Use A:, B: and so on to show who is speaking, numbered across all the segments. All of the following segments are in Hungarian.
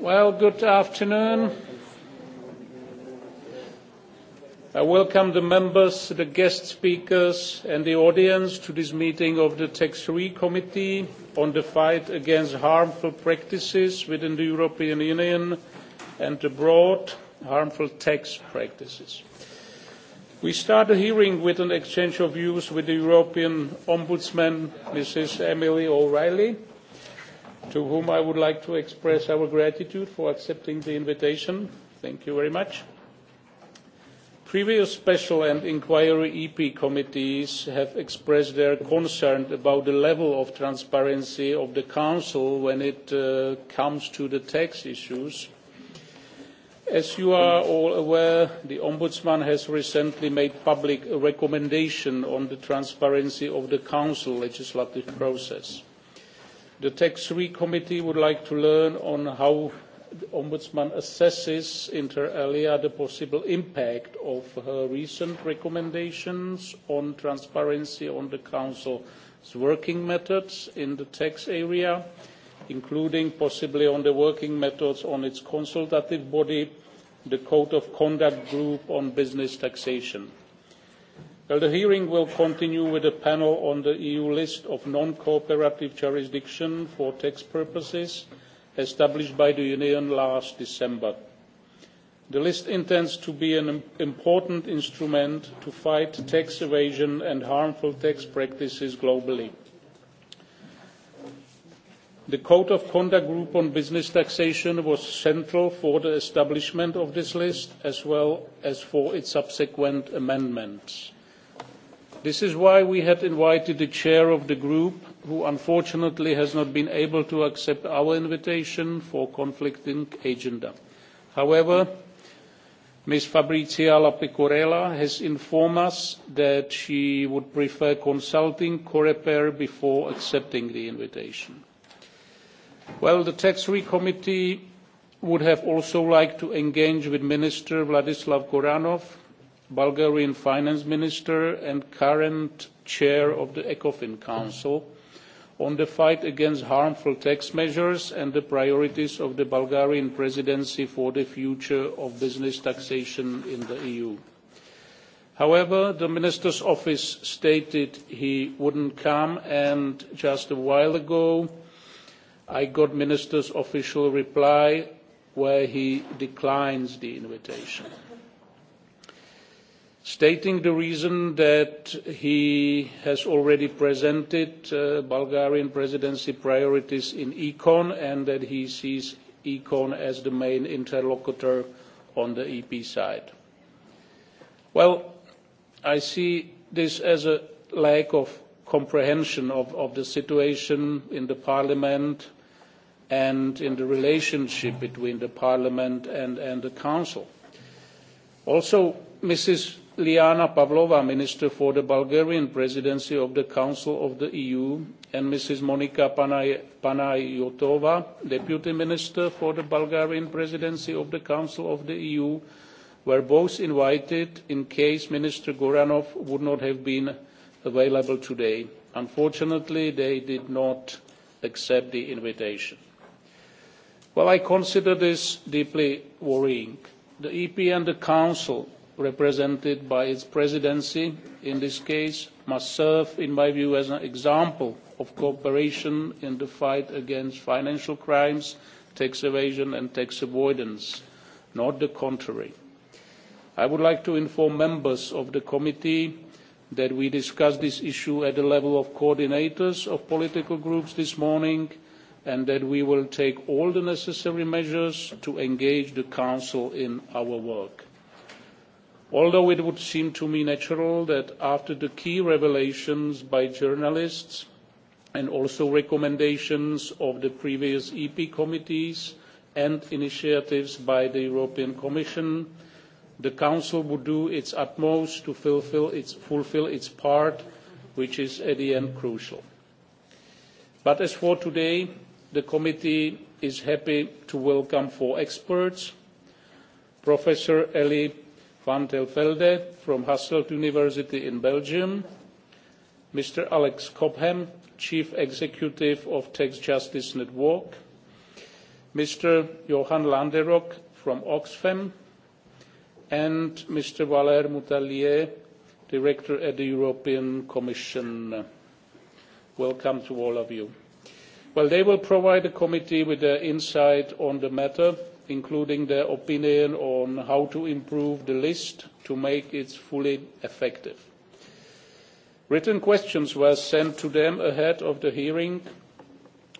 A: Well, good afternoon. I welcome the members, the guest speakers, and the audience to this meeting of the Tax 3 Committee on the fight against harmful practices within the European Union and abroad, harmful tax practices. We start the hearing with an exchange of views with the European Ombudsman, Mrs. Emily O'Reilly to whom I would like to express our gratitude for accepting the invitation. Thank you very much. Previous special and inquiry EP committees have expressed their concern about the level of transparency of the Council when it uh, comes to the tax issues. As you are all aware, the Ombudsman has recently made public a recommendation on the transparency of the Council legislative process The Tax Three Committee would like to learn on how the Ombudsman assesses inter alia the possible impact of her recent recommendations on transparency on the Council's working methods in the tax area, including possibly on the working methods on its consultative body, the Code of Conduct Group on Business Taxation. Well, the hearing will continue with a panel on the EU list of non-cooperative jurisdiction for tax purposes established by the Union last December. The list intends to be an important instrument to fight tax evasion and harmful tax practices globally. The Code of Conduct Group on Business Taxation was central for the establishment of this list as well as for its subsequent amendments. This is why we had invited the chair of the group, who unfortunately has not been able to accept our invitation for conflicting agenda. However, Ms. Fabrizia Lapicorella has informed us that she would prefer consulting COREPER before accepting the invitation. Well, the Tax three Committee would have also liked to engage with Minister Vladislav Goranov Bulgarian finance minister and current chair of the ECOFIN Council on the fight against harmful tax measures and the priorities of the Bulgarian presidency for the future of business taxation in the EU. However, the minister's office stated he wouldn't come and just a while ago I got minister's official reply where he declines the invitation stating the reason that he has already presented uh, Bulgarian presidency priorities in ECON and that he sees ECON as the main interlocutor on the EP side. Well, I see this as a lack of comprehension of, of the situation in the Parliament and in the relationship between the Parliament and, and the Council. Also, Mrs Liana Pavlova, Minister for the Bulgarian Presidency of the Council of the EU, and Mrs. Monika Panayotova, Deputy Minister for the Bulgarian Presidency of the Council of the EU, were both invited in case Minister Goranov would not have been available today. Unfortunately, they did not accept the invitation. Well, I consider this deeply worrying. The EP and the Council represented by its presidency in this case, must serve, in my view, as an example of cooperation in the fight against financial crimes, tax evasion and tax avoidance, not the contrary. I would like to inform members of the committee that we discussed this issue at the level of coordinators of political groups this morning and that we will take all the necessary measures to engage the Council in our work although it would seem to me natural that after the key revelations by journalists and also recommendations of the previous ep committees and initiatives by the european commission the council would do its utmost to fulfil its, its part which is at the end crucial. but as for today the committee is happy to welcome four experts professor elie van Velde, from Hasselt University in Belgium, Mr. Alex Cobham, Chief Executive of Tax Justice Network, Mr. Johan Landerok from Oxfam, and Mr. Valère Mutalier, Director at the European Commission. Welcome to all of you. Well, they will provide the committee with their insight on the matter including their opinion on how to improve the list to make it fully effective. Written questions were sent to them ahead of the hearing.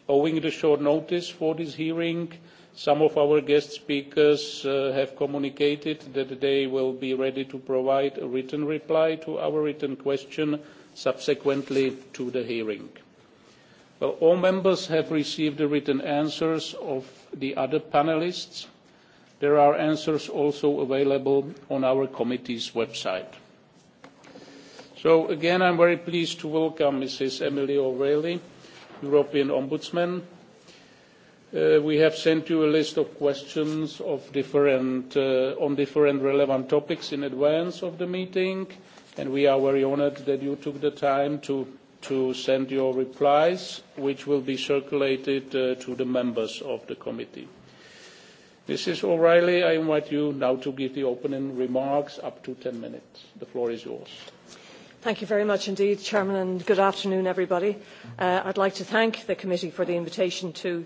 A: Owing the short notice for this hearing, some of our guest speakers uh, have communicated that they will be ready to provide a written reply to our written question subsequently to the hearing. Well, all members have received the written answers of the other panellists There are answers also available on our committee's website. So again, I'm very pleased to welcome Mrs. Emily O'Reilly, European Ombudsman. Uh, we have sent you a list of questions of different, uh, on different relevant topics in advance of the meeting, and we are very honored that you took the time to to send your replies, which will be circulated uh, to the members of the committee. Mrs. O'Reilly, I invite you now to give the opening remarks up to 10 minutes. The floor is yours.
B: Thank you very much indeed, Chairman, and good afternoon, everybody. Uh, I'd like to thank the committee for the invitation to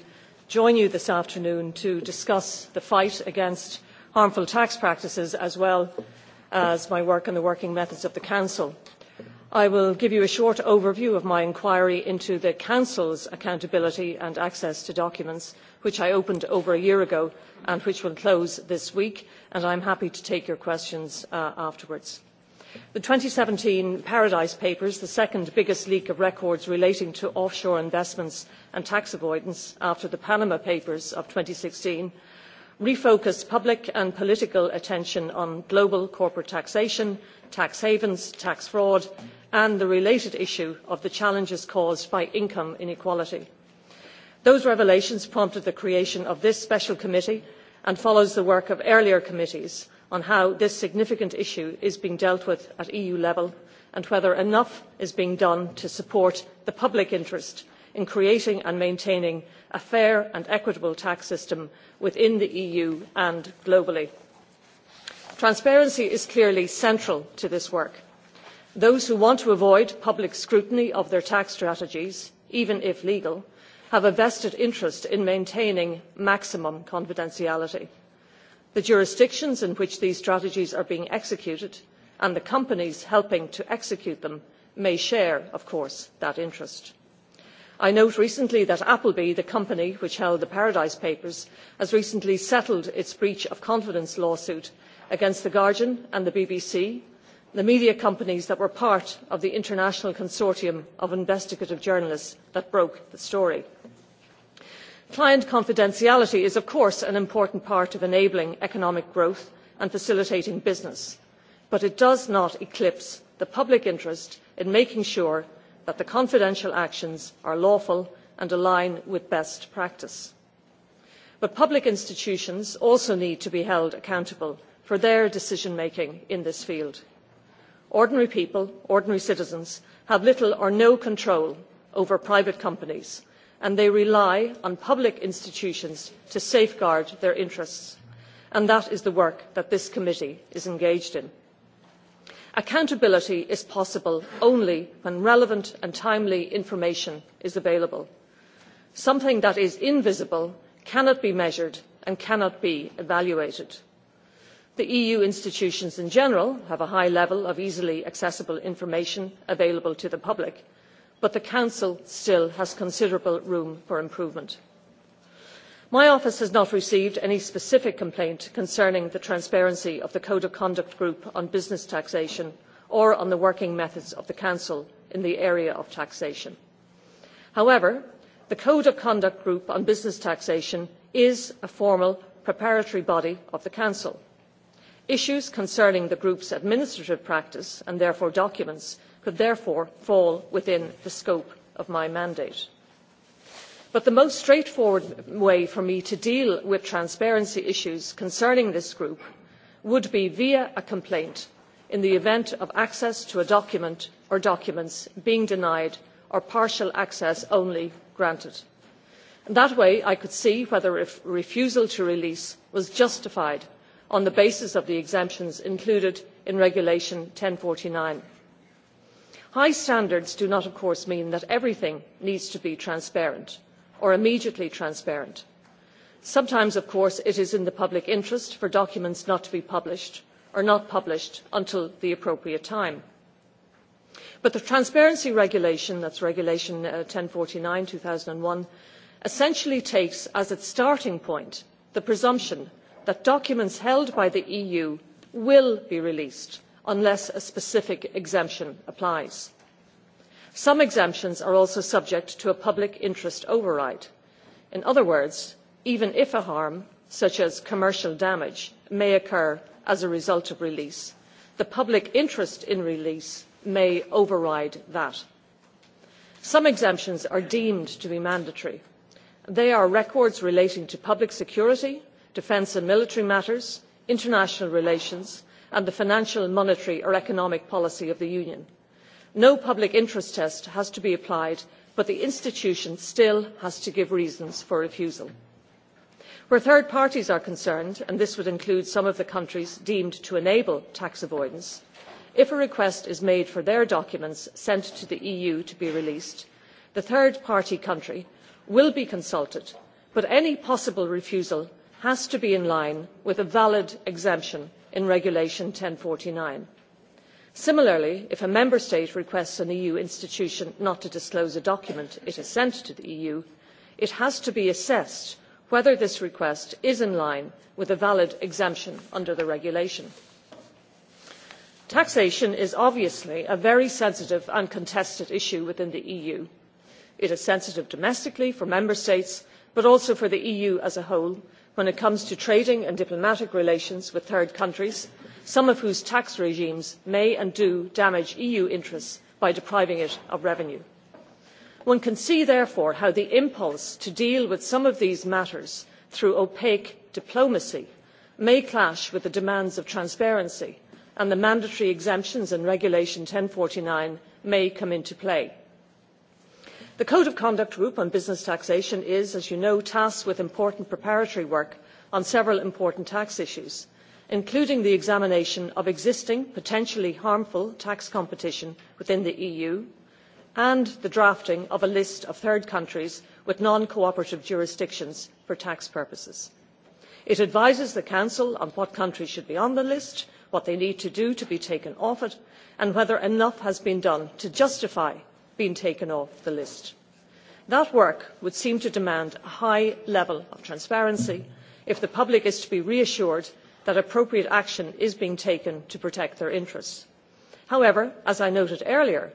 B: join you this afternoon to discuss the fight against harmful tax practices as well as my work and the working methods of the Council. I will give you a short overview of my inquiry into the Council's accountability and access to documents, which I opened over a year ago and which will close this week, and I'm happy to take your questions uh, afterwards. The 2017 Paradise Papers, the second biggest leak of records relating to offshore investments and tax avoidance after the Panama Papers of 2016, refocused public and political attention on global corporate taxation, tax havens, tax fraud, and the related issue of the challenges caused by income inequality. Those revelations prompted the creation of this special committee and follows the work of earlier committees on how this significant issue is being dealt with at EU level and whether enough is being done to support the public interest in creating and maintaining a fair and equitable tax system within the EU and globally. Transparency is clearly central to this work those who want to avoid public scrutiny of their tax strategies even if legal have a vested interest in maintaining maximum confidentiality. the jurisdictions in which these strategies are being executed and the companies helping to execute them may share of course that interest. i note recently that appleby the company which held the paradise papers has recently settled its breach of confidence lawsuit against the guardian and the bbc the media companies that were part of the international consortium of investigative journalists that broke the story. client confidentiality is of course an important part of enabling economic growth and facilitating business but it does not eclipse the public interest in making sure that the confidential actions are lawful and align with best practice. but public institutions also need to be held accountable for their decision making in this field ordinary people ordinary citizens have little or no control over private companies and they rely on public institutions to safeguard their interests and that is the work that this committee is engaged in. accountability is possible only when relevant and timely information is available. something that is invisible cannot be measured and cannot be evaluated the eu institutions in general have a high level of easily accessible information available to the public but the council still has considerable room for improvement. my office has not received any specific complaint concerning the transparency of the code of conduct group on business taxation or on the working methods of the council in the area of taxation. however the code of conduct group on business taxation is a formal preparatory body of the council issues concerning the group's administrative practice and therefore documents could therefore fall within the scope of my mandate. but the most straightforward way for me to deal with transparency issues concerning this group would be via a complaint in the event of access to a document or documents being denied or partial access only granted. that way i could see whether a refusal to release was justified on the basis of the exemptions included in regulation no one thousand and forty nine high standards do not of course mean that everything needs to be transparent or immediately transparent. sometimes of course it is in the public interest for documents not to be published or not published until the appropriate time but the transparency regulation that is regulation no one uh, thousand and forty nine two thousand and one essentially takes as its starting point the presumption that documents held by the eu will be released unless a specific exemption applies. some exemptions are also subject to a public interest override. in other words even if a harm such as commercial damage may occur as a result of release the public interest in release may override that. some exemptions are deemed to be mandatory. they are records relating to public security defence and military matters international relations and the financial monetary or economic policy of the union. no public interest test has to be applied but the institution still has to give reasons for refusal. where third parties are concerned and this would include some of the countries deemed to enable tax avoidance if a request is made for their documents sent to the eu to be released the third party country will be consulted but any possible refusal has to be in line with a valid exemption in regulation no one thousand and forty nine similarly if a member state requests an eu institution not to disclose a document it has sent to the eu it has to be assessed whether this request is in line with a valid exemption under the regulation. taxation is obviously a very sensitive and contested issue within the eu. it is sensitive domestically for member states but also for the eu as a whole when it comes to trading and diplomatic relations with third countries some of whose tax regimes may and do damage eu interests by depriving it of revenue. one can see therefore how the impulse to deal with some of these matters through opaque diplomacy may clash with the demands of transparency and the mandatory exemptions in regulation no one thousand and forty nine may come into play the code of conduct group on business taxation is as you know tasked with important preparatory work on several important tax issues including the examination of existing potentially harmful tax competition within the eu and the drafting of a list of third countries with non cooperative jurisdictions for tax purposes. it advises the council on what countries should be on the list what they need to do to be taken off it and whether enough has been done to justify been taken off the list. That work would seem to demand a high level of transparency if the public is to be reassured that appropriate action is being taken to protect their interests. However, as I noted earlier,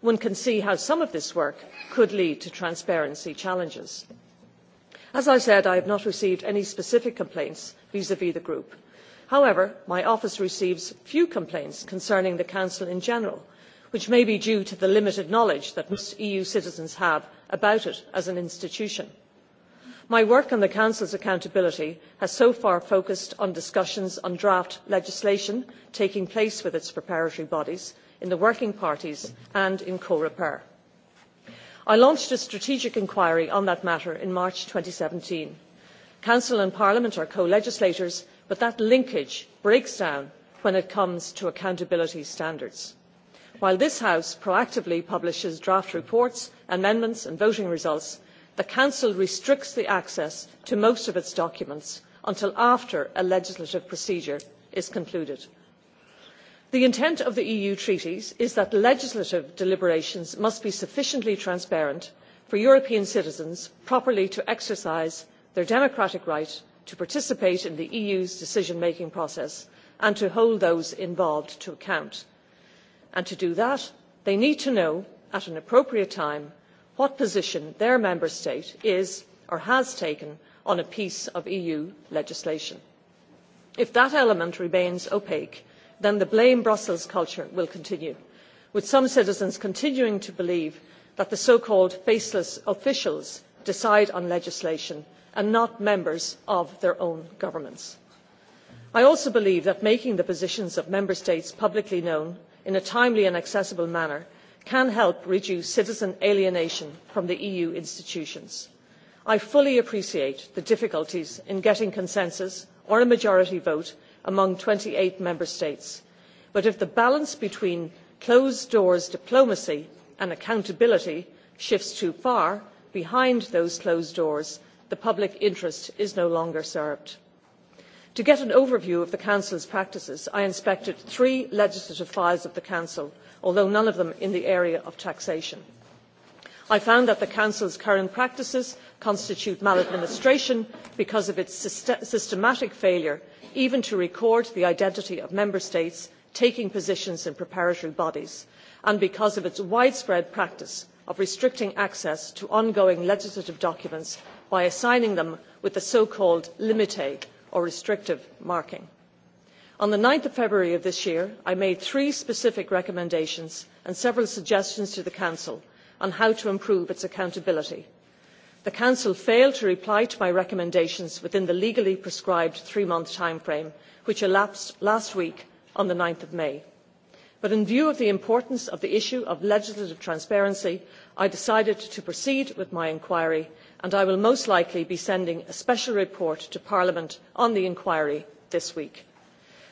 B: one can see how some of this work could lead to transparency challenges. As I said, I have not received any specific complaints vis-à-vis -vis the group. However, my office receives few complaints concerning the Council in general, which may be due to the limited knowledge that most eu citizens have about it as an institution. my work on the council's accountability has so far focused on discussions on draft legislation taking place with its preparatory bodies in the working parties and in coreper. i launched a strategic inquiry on that matter in march. two thousand and seventeen council and parliament are co legislators but that linkage breaks down when it comes to accountability standards while this house proactively publishes draft reports amendments and voting results the council restricts the access to most of its documents until after a legislative procedure is concluded. the intent of the eu treaties is that legislative deliberations must be sufficiently transparent for european citizens properly to exercise their democratic right to participate in the eu's decision making process and to hold those involved to account and to do that they need to know at an appropriate time what position their member state is or has taken on a piece of eu legislation. if that element remains opaque then the blame brussels' culture will continue with some citizens continuing to believe that the so called faceless officials decide on legislation and not members of their own governments. i also believe that making the positions of member states publicly known in a timely and accessible manner can help reduce citizen alienation from the eu institutions. i fully appreciate the difficulties in getting consensus or a majority vote among twenty eight member states but if the balance between closed doors diplomacy and accountability shifts too far behind those closed doors the public interest is no longer served to get an overview of the council's practices i inspected three legislative files of the council although none of them in the area of taxation. i found that the council's current practices constitute maladministration because of its systematic failure even to record the identity of member states taking positions in preparatory bodies and because of its widespread practice of restricting access to ongoing legislative documents by assigning them with the so called limit' or restrictive marking. on nine february of this year i made three specific recommendations and several suggestions to the council on how to improve its accountability. the council failed to reply to my recommendations within the legally prescribed three month timeframe which elapsed last week on nine may but in view of the importance of the issue of legislative transparency i decided to proceed with my inquiry and i will most likely be sending a special report to parliament on the inquiry this week.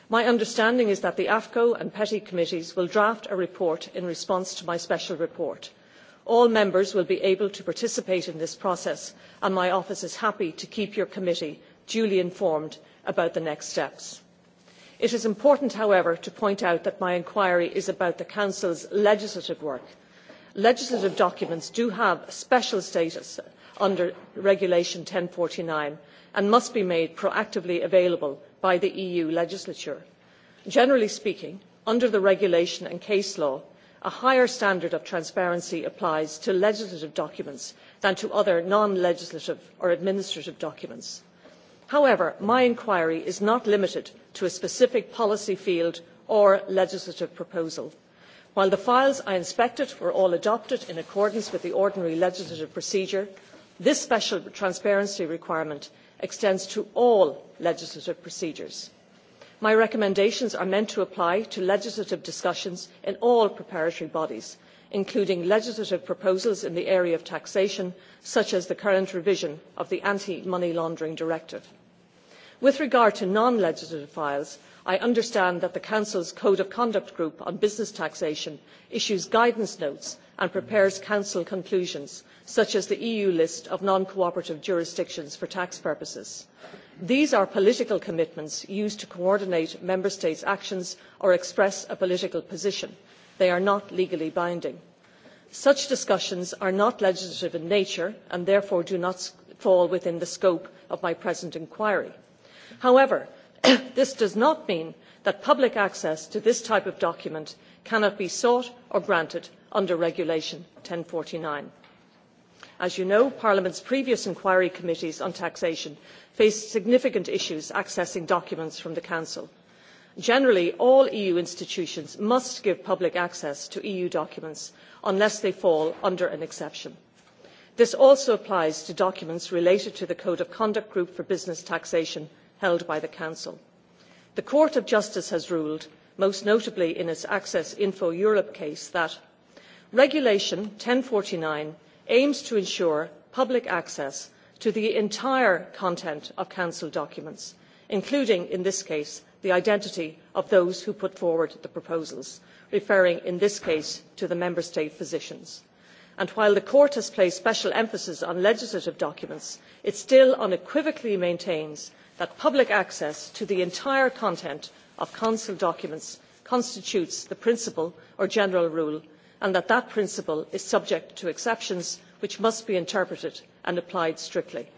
B: my understanding is that the afco and peti committees will draft a report in response to my special report. all members will be able to participate in this process and my office is happy to keep your committee duly informed about the next steps. it is important however to point out that my inquiry is about the council's legislative work. legislative documents do have a special status under regulation no one thousand and forty nine and must be made proactively available by the eu legislature. generally speaking under the regulation and case law a higher standard of transparency applies to legislative documents than to other non legislative or administrative documents. however my inquiry is not limited to a specific policy field or legislative proposal. while the files i inspected were all adopted in accordance with the ordinary legislative procedure this special transparency requirement extends to all legislative procedures. my recommendations are meant to apply to legislative discussions in all preparatory bodies including legislative proposals in the area of taxation such as the current revision of the anti money laundering directive. with regard to non legislative files i understand that the council's code of conduct group on business taxation issues guidance notes and prepares council conclusions such as the eu list of non cooperative jurisdictions for tax purposes. these are political commitments used to coordinate member states' actions or express a political position. they are not legally binding. such discussions are not legislative in nature and therefore do not fall within the scope of my present inquiry. however this does not mean that public access to this type of document cannot be sought or granted under regulation no one thousand and forty nine as you know parliament's previous inquiry committees on taxation faced significant issues accessing documents from the council. generally all eu institutions must give public access to eu documents unless they fall under an exception. this also applies to documents related to the code of conduct group for business taxation held by the council. the court of justice has ruled most notably in its access info europe case that regulation no one thousand and forty nine aims to ensure public access to the entire content of council documents including in this case the identity of those who put forward the proposals referring in this case to the member state positions and while the court has placed special emphasis on legislative documents it still unequivocally maintains that public access to the entire content of council documents constitutes the principle or general rule and that that principle is subject to exceptions which must be interpreted and applied strictly.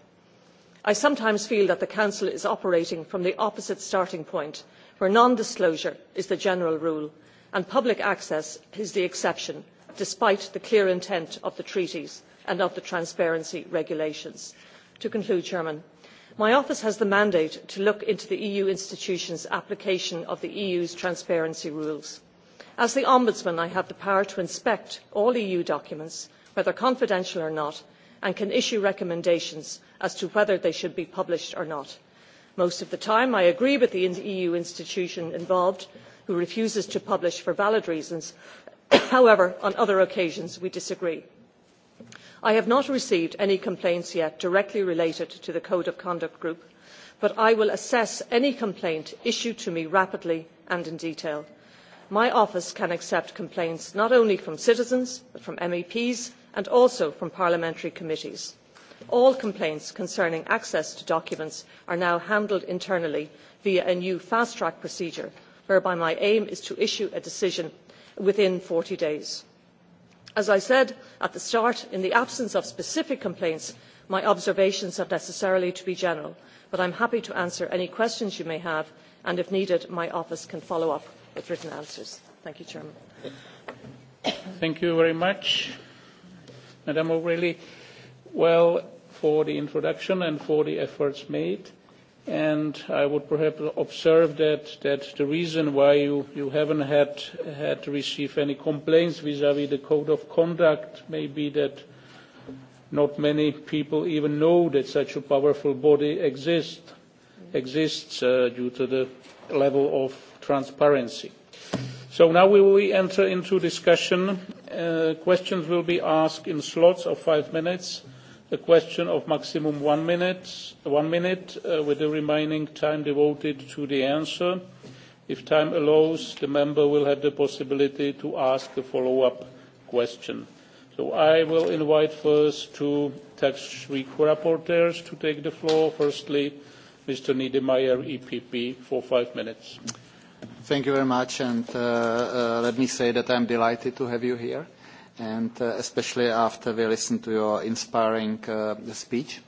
B: i sometimes feel that the council is operating from the opposite starting point where non disclosure is the general rule and public access is the exception despite the clear intent of the treaties and of the transparency regulations. to conclude Chairman, my office has the mandate to look into the eu institutions' application of the eu's transparency rules as the ombudsman i have the power to inspect all eu documents whether confidential or not and can issue recommendations as to whether they should be published or not. most of the time i agree with the eu institution involved who refuses to publish for valid reasons however on other occasions we disagree. i have not received any complaints yet directly related to the code of conduct group but i will assess any complaint issued to me rapidly and in detail my office can accept complaints not only from citizens but from meps and also from parliamentary committees. all complaints concerning access to documents are now handled internally via a new fast track procedure whereby my aim is to issue a decision within forty days. as i said at the start in the absence of specific complaints my observations have necessarily to be general but i am happy to answer any questions you may have and if needed my office can follow up with written answers. Thank you, Chairman.
A: Thank you very much, Madam O'Reilly. Well, for the introduction and for the efforts made. And I would perhaps observe that, that the reason why you, you haven't had, had to receive any complaints vis-à-vis -vis the code of conduct may be that not many people even know that such a powerful body exists, exists uh, due to the level of transparency. So now we will enter into discussion. Uh, questions will be asked in slots of five minutes, a question of maximum one minute, one minute uh, with the remaining time devoted to the answer. If time allows, the member will have the possibility to ask a follow-up question. So I will invite first two tax co-rapporteurs to take the floor. Firstly, Mr. Niedermayer, EPP, for five minutes.
C: Thank you very much, and uh, uh, let me say that I'm delighted to have you here, and uh, especially after we listened to your inspiring speech.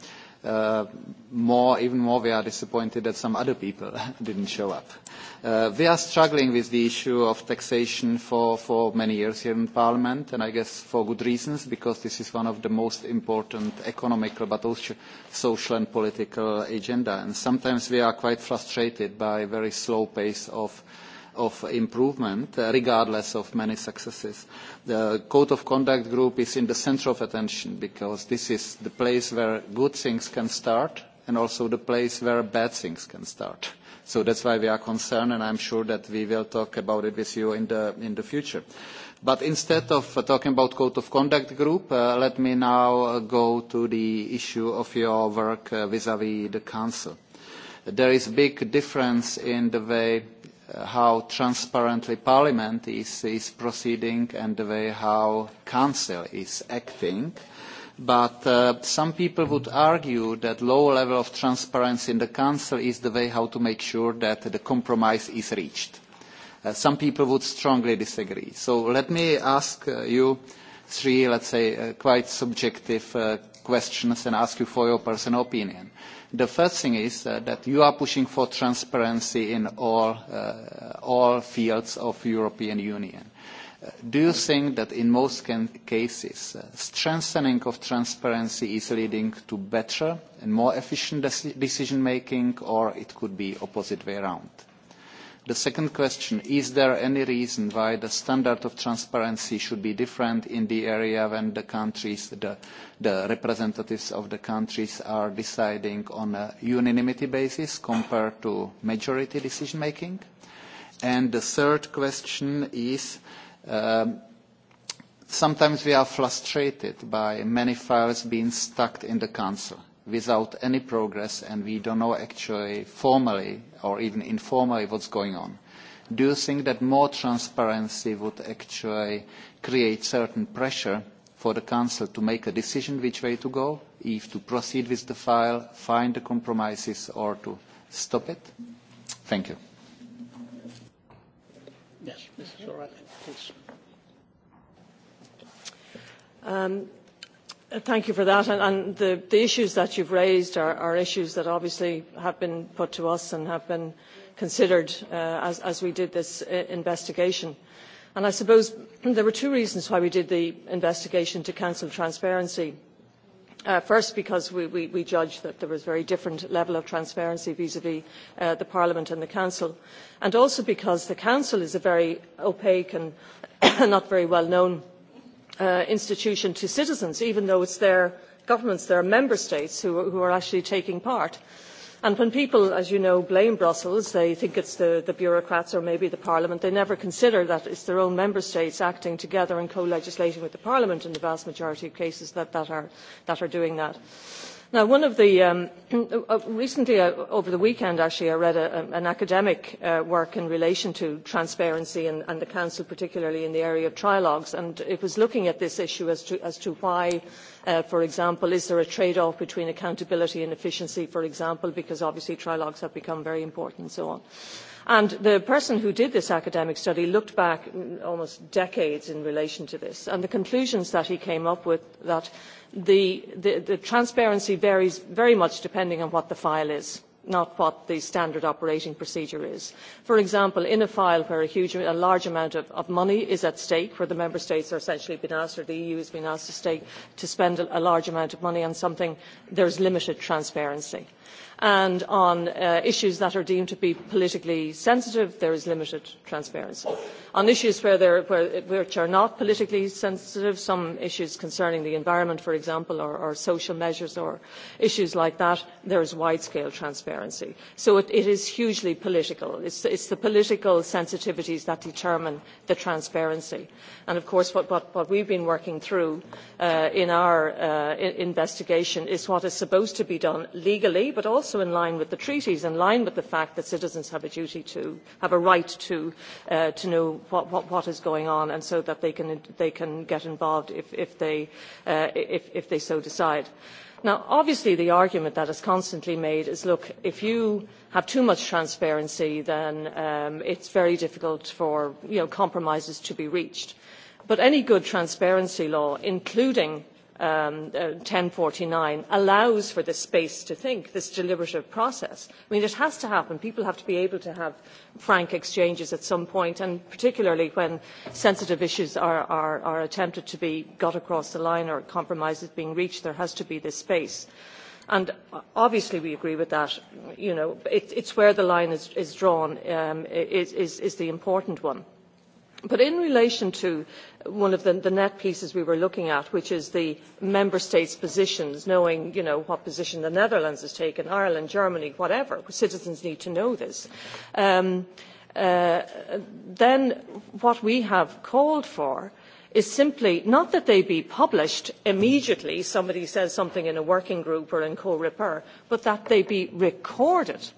C: more, even more, we are disappointed that some other people didn't show up. we are struggling with the issue of taxation for, for many years here in Parliament, and I guess for good reasons, because this is one of the most important economical but also social and political agenda. And sometimes we are quite frustrated by very slow pace of of improvement, uh, regardless of many successes. The Code of Conduct Group is in the centre of attention because this is the place where good things can start and also the place where bad things can start. So that's why we are concerned, and I'm sure that we will talk about it with you in the, in the future. But instead of uh, talking about Code of Conduct Group, uh, let me now uh, go to the issue of your work vis-à-vis uh, -vis the Council. There is big difference in the way how transparently Parliament is, is proceeding and the way how Council is acting. But uh, some people would argue that low level of transparency in the Council is the way how to make sure that the compromise is reached. Uh, some people would strongly disagree. So let me ask uh, you three, let's say, uh, quite subjective uh, questions and ask you for your personal opinion. Uh, The first thing is uh, that you are pushing for transparency in all, uh, all fields of European Union. Uh, do you think that in most can cases, uh, strengthening of transparency is leading to better and more efficient decision-making, or it could be opposite way around? The second question, is there any reason why the standard of transparency should be different in the area when the countries, the, representatives of the countries are deciding on a unanimity basis compared to majority decision making? And the third question is, um, sometimes we are frustrated by many files being stuck in the council without any progress and we don't know actually formally or even informally what's going on. Do you think that more transparency would actually create certain pressure for the Council to make a decision which way to go, if to proceed with the file, find the compromises or to stop it? Thank you.
B: Yes, Mrs. O'Reilly, please. Um, Thank you for that. And, and the, the issues that you've raised are, are issues that obviously have been put to us and have been considered uh, as, as we did this uh, investigation. And I suppose there were two reasons why we did the investigation to council transparency. Uh, first, because we, we, we judged that there was a very different level of transparency vis-à-vis -vis, uh, the Parliament and the Council, and also because the Council is a very opaque and not very well known Uh, institution to citizens, even though it's their governments, their member states who, are actually taking part. And when people, as you know, blame Brussels, they think it's the, the bureaucrats or maybe the Parliament, they never consider that it's their own member states acting together and co-legislating with the Parliament in the vast majority of cases that are doing that. Now, one of the um, uh, recently uh, over the weekend, actually, I read a, an academic uh, work in relation to transparency and, and the council, particularly in the area of trilogues, and it was looking at this issue as to as to why Uh, for example, is there a trade-off between accountability and efficiency, for example, because obviously trilogues have become very important and so on. And the person who did this academic study looked back mm, almost decades in relation to this. And the conclusions that he came up with that the, the, the transparency varies very much depending on what the file is not what the standard operating procedure is. For example, in a file where a, huge, a large amount of, of money is at stake, where the member states are essentially being asked, or the EU is being asked to, to spend a, a large amount of money on something, there is limited transparency and on uh, issues that are deemed to be politically sensitive there is limited transparency. on issues which are not politically sensitive some issues concerning the environment for example or, social measures or issues like that there is wide scale transparency. so it, is hugely political. it is the political sensitivities that determine the transparency. and of course what, we have been working through uh, in our uh, investigation is what is supposed to be done legally but also in line with the treaties, in line with the fact that citizens have a duty to, have a right to, uh, to know what, what, what is going on and so that they can, they can get involved if, if, they, uh, if, if they so decide. Now, obviously the argument that is constantly made is look if you have too much transparency then um, it's very difficult for you know, compromises to be reached but any good transparency law including um, uh, 1049 allows for this space to think, this deliberative process. I mean, it has to happen. People have to be able to have frank exchanges at some point, and particularly when sensitive issues are, are, are attempted to be got across the line or compromises being reached, there has to be this space. And uh, obviously we agree with that. You know, it, it's where the line is, is drawn um, is, is, is the important one But in relation to one of the, the net pieces we were looking at, which is the member states' positions, knowing you know, what position the Netherlands has taken, Ireland, Germany, whatever, citizens need to know this. Um, uh, then what we have called for is simply not that they be published immediately, somebody says something in a working group or in co-repair, but that they be recorded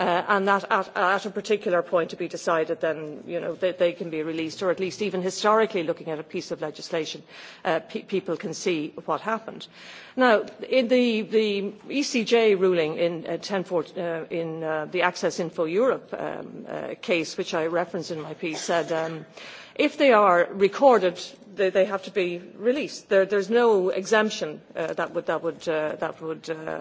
B: Uh, and that at, at a particular point to be decided then you know they, they can be released or at least even historically looking at a piece of legislation uh, pe people can see what happened. Now in the, the ECJ ruling in, uh, uh, in uh, the Access Info Europe um, uh, case which I referenced in my piece said um, if they are recorded they, they have to be released. There, there's no exemption uh, that would, that would, uh, that would uh,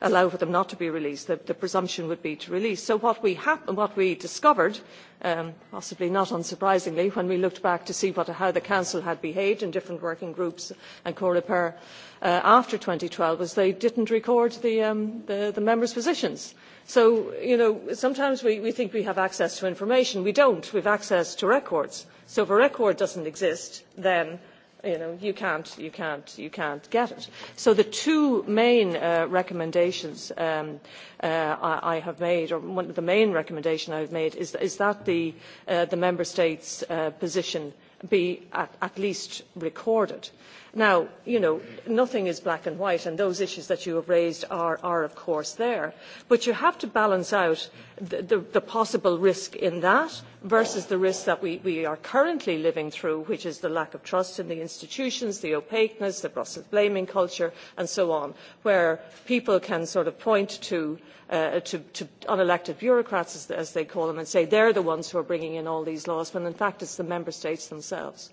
B: allow for them not to be released. The, the presumption would be to release. So what we, hap- what we discovered, um, possibly not unsurprisingly, when we looked back to see what, how the Council had behaved in different working groups and CoRepair uh, after 2012, was they didn't record the, um, the, the members' positions so you know sometimes we, we think we have access to information we don't we have access to records so if a record doesn't exist then you know you can't you can't you can't get it so the two main uh, recommendations um, uh, I, I have made or one of the main recommendation I've made is, is that the uh, the member states uh, position be at, at least recorded uh, Now, you know, nothing is black and white, and those issues that you have raised are, are of course, there. But you have to balance out the, the, the possible risk in that versus the risk that we, we are currently living through, which is the lack of trust in the institutions, the opaqueness, the Brussels blaming culture, and so on, where people can sort of point to, uh, to, to unelected bureaucrats, as, as they call them, and say they're the ones who are bringing in all these laws, when in fact it's the member states themselves.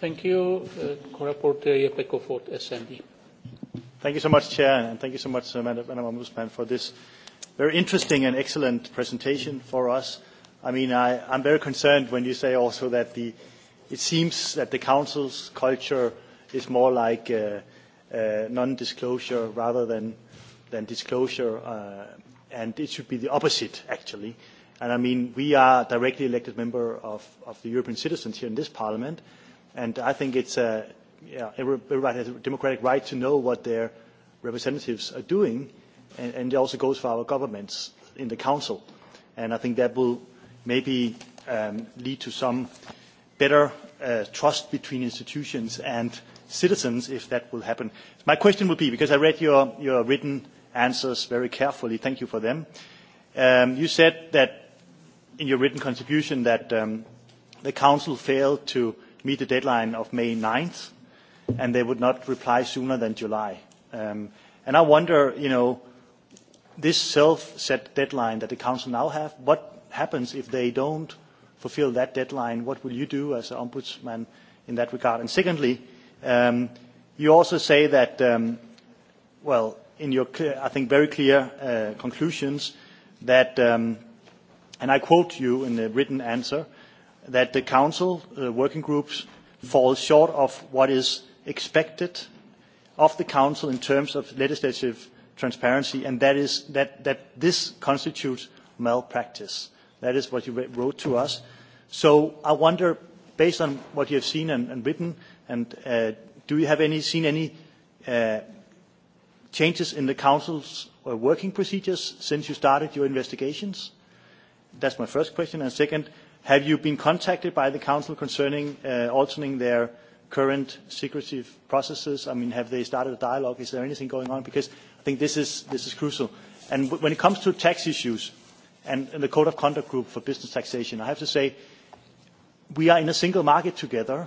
B: Thank you, uh,
A: rapporteur Jeppe Kofod, SND.
D: Thank you so much, Chair, and thank you so much, uh, Madam Ombudsman, for this very interesting and excellent presentation for us. I mean, I, I'm very concerned when you say also that the, it seems that the Council's culture is more like uh, uh, non-disclosure rather than, than disclosure, uh, and it should be the opposite, actually. And I mean, we are directly elected member of, of the European citizens here in this Parliament, And I think it's uh, yeah, everybody has a democratic right to know what their representatives are doing, and, and it also goes for our governments in the council. And I think that will maybe um, lead to some better uh, trust between institutions and citizens if that will happen. My question would be, because I read your, your written answers very carefully, thank you for them. Um, you said that in your written contribution that um, the council failed to uh, meet the deadline of May 9th, and they would not reply sooner than July. Um, and I wonder, you know, this self-set deadline that the council now have, what happens if they don't fulfill that deadline? What will you do as an ombudsman in that regard? And secondly, um, you also say that, um, well, in your, clear, I think, very clear uh, conclusions that, um, and I quote you in the written answer, that the Council uh, working groups fall short of what is expected of the Council in terms of legislative transparency, and that is that, that this constitutes malpractice. That is what you wrote to us. So I wonder, based on what you have seen and, and written, and uh, do you have any, seen any uh, changes in the Council's uh, working procedures since you started your investigations? That's my first question. And second, Have you been contacted by the Council concerning uh, altering their current secretive processes? I mean, have they started a dialogue? Is there anything going on? Because I think this is, this is crucial. And w- when it comes to tax issues and, and the Code of Conduct Group for Business Taxation, I have to say we are in a single market together,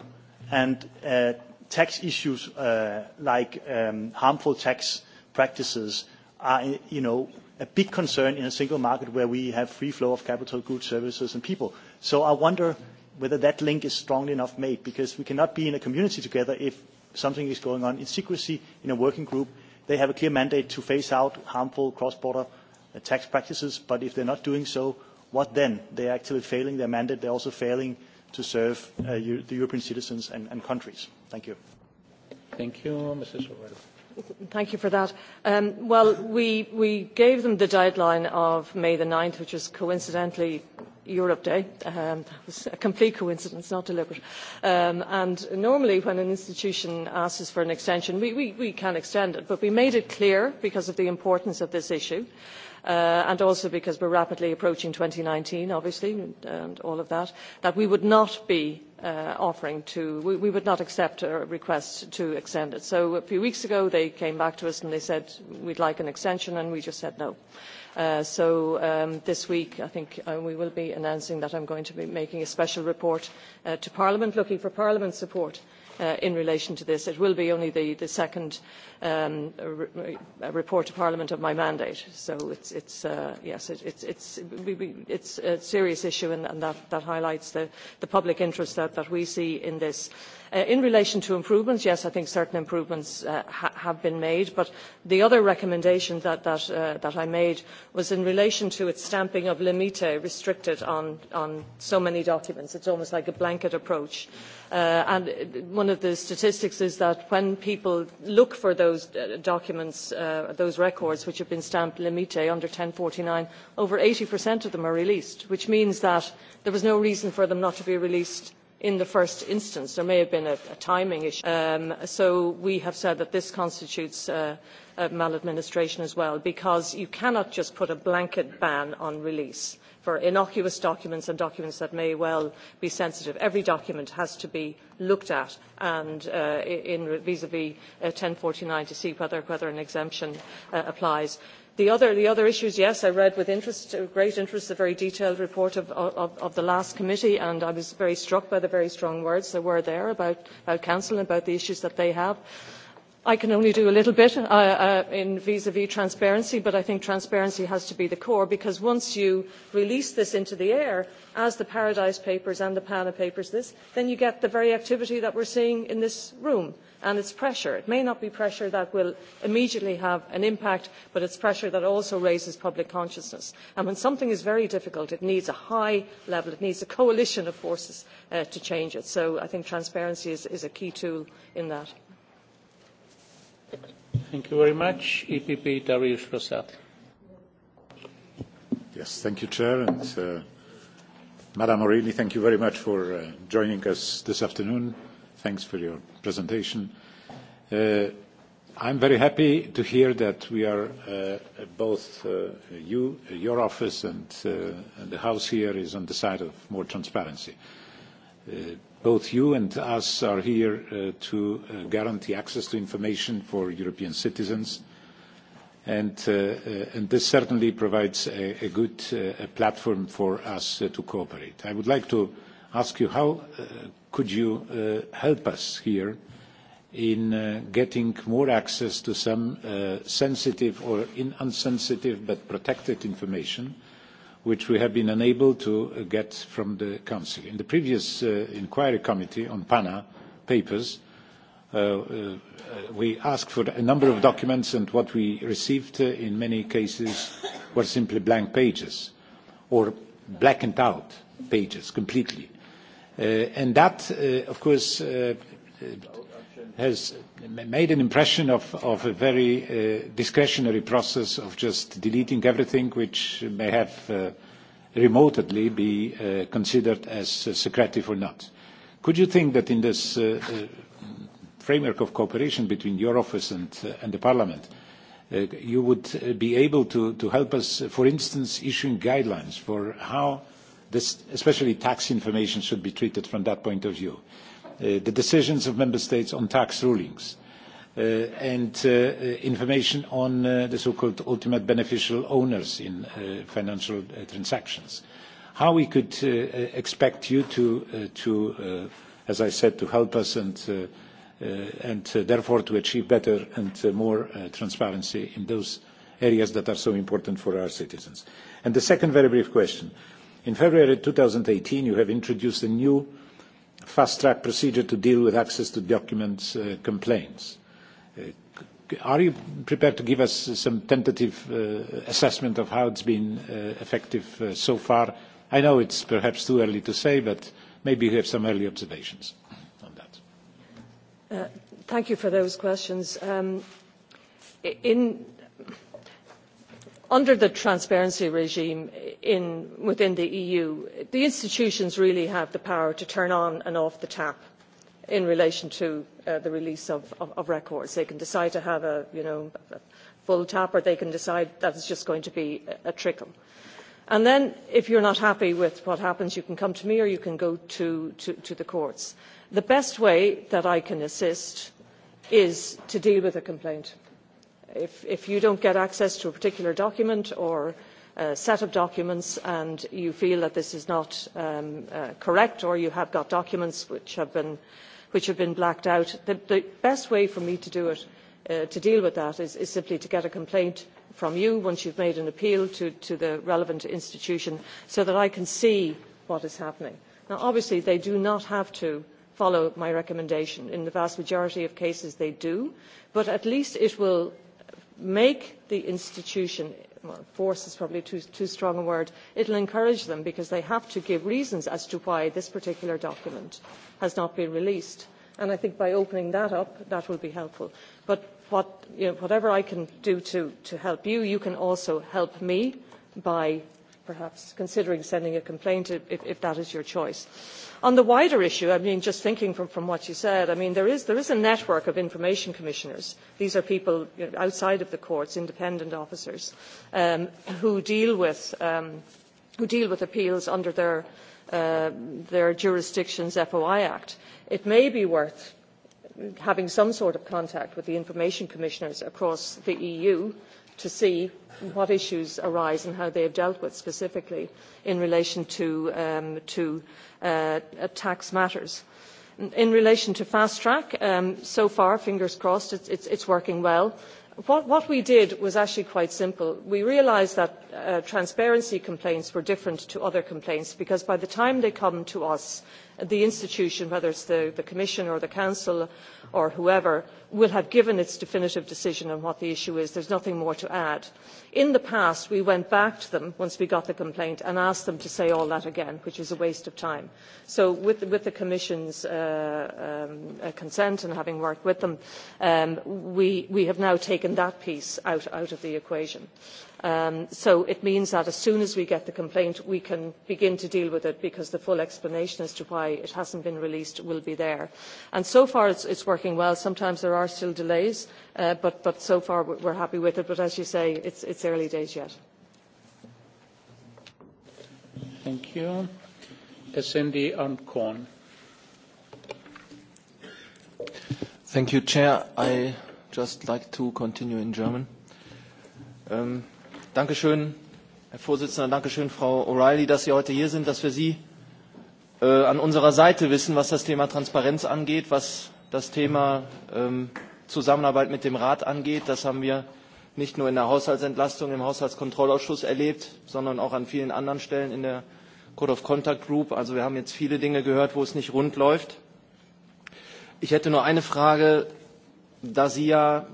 D: and uh, tax issues uh, like um, harmful tax practices are, you know, a big concern in a single market where we have free flow of capital, goods, services, and people. So I wonder whether that link is strongly enough made, because we cannot be in a community together if something is going on in secrecy in a working group. They have a clear mandate to phase out harmful cross-border uh, tax practices, but if they're not doing so, what then? They're actually failing their mandate. They're also failing to serve uh, the European citizens and, and countries. Thank you. Thank you, Mr. Sorrell.
B: Thank you for that. Um, well, we, we gave them the deadline of May the 9th, which is coincidentally Europe Day. Um, that was a complete coincidence, not deliberate. Um, and normally when an institution asks us for an extension, we, we, we can extend it. But we made it clear, because of the importance of this issue, Uh, and also because we're rapidly approaching 2019, obviously, and and all of that that we would not be Uh, offering to we, would not accept a request to extend it. so a few weeks ago they came back to us and they said we'd like an extension and we just said no. Uh, so um, this week i think uh, we will be announcing that i'm going to be making a special report to parliament looking for parliament's support Uh, in relation to this. It will be only the, second um, uh, report to Parliament of my mandate. So uh, yes, it, it's, a serious issue and, that, highlights the, public interest that, we see in this. Uh, in relation to improvements, yes, I think certain improvements uh, have been made, but the other recommendation uh, that, I made was in relation to its stamping of limite restricted on, so many documents. It's almost like a blanket approach. and one of the statistics is that when people look for those documents, those records which have been stamped limite under 1049, over 80% of them are released, which means that there was no reason for them not to be released in the first instance. There may have been a, a timing issue. Um, so we have said that this constitutes uh, maladministration as well because you cannot just put a blanket ban on release for innocuous documents and documents that may well be sensitive. Every document has to be looked at and uh, in vis-à-vis -vis, uh, 1049 to see whether, whether an exemption uh, applies. The other, issues, yes, I read with uh, great interest the very detailed report of, the last committee, and I was very struck by the very strong words that were there about, about Council and about the issues that they have. I can only do a little bit uh, uh, vis vis transparency, but I think transparency has to be the core because once you release this into the air, as the Paradise Papers and the PANA Papers, this, then you get the very activity that we are seeing in this room and it is pressure. It may not be pressure that will immediately have an impact, but it is pressure that also raises public consciousness. And when something is very difficult, it needs a high level, it needs a coalition of forces uh, to change it. So I think transparency is, is a key tool in that.
A: Thank you very much. EPP Darius Rosat.
E: Yes, thank you, Chair. And, uh, Madam O'Reilly, thank you very much for uh, joining us this afternoon. Thanks for your presentation. Uh, I'm very happy to hear that we are uh, both uh, you, your office and, uh, and the House here is on the side of more transparency. Uh, both you and us are here uh, to guarantee access to information for European citizens, and, and this certainly provides a, a good a platform for us to cooperate. I would like to ask you how could you uh, help us here in uh, getting more access to some uh, sensitive or in unsensitive but protected information which we have been unable to uh, get from the Council. In the previous uh, inquiry committee on PANA papers, uh, we asked for a number of documents and what we received in many cases were simply blank pages or blackened out pages completely Uh, and that, uh, of course, uh, has made an impression of, of a very discretionary process of just deleting everything which may have remotely be considered as secretive or not. Could you think that in this framework of cooperation between your office and, and the Parliament, you would be able to, to help us, for instance, issuing guidelines for how This, especially tax information should be treated from that point of view. Uh, the decisions of member states on tax rulings uh, and uh, uh information on uh, the so-called ultimate beneficial owners in uh, financial transactions. How we could expect you to, to as I said, to help us and, and therefore to achieve better and more transparency in those areas that are so important for our citizens. And the second very brief question. Uh, In February 2018, you have introduced a new fast-track procedure to deal with access to documents uh, complaints. Uh, are you prepared to give us some tentative uh, assessment of how it's been effective so far? I know it's perhaps too early to say, but maybe you have some early observations on
B: that. Thank you for those questions. Um, in under the transparency regime within the eu the institutions really have the power to turn on and off the tap in relation to uh, the release of, records. they can decide to have a, full tap or they can decide that it's just going to be a, trickle. and then if you're not happy with what happens you can come to me or you can go to the courts. the best way that i can assist is to deal with a complaint if, if you don't get access to a particular document or a uh, set of documents and you feel that this is not um, uh, correct or you have got documents which have been, which have been blacked out, the, the best way for me to do it, uh, to deal with that, is, is simply to get a complaint from you once you've made an appeal to, to the relevant institution so that I can see what is happening. Now, obviously, they do not have to follow my recommendation. In the vast majority of cases, they do, but at least it will make the institution well, force is probably too, too strong a word, it'll encourage them because they have to give reasons as to why this particular document has not been released. And I think by opening that up, that will be helpful. But what, you know, whatever I can do to, to help you, you can also help me by perhaps considering sending a complaint if, if that is your choice. On the wider issue, I mean, just thinking from, from what you said, I mean, there is, there is a network of information commissioners. These are people you know, outside of the courts, independent officers, um, who, deal with, um, who deal with appeals under their, uh, their jurisdiction's FOI Act. It may be worth having some sort of contact with the information commissioners across the EU to see what issues arise and how they have dealt with specifically in relation to, um, to uh, tax matters. In relation to fast track, um, so far, fingers crossed, it's, it's, it's working well. What, what we did was actually quite simple. We realised that uh, transparency complaints were different to other complaints because by the time they come to us, the institution whether it is the, commission or the council or whoever will have given its definitive decision on what the issue is. there is nothing more to add. in the past we went back to them once we got the complaint and asked them to say all that again which was a waste of time. so with, with the commission's uh, um, uh, consent and having worked with them um, we, we have now taken that piece out, out of the equation. Um, so it means that as soon as we get the complaint we can begin to deal with it because the full explanation as to why it has not been released will be there. so far it is working well. Sometimes there are still delays, uh, but, so far we are happy with it. But as you say, it is early days yet.
A: Thank you.
F: just like to continue in German. Um, Danke schön, Herr Vorsitzender, Danke schön, Frau O'Reilly, dass Sie heute hier sind, dass wir Sie äh, an unserer Seite wissen, was das Thema Transparenz angeht, was das Thema ähm, Zusammenarbeit mit dem Rat angeht. Das haben wir nicht nur in der Haushaltsentlastung im Haushaltskontrollausschuss erlebt, sondern auch an vielen anderen Stellen in der Code of Contact Group. Also wir haben jetzt viele Dinge gehört, wo es nicht rund läuft. Ich hätte nur eine Frage, da Sie ja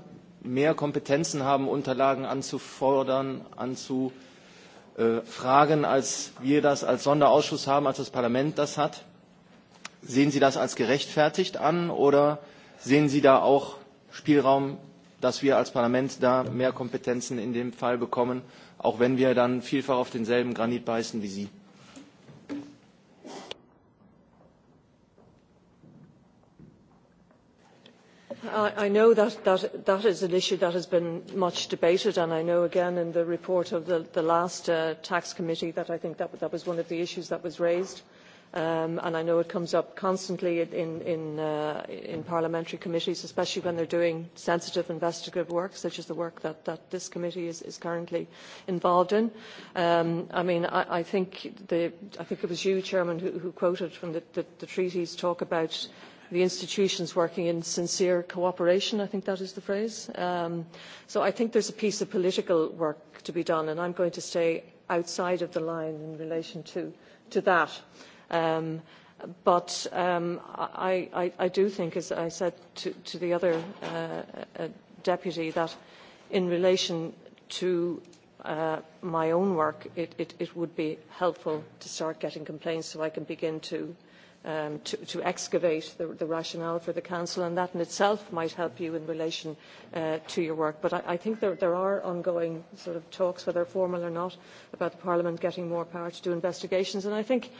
F: mehr Kompetenzen haben, Unterlagen anzufordern, anzufragen, als wir das als Sonderausschuss haben, als das Parlament das hat. Sehen Sie das als gerechtfertigt an oder sehen Sie da auch Spielraum, dass wir als Parlament da mehr Kompetenzen in dem Fall bekommen, auch wenn wir dann vielfach auf denselben Granit beißen wie Sie?
B: I, know that, that that is an issue that has been much debated, and I know again in the report of the, the last uh, tax committee that I think that, that was one of the issues that was raised. Um, and I know it comes up constantly in, in, uh, in parliamentary committees, especially when they're doing sensitive investigative work, such as the work that, that this committee is, is currently involved in. Um, I mean, I, think the, I think it was you, Chairman, who, quoted from the, the treaties talk about the institutions working in sincere cooperation, I think that is the phrase. Um, so I think there's a piece of political work to be done, and I'm going to stay outside of the line in relation to, to that. Um, but um, I, I, I do think, as I said to, to the other uh, uh, deputy, that in relation to uh, my own work, it, it, it would be helpful to start getting complaints so I can begin to uh, um, to, to excavate the, the rationale for the Council, and that in itself might help you in relation uh, to your work. But I, I think there, there are ongoing sort of talks, whether formal or not, about the Parliament getting more power to do investigations, and I think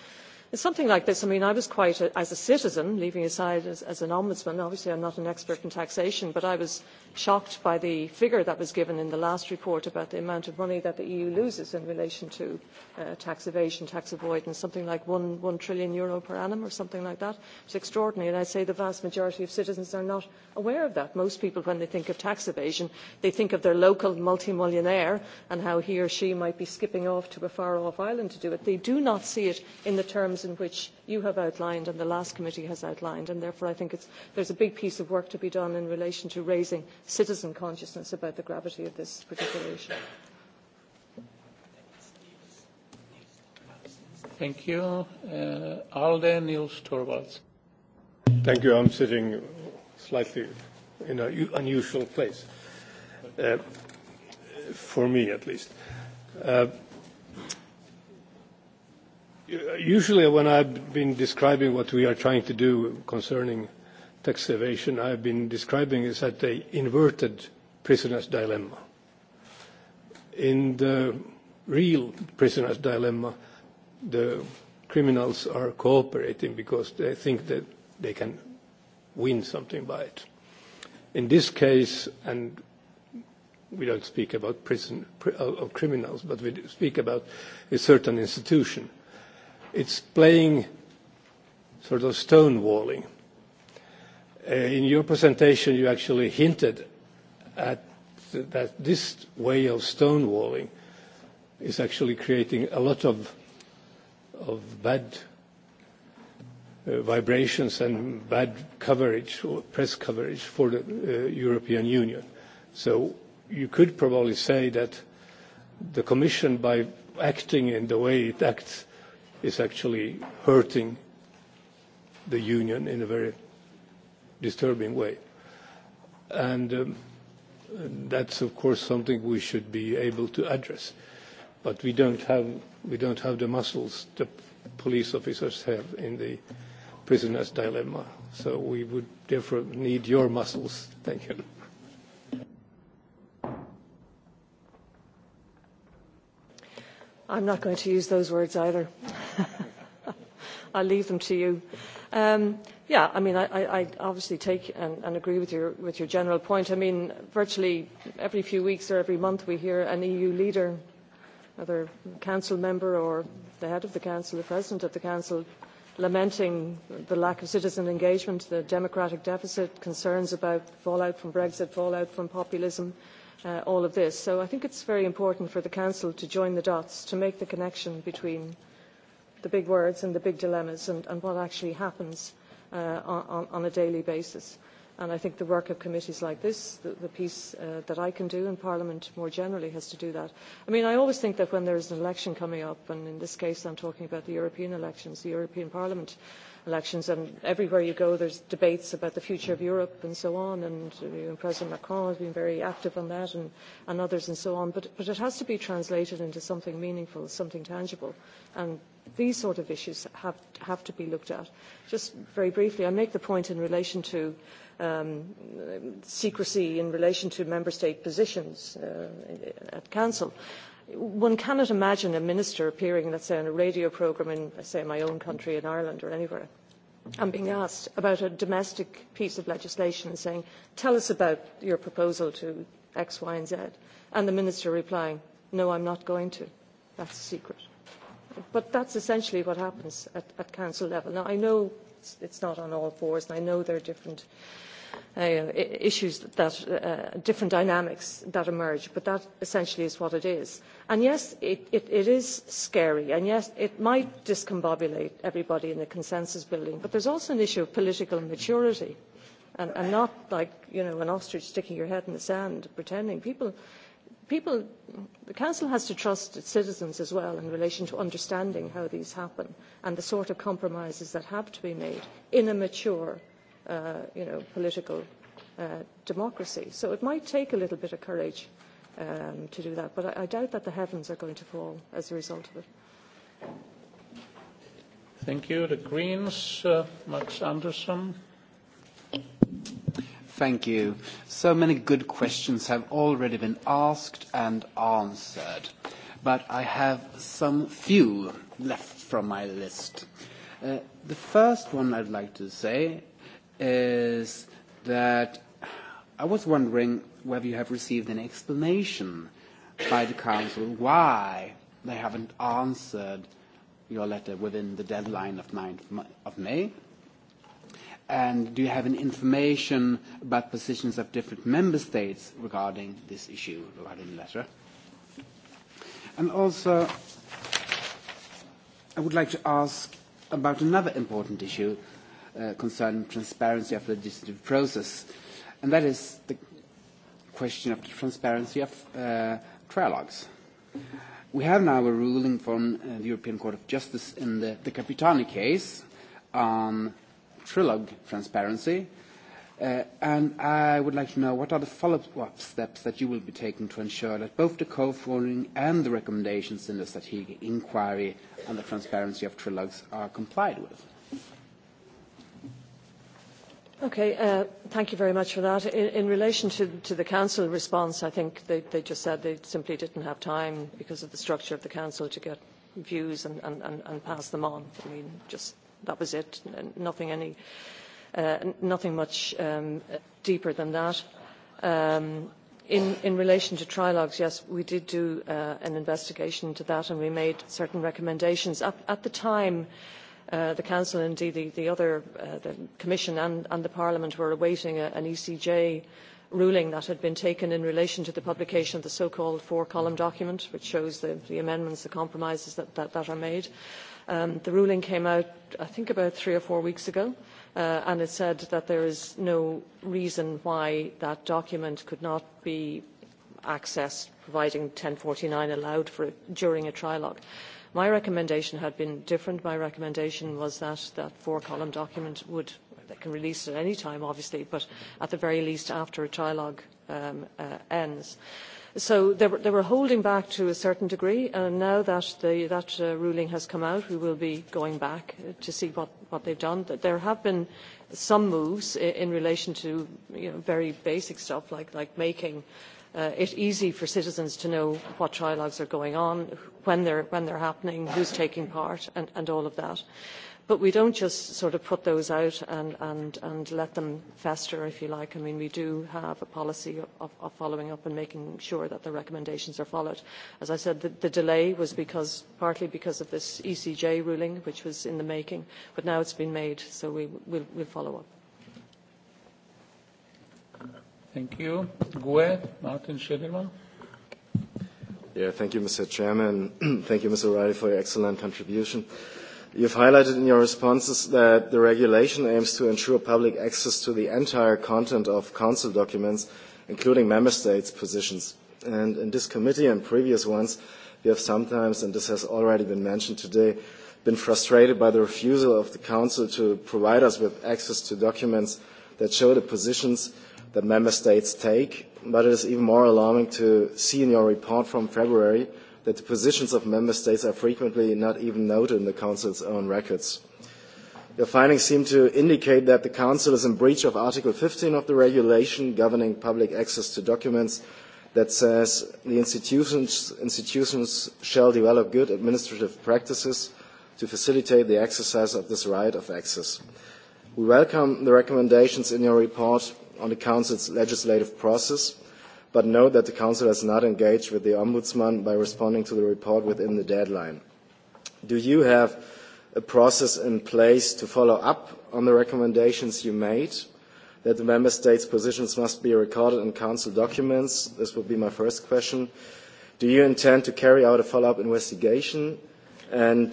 B: something like this. I mean, I was quite, as a citizen, leaving aside as, an ombudsman, obviously I'm not an expert in taxation, but I was shocked by the figure that was given in the last report about the amount of money that the EU loses in relation to uh, tax evasion, tax avoidance, something like one, one trillion euro per annum or something like that. It's extraordinary, and would say the vast majority of citizens are not aware of that. Most people, when they think of tax evasion, they think of their local multimillionaire and how he or she might be skipping off to a far-off island to do it. They do not see it in the terms those in which you have outlined and the last committee has outlined and therefore i think there is a big piece of work to be done in relation to raising citizen consciousness about the gravity of this particular issue.
A: Thank you. Uh,
G: Alde Niels Torvalds. Thank you. I'm sitting slightly in an unusual place, uh, for me at least. Uh, Usually when I've been describing what we are trying to do concerning tax evasion, I've been describing is that the inverted prisoner's dilemma. In the real prisoner's dilemma, the criminals are cooperating because they think that they can win something by it. In this case, and we don't speak about prison uh, of criminals, but we speak about a certain institution it's playing sort of stonewalling. Uh, in your presentation, you actually hinted at th that this way of stonewalling is actually creating a lot of, of bad uh, vibrations and bad coverage, or press coverage for the uh, European Union. So you could probably say that the Commission, by acting in the way it acts, is actually hurting the union in a very disturbing way. And um, that's, of course, something we should be able to address. But we don't have, we don't have the muscles the police officers have in the prisoner's dilemma. So we would therefore need your muscles. Thank you.
B: I'm not going to use those words either. I'll leave them to you. Um, yeah, I mean, I, I obviously take and, and agree with your, with your general point. I mean, virtually every few weeks or every month we hear an EU leader, whether council member or the head of the council, the president of the council, lamenting the lack of citizen engagement, the democratic deficit, concerns about fallout from Brexit, fallout from populism, uh, all of this. So I think it's very important for the council to join the dots, to make the connection between – the big words and the big dilemmas and, and what actually happens uh, on, on a daily basis. And I think the work of committees like this, the, the piece uh, that I can do in Parliament more generally has to do that. I mean, I always think that when there is an election coming up, and in this case I'm talking about the European elections, the European Parliament, uh, elections. And everywhere you go, there's debates about the future of Europe and so on. And, uh, you know, President Macron has been very active on that and, and others and so on. But, but it has to be translated into something meaningful, something tangible. And these sort of issues have, have to be looked at. Just very briefly, I make the point in relation to um, secrecy in relation to member state positions uh, at council one cannot imagine a minister appearing, let's say, on a radio programme in, say, my own country in Ireland or anywhere, and being asked about a domestic piece of legislation and saying, tell us about your proposal to X, Y, and Z, and the minister replying, no, I'm not going to. That's a secret. But that's essentially what happens at, at council level. Now, I know it's, it's not on all fours, and I know there are different uh, uh, issues that uh, different dynamics that emerge but that essentially is what it is and yes it, it, it is scary and yes it might discombobulate everybody in the consensus building but there's also an issue of political maturity and, and not like you know an ostrich sticking your head in the sand pretending people people the council has to trust its citizens as well in relation to understanding how these happen and the sort of compromises that have to be made in a mature uh, you know, political uh, democracy. So it might take a little bit of courage um, to do that, but I, I doubt that the heavens are going to fall as a result of it.
A: Thank you. The Greens, uh, Max Anderson.
H: Thank you. So many good questions have already been asked and answered, but I have some few left from my list. Uh, the first one I'd like to say is that I was wondering whether you have received an explanation by the Council why they haven't answered your letter within the deadline of 9th of May. And do you have any information about positions of different member states regarding this issue, regarding the letter? And also, I would like to ask about another important issue, Uh, concerning transparency of the legislative process. And that is the question of the transparency of uh, trilogues. We have now a ruling from uh, the European Court of Justice in the, the Capitani case on trilogue transparency. Uh, and I would like to know what are the follow-up steps that you will be taking to ensure that both the co forming and the recommendations in the strategic inquiry on the transparency of trilogues are complied with?
B: Okay, uh, thank you very much for that. In, in relation to, to the council response, I think they, they just said they simply didn't have time because of the structure of the council to get views and, and, and, and pass them on. I mean, just that was it. Nothing any, uh, nothing much um, deeper than that. Um, in, in relation to trilogues, yes, we did do uh, an investigation into that, and we made certain recommendations. At, at the time, uh, Uh, the council and indeed the, the other uh, the commission and, and the parliament were awaiting a, an ecj ruling that had been taken in relation to the publication of the so called four column document which shows the, the amendments the compromises that, that, that are made. Um, the ruling came out i think about three or four weeks ago uh, and it said that there is no reason why that document could not be accessed providing one thousand and forty nine allowed for it during a trilogue. My recommendation had been different. My recommendation was that that four-column document would that can release at any time, obviously, but at the very least after a trialogue um, uh, ends. So they were, they were holding back to a certain degree, and now that the, that uh, ruling has come out, we will be going back uh, to see what, what they've done. There have been some moves in, in relation to you know, very basic stuff like, like making Uh, it easy for citizens to know what trilogues are going on, when they're, when they're happening, who's taking part, and, and all of that. But we don't just sort of put those out and, and, and let them fester, if you like. I mean, we do have a policy of, of following up and making sure that the recommendations are followed. As I said, the, the delay was because, partly because of this ECJ ruling, which was in the making, but now it's been made, so we, we'll, we'll follow up.
A: Thank you. GUE, Martin Schiedemann.
I: Yeah, thank you, Mr. Chairman. thank you, Mr. Riley, for your excellent contribution. You've highlighted in your responses that the regulation aims to ensure public access to the entire content of Council documents, including Member States' positions. And in this committee and previous ones, we have sometimes, and this has already been mentioned today, been frustrated by the refusal of the Council to provide us with access to documents that show the positions – that member states take, but it is even more alarming to see in your report from February that the positions of member states are frequently not even noted in the Council's own records. Your findings seem to indicate that the Council is in breach of Article 15 of the regulation governing public access to documents that says the institutions, institutions shall develop good administrative practices to facilitate the exercise of this right of access. We welcome the recommendations in your report on the Council's legislative process, but note that the Council has not engaged with the Ombudsman by responding to the report within the deadline. Do you have a process in place to follow up on the recommendations you made that the member states' positions must be recorded in council documents? This would be my first question. Do you intend to carry out a follow-up investigation? And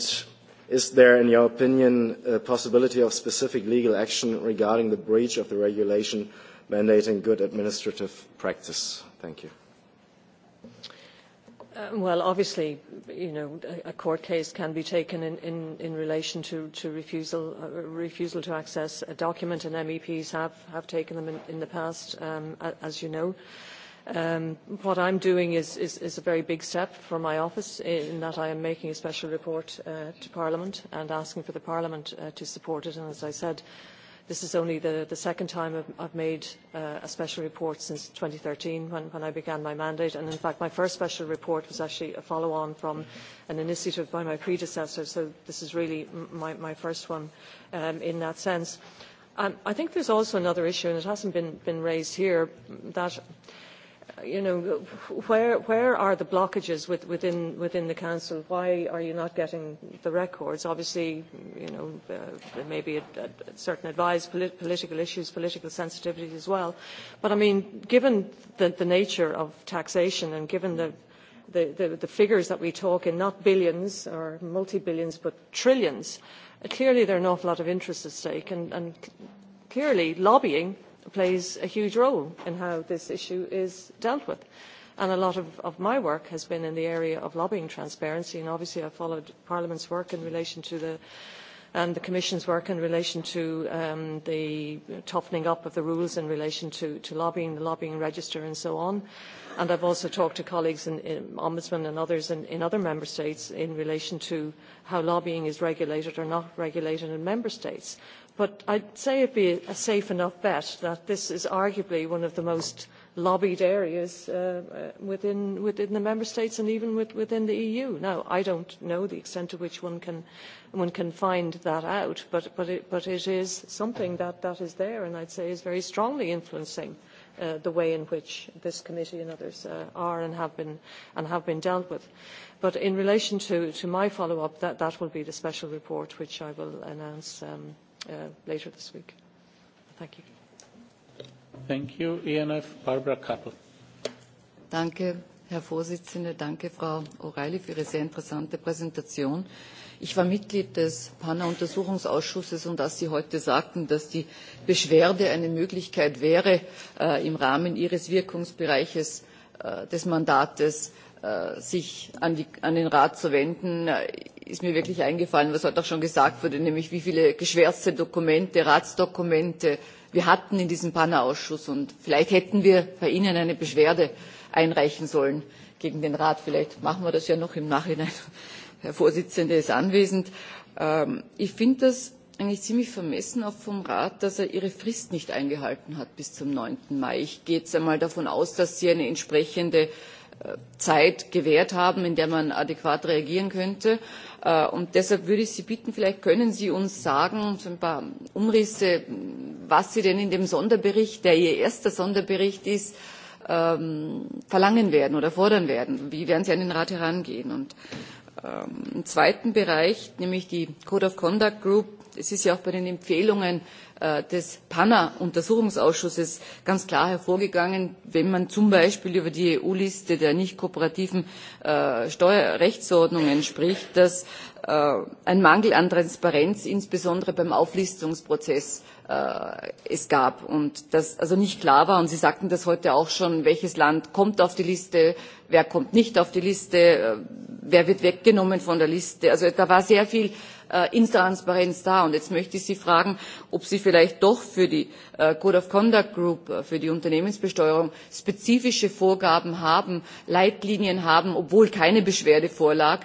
I: is there, in your opinion, a possibility of specific legal action regarding the breach of the regulation mandating good administrative practice. Thank you.
B: Uh, well, obviously, you know, a, a court case can be taken in, in, in relation to, to refusal, uh, refusal to access a document, and MEPs have, have taken them in, in the past, um, as you know. Um, what I'm doing is, is, is a very big step for my office in that I am making a special report uh, to Parliament and asking for the Parliament uh, to support it. And as I said, This is only the, the second time I've, I've made uh, a special report since 2013 when, when I began my mandate. And in fact, my first special report was actually a follow-on from an initiative by my predecessor. So this is really my, my first one um, in that sense. Um, I think there's also another issue, and it hasn't been, been raised here, that you know, where, where are the blockages with, within, within the council? Why are you not getting the records? Obviously, you know, uh, there may be a, a certain advised polit political issues, political sensitivities as well. But I mean, given the, the nature of taxation and given the, the, the, the figures that we talk in, not billions or multi-billions, but trillions, uh, clearly there are an awful lot of interests at stake. And, and clearly lobbying – plays a huge role in how this issue is dealt with. And a lot of, my work has been in the area of lobbying transparency, and obviously I followed Parliament's work in relation to the and the Commission's work in relation to um, the toughening up of the rules in relation to, to lobbying, the lobbying register and so on. And I've also talked to colleagues in, in Ombudsman and others in, in other Member States in relation to how lobbying is regulated or not regulated in Member States but i'd say it'd be a safe enough bet that this is arguably one of the most lobbied areas uh, uh within, within the member states and even with, within the EU. Now, I don't know the extent to which one can, one can find that out, but, but, it, but it is something that, that is there and I'd say is very strongly influencing uh, the way in which this committee and others uh, are and have been and have been dealt with. But in relation to, to my follow-up, that, that will be the special report which I will announce um,
J: uh, later this week. Thank you.
A: Thank you. ENF Barbara Kappel.
J: Danke, Herr Vorsitzender. Danke, Frau O'Reilly, für Ihre sehr interessante Präsentation. Ich war Mitglied des PANA-Untersuchungsausschusses und als Sie heute sagten, dass die Beschwerde eine Möglichkeit wäre, äh, im Rahmen Ihres Wirkungsbereiches äh, des Mandates Äh, sich an, die, an den rat zu wenden äh, ist mir wirklich eingefallen was heute auch schon gesagt wurde nämlich wie viele geschwärzte dokumente ratsdokumente wir hatten in diesem pana ausschuss und vielleicht hätten wir bei ihnen eine beschwerde einreichen sollen gegen den rat vielleicht machen wir das ja noch im nachhinein herr Vorsitzende ist anwesend. Ähm, ich finde das eigentlich ziemlich vermessen auch vom rat dass er ihre frist nicht eingehalten hat bis zum. neun mai. ich gehe jetzt einmal davon aus dass sie eine entsprechende Zeit gewährt haben, in der man adäquat reagieren könnte. Äh, und deshalb würde ich Sie bitten, vielleicht können Sie uns sagen, so ein paar Umrisse, was Sie denn in dem Sonderbericht, der Ihr erster Sonderbericht ist, ähm, verlangen werden oder fordern werden. Wie werden Sie an den Rat herangehen? Und ähm, im zweiten Bereich, nämlich die Code of Conduct Group, es ist ja auch bei den Empfehlungen Äh, des pana untersuchungsausschusses ganz klar hervorgegangen wenn man zum beispiel über die eu liste der nicht kooperativen äh, steuerrechtsordnungen spricht dass äh, ein mangel an transparenz insbesondere beim auflistungsprozess äh, es gab und dass also nicht klar war und sie sagten das heute auch schon welches land kommt auf die liste wer kommt nicht auf die liste wer wird weggenommen von der liste also da war sehr viel Äh, Intransparenz da. Und jetzt möchte ich Sie fragen, ob Sie vielleicht doch für die äh, Code of Conduct Group, äh, für die Unternehmensbesteuerung spezifische Vorgaben haben, Leitlinien haben, obwohl keine Beschwerde vorlag,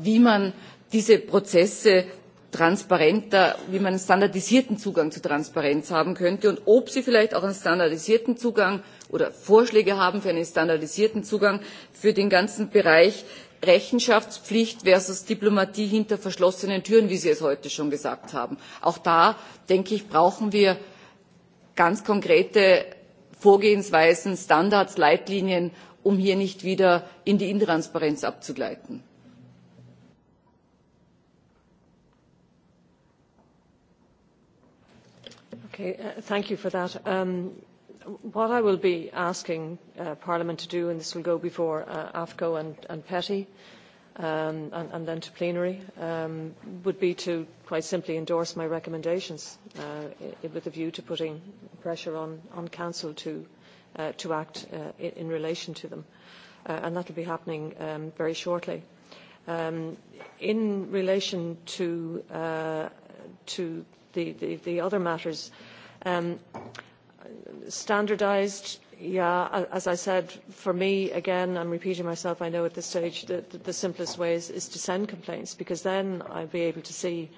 J: wie man diese Prozesse transparenter, wie man einen standardisierten Zugang zu Transparenz haben könnte und ob Sie vielleicht auch einen standardisierten Zugang oder Vorschläge haben für einen standardisierten Zugang für den ganzen Bereich Rechenschaftspflicht versus Diplomatie hinter verschlossenen Türen, wie Sie es heute schon gesagt haben. Auch da, denke ich, brauchen wir ganz konkrete Vorgehensweisen, Standards, Leitlinien, um hier nicht wieder in die Intransparenz abzugleiten.
B: Okay, uh, thank you for that. Um, what I will be asking uh, Parliament to do, and this will go before uh, AFCO and, and PETI, um, and, and then to plenary, um, would be to quite simply endorse my recommendations uh, with a view to putting pressure on, on Council to, uh, to act uh, in, relation to them. Uh, and that will be happening um, very shortly. Um, in relation to, uh, to the, the, the other matters, um, standardised yeah as i said for me again i'm repeating myself i know at this stage that the simplest way is, to send complaints because then i'll be able to see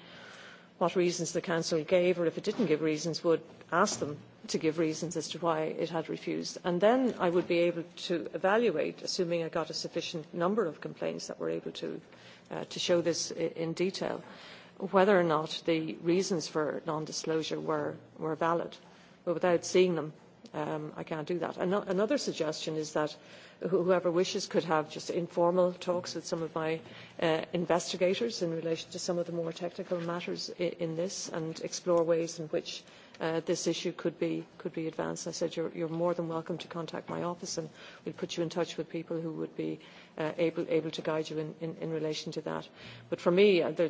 B: what reasons the council gave or if it didn't give reasons would ask them to give reasons as to why it had refused and then i would be able to evaluate assuming i got a sufficient number of complaints that were able to uh, to show this in detail whether or not the reasons for non-disclosure were were valid but without seeing them, um, I can't do that. another suggestion is that whoever wishes could have just informal talks with some of my uh, investigators in relation to some of the more technical matters in, in this and explore ways in which Uh, this issue could be, could be advanced. I said, you're, you're more than welcome to contact my office and we'll put you in touch with people who would be uh, able, able to guide you in, in, in relation to that. But for me, uh, there,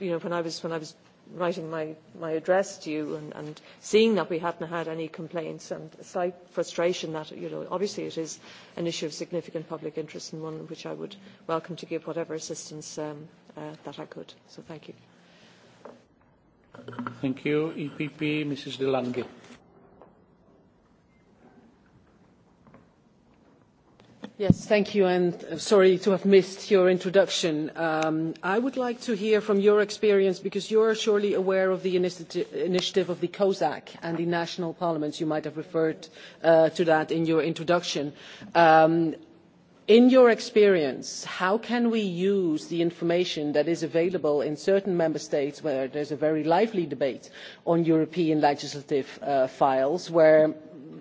B: you know, when I was, when I was writing my, my address to you and, and seeing that we hadn't had any complaints and a slight frustration that, you know, obviously it is an issue of significant public interest and one in which I would welcome to give whatever assistance um, uh, that I could. So thank you.
A: Thank you. EPP, Mrs. De Lange.
K: Yes, thank you, and sorry to have missed your introduction. Um, I would like to hear from your experience, because you're surely aware of the initiative, initiative of the COSAC and the national parliaments. You might have referred uh, to that in your introduction. Um, in your experience how can we use the information that is available in certain member states where there is a very lively debate on european legislative uh, files where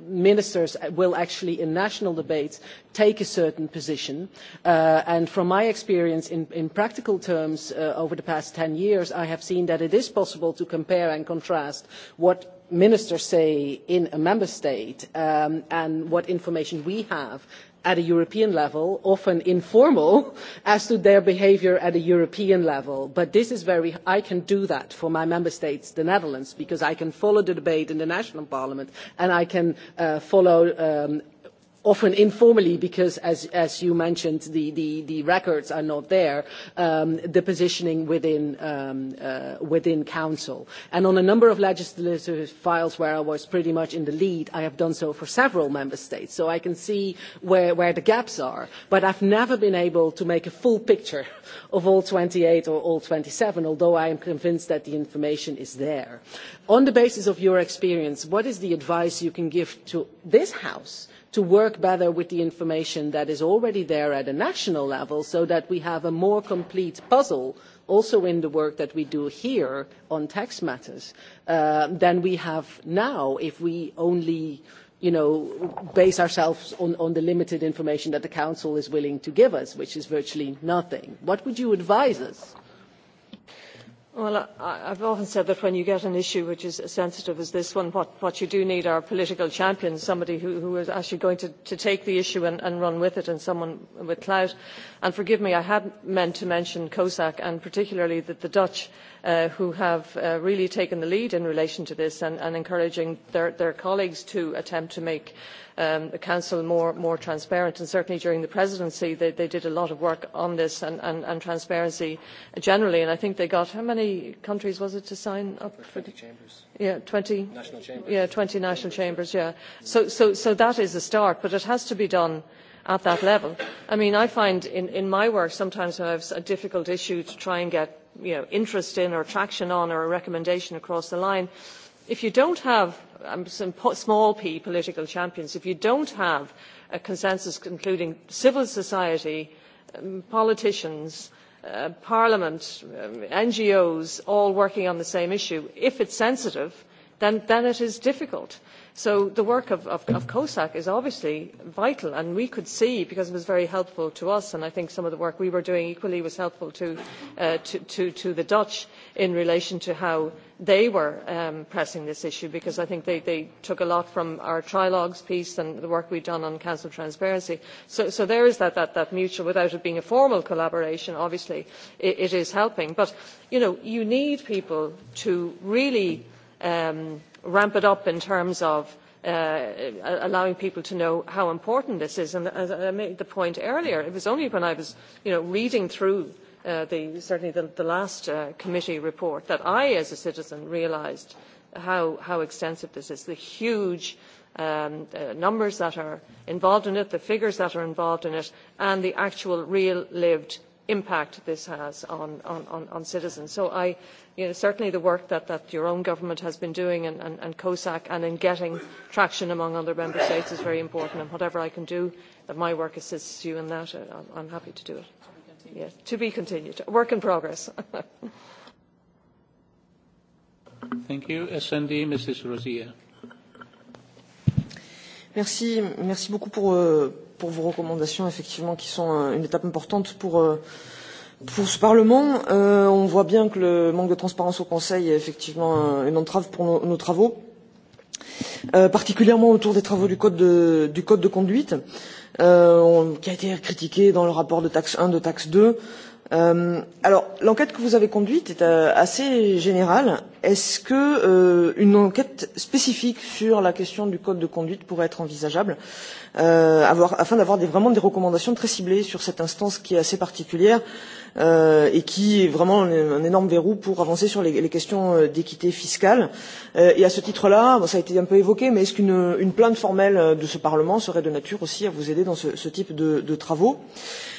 K: ministers will actually in national debates take a certain position uh, and from my experience in, practical terms uh, over the past 10 years i have seen that it is possible to compare and contrast what ministers say in a member state um, and what information we have at a European level, often informal, as to their behaviour at a European level. But this is very, I can do that for my member states, the Netherlands, because I can follow the debate in the national parliament and I can uh, follow um, often informally because as, as you mentioned the, the, the records are not there um, the positioning within, um, uh, within council and on a number of legislative files where I was pretty much in the lead I have done so for several member states so I can see where, where the gaps are but I've never been able to make a full picture of all 28 or all 27 although I am convinced that the information is there on the basis of your experience what is the advice you can give to this house to work better with the information that is already there at a national level so that we have a more complete puzzle also in the work that we do here on tax matters uh, than we have now if we only you know, base ourselves on, on the limited information that the Council is willing to give us, which is virtually nothing. What would you advise us? Uh,
B: Well, I, I've often said that when you get an issue which is as sensitive as this one, what, you do need are political champions, somebody who, is actually going to, take the issue and, and run with it, and someone with clout. And forgive me, I had meant to mention COSAC and particularly that the Dutch Uh, who have uh, really taken the lead in relation to this and, and encouraging their, their colleagues to attempt to make um, the council more, more transparent. And certainly during the presidency, they, they did a lot of work on this and, and, and transparency generally. And I think they got how many countries was it to sign up? For 20 the, chambers. Yeah, 20 national chambers. Yeah, 20 national chambers. Yeah. So, so, so that is a start, but it has to be done at that level. I mean, I find in, in my work sometimes I have a difficult issue to try and get you know, interest in or traction on or a recommendation across the line, if you don't have um, some po- small p political champions, if you don't have a consensus including civil society, um, politicians, uh, parliament, um, NGOs all working on the same issue, if it's sensitive, then, it is difficult. So the work of, COSAC is obviously vital, and we could see, because it was very helpful to us, and I think some of the work we were doing equally was helpful to, uh, the Dutch in relation to how they were um, pressing this issue, because I think they, took a lot from our trilogues piece and the work we we've done on council transparency. So, there is that, mutual, without it being a formal collaboration, obviously, it, is helping. But, you need people to really Um, ramp it up in terms of uh, allowing people to know how important this is. And as I made the point earlier, it was only when I was you know, reading through uh, the, certainly the, the last uh, committee report that I, as a citizen, realised how, how extensive this is, the huge um, uh, numbers that are involved in it, the figures that are involved in it, and the actual real lived impact this has on, on, on, citizens. So I, you know, certainly the work that, that your own government has been doing and, and, and COSAC and in getting traction among other member states is very important. And whatever I can do that my work assists you in that, uh, I'm, I'm happy to do it. Yeah, to be continued. Work in progress.
A: Thank you. SND, Mrs. Rosier.
L: Merci, merci beaucoup pour, euh, pour vos recommandations, effectivement, qui sont euh, une étape importante pour, euh, pour ce Parlement. Euh, on voit bien que le manque de transparence au Conseil est effectivement euh, une entrave pour no, nos travaux, euh, particulièrement autour des travaux du Code de, du code de conduite, euh, on, qui a été critiqué dans le rapport de taxe 1, de taxe 2. Euh, alors, l'enquête que vous avez conduite est euh, assez générale. Est-ce que euh, une enquête spécifique sur la question du code de conduite pourrait être envisageable, euh, avoir, afin d'avoir des, vraiment des recommandations très ciblées sur cette instance qui est assez particulière euh, et qui est vraiment un, un énorme verrou pour avancer sur les, les questions euh, d'équité fiscale euh, Et à ce titre-là, bon, ça a été un peu évoqué, mais est-ce qu'une une plainte formelle de ce Parlement serait de nature aussi à vous aider dans ce, ce type de, de travaux euh,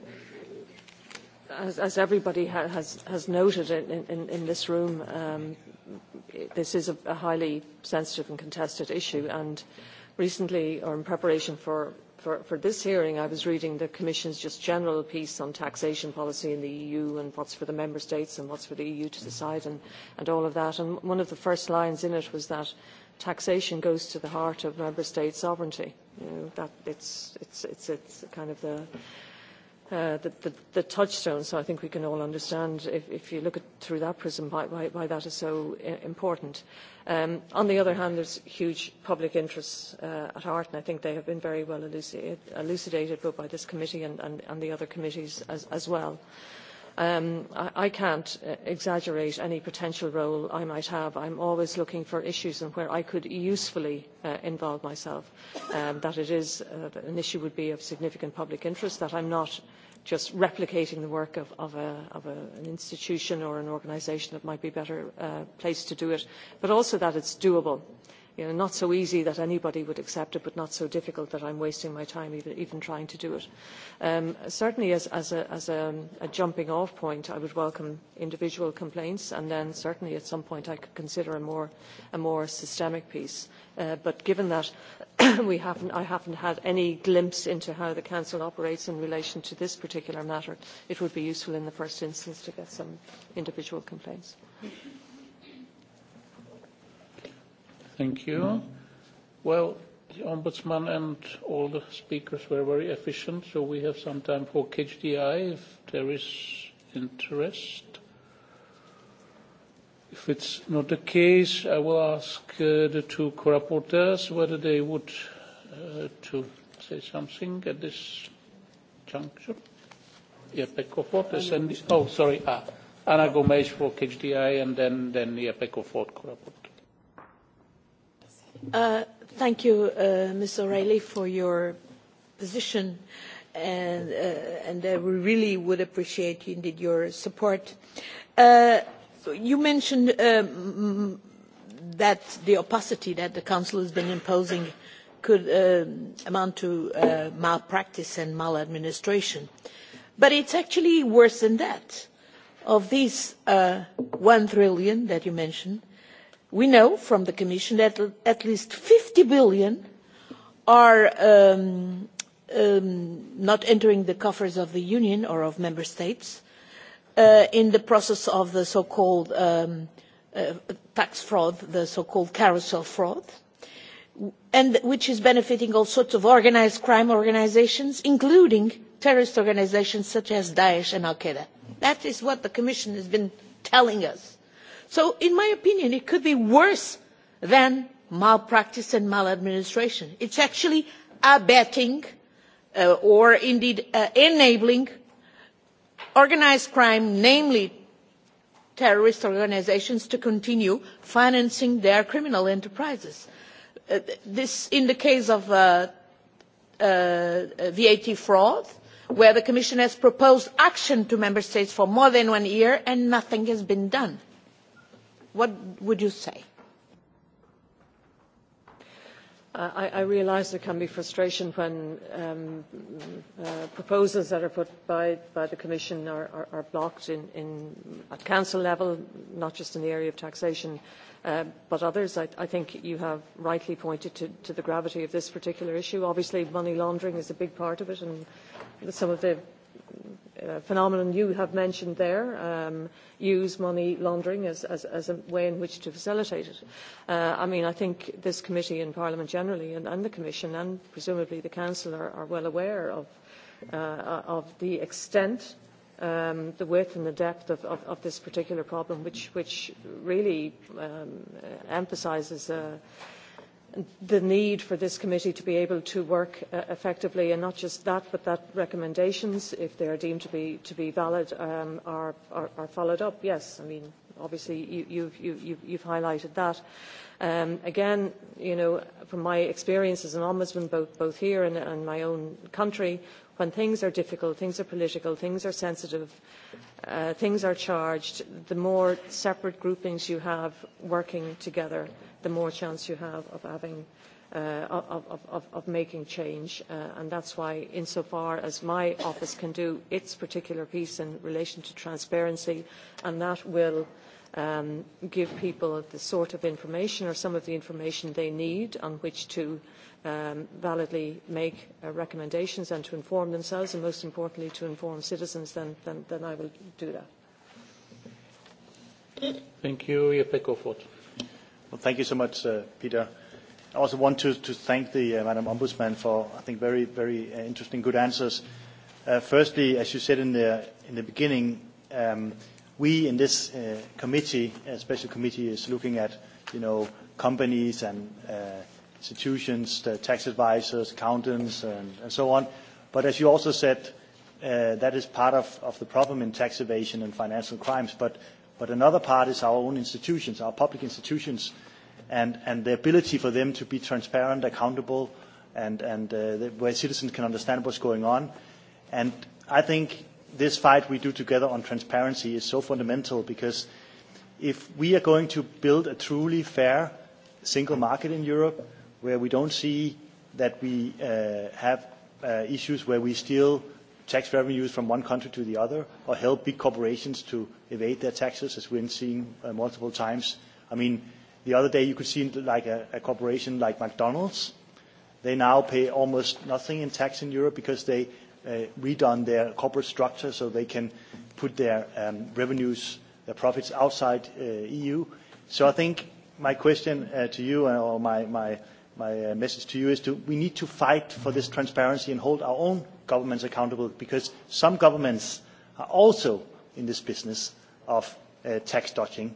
B: as, everybody has, noted in, this room, um, this is a, a highly sensitive and contested issue. And recently, or in preparation for, for, for this hearing, I was reading the Commission's just general piece on taxation policy in the EU and what's for the Member States and what's for the EU to decide and, and all of that. And one of the first lines in it was that taxation goes to the heart of Member State sovereignty. You know, that it's, it's, it's, it's kind of the uh, the, the, the touchstone. So I think we can all understand if, if you look at through that prism why, why, why that is so uh, important. Um, on the other hand, there's huge public interests uh, at heart, and I think they have been very well elucidated, elucidated both by this committee and, and, and the other committees as, as well. Um, I, I can't uh, exaggerate any potential role I might have. I'm always looking for issues and where I could usefully uh, involve myself. Um, that it is uh, that an issue would be of significant public interest, that I'm not uh, just replicating the work of, of, a, of a, an institution or an organisation that might be better uh, placed to do it, but also that it's doable. You know, not so easy that anybody would accept it, but not so difficult that I'm wasting my time even, even trying to do it. Um, certainly as, as, a, as a, a jumping off point, I would welcome individual complaints, and then certainly at some point I could consider a more, a more systemic piece Uh, but given that haven't, i have not had any glimpse into how the council operates in relation to this particular matter it would be useful in the first instance to get some individual complaints.
A: thank you. well the ombudsman and all the speakers were very efficient so we have some time for catch if there is interest. If it's not the case, I will ask uh, the two co-rapporteurs whether they would uh, to say something at this juncture. Yeah, Pekko Fort is and oh, sorry, ah, Anna Gomes for KHDI, and then then yeah, Pekko Fort co rapporteur
M: Uh, thank you, uh, Ms. O'Reilly, for your position, and uh, and uh, we really would appreciate indeed your support. Uh, you mentioned uh, that the opacity that the council has been imposing could uh, amount to uh, malpractice and maladministration but it's actually worse than that. of these uh, one trillion that you mentioned we know from the commission that at least 50 billion are um, um, not entering the coffers of the union or of member states Uh, in the process of the so-called um, uh, tax fraud, the so-called carousel fraud, and which is benefiting all sorts of organised crime organisations, including terrorist organisations such as Daesh and Al-Qaeda. That is what the Commission has been telling us. So in my opinion, it could be worse than malpractice and maladministration. It's actually abetting uh, or indeed enabling organised crime namely terrorist organisations to continue financing their criminal enterprises. Uh, this in the case of uh, uh, vat fraud where the commission has proposed action to member states for more than one year and
B: nothing has been done. what would you say? I, I realise there can be frustration when um, uh, proposals that are put by, by the Commission are, are, are blocked in, in, at Council level, not just in the area of taxation, uh, but others. I, I think you have rightly pointed to, to the gravity of this particular issue. Obviously, money laundering is a big part of it, and some of the uh, phenomenon you have mentioned there, um, use money laundering as, as, as a way in which to facilitate it. Uh, I mean, I think this committee and Parliament generally and, and the Commission and presumably the Council are, are well aware of, uh, of the extent um, the width and the depth of, of, of this particular problem, which, which really um, emphasizes uh, the need for this committee to be able to work uh, effectively and not just that but that recommendations if they are deemed to be to be valid um, are, are, are followed up yes i mean obviously you, you've, you, you've highlighted that um, again you know from my experience as an ombudsman both both here and in my own country when things are difficult things are political things are sensitive uh, things are charged the more separate groupings you have working together the more chance you have of having Uh, of, of, of, of making change. Uh, and that's why, insofar as my office can do its particular piece in relation to transparency, and that will um, give people the sort of information or some of the information they need on which to um, validly make uh, recommendations and to inform themselves, and most importantly, to inform citizens, then, then, then I will do that.
D: Thank you, Jeppe Kofod. Well, thank you so much, uh, Peter. I also want to, to thank the uh, Madam Ombudsman for, I think, very, very uh, interesting, good answers. Uh, firstly, as you said in the, in the beginning, um, we in this uh, committee, uh, special committee, is looking at, you know, companies and uh, institutions, the tax advisors, accountants, and, and so on. But as you also said, uh, that is part of, of the problem in tax evasion and financial crimes. But But another part is our own institutions, our public institutions, and, and the ability for them to be transparent, accountable, and, and uh, where citizens can understand what's going on. And I think this fight we do together on transparency is so fundamental because if we are going to build a truly fair single market in Europe where we don't see that we uh, have uh, issues where we steal tax revenues from one country to the other or help big corporations to evade their taxes, as we've seen seeing uh, multiple times. I mean, the other day you could see like a, a corporation like McDonald's. They now pay almost nothing in tax in Europe because they uh, redone their corporate structure so they can put their um, revenues, their profits outside uh, EU. So I think my question uh, to you uh, or my, my my uh, message to you is to we need to fight for this transparency and hold our own governments accountable because some governments are also in this business of uh, tax dodging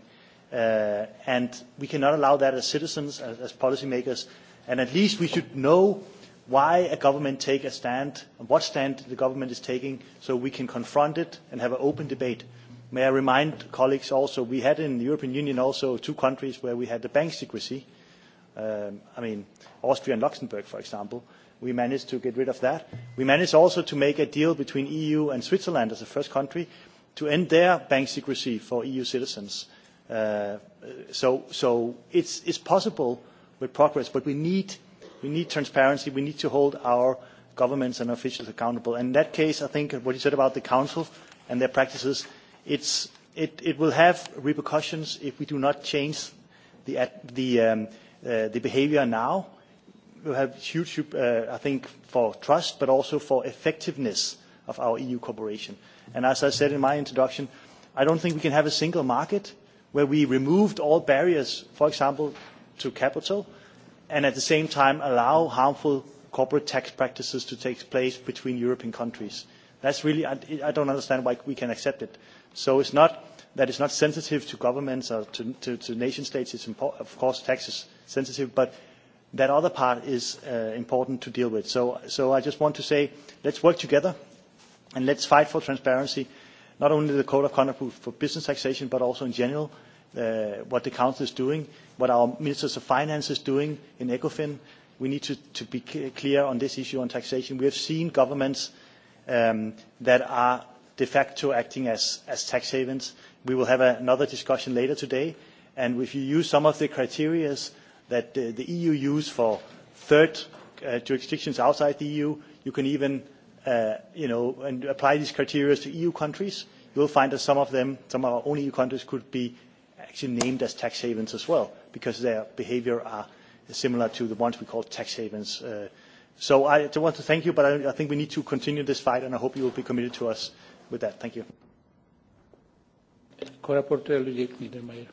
D: uh, and we cannot allow that as citizens as, as policymakers and at least we should know why a government take a stand and what stand the government is taking so we can confront it and have an open debate may i remind colleagues also we had in the european union also two countries where we had the bank secrecy Um, I mean, Austria and Luxembourg, for example, we managed to get rid of that. We managed also to make a deal between EU and Switzerland as the first country to end their bank secrecy for EU citizens. Uh, so, it's, possible with progress, but we need, transparency. We need to hold our governments and officials accountable. in that case, I think what you said about the Council and their practices, it, will have repercussions if we do not change the, um, Uh, the behavior now will have huge, uh, I think, for trust, but also for effectiveness of our EU cooperation. And as I said in my introduction, I don't think we can have a single market where we removed all barriers, for example, to capital, and at the same time allow harmful corporate tax practices to take place between European countries. That's really, I, I don't understand why we can accept it. So it's not that is not sensitive to governments or to, to, to nation states. It's of course tax is sensitive, but that other part is uh, important to deal with. So, so I just want to say, let's work together and let's fight for transparency, not only the code of conduct for business taxation, but also in general, uh, what the council is doing, what our ministers of finance is doing in ECOFIN. We need to, to be clear on this issue on taxation. We have seen governments um, that are de facto acting as, as tax havens We will have another discussion later today, and if you use some of the criteria that the, the EU use for third uh, jurisdictions outside the EU, you can even uh, you know, and apply these criteria to EU countries. You'll find that some of them, some of our own EU countries could be actually named as tax havens as well, because their behavior are similar to the ones we call tax havens. Uh, so I want to thank you, but I, I think we need to continue this fight, and I hope you will be committed to us with that. Thank you.
A: Co-rapporteur Ludwig Niedermayer.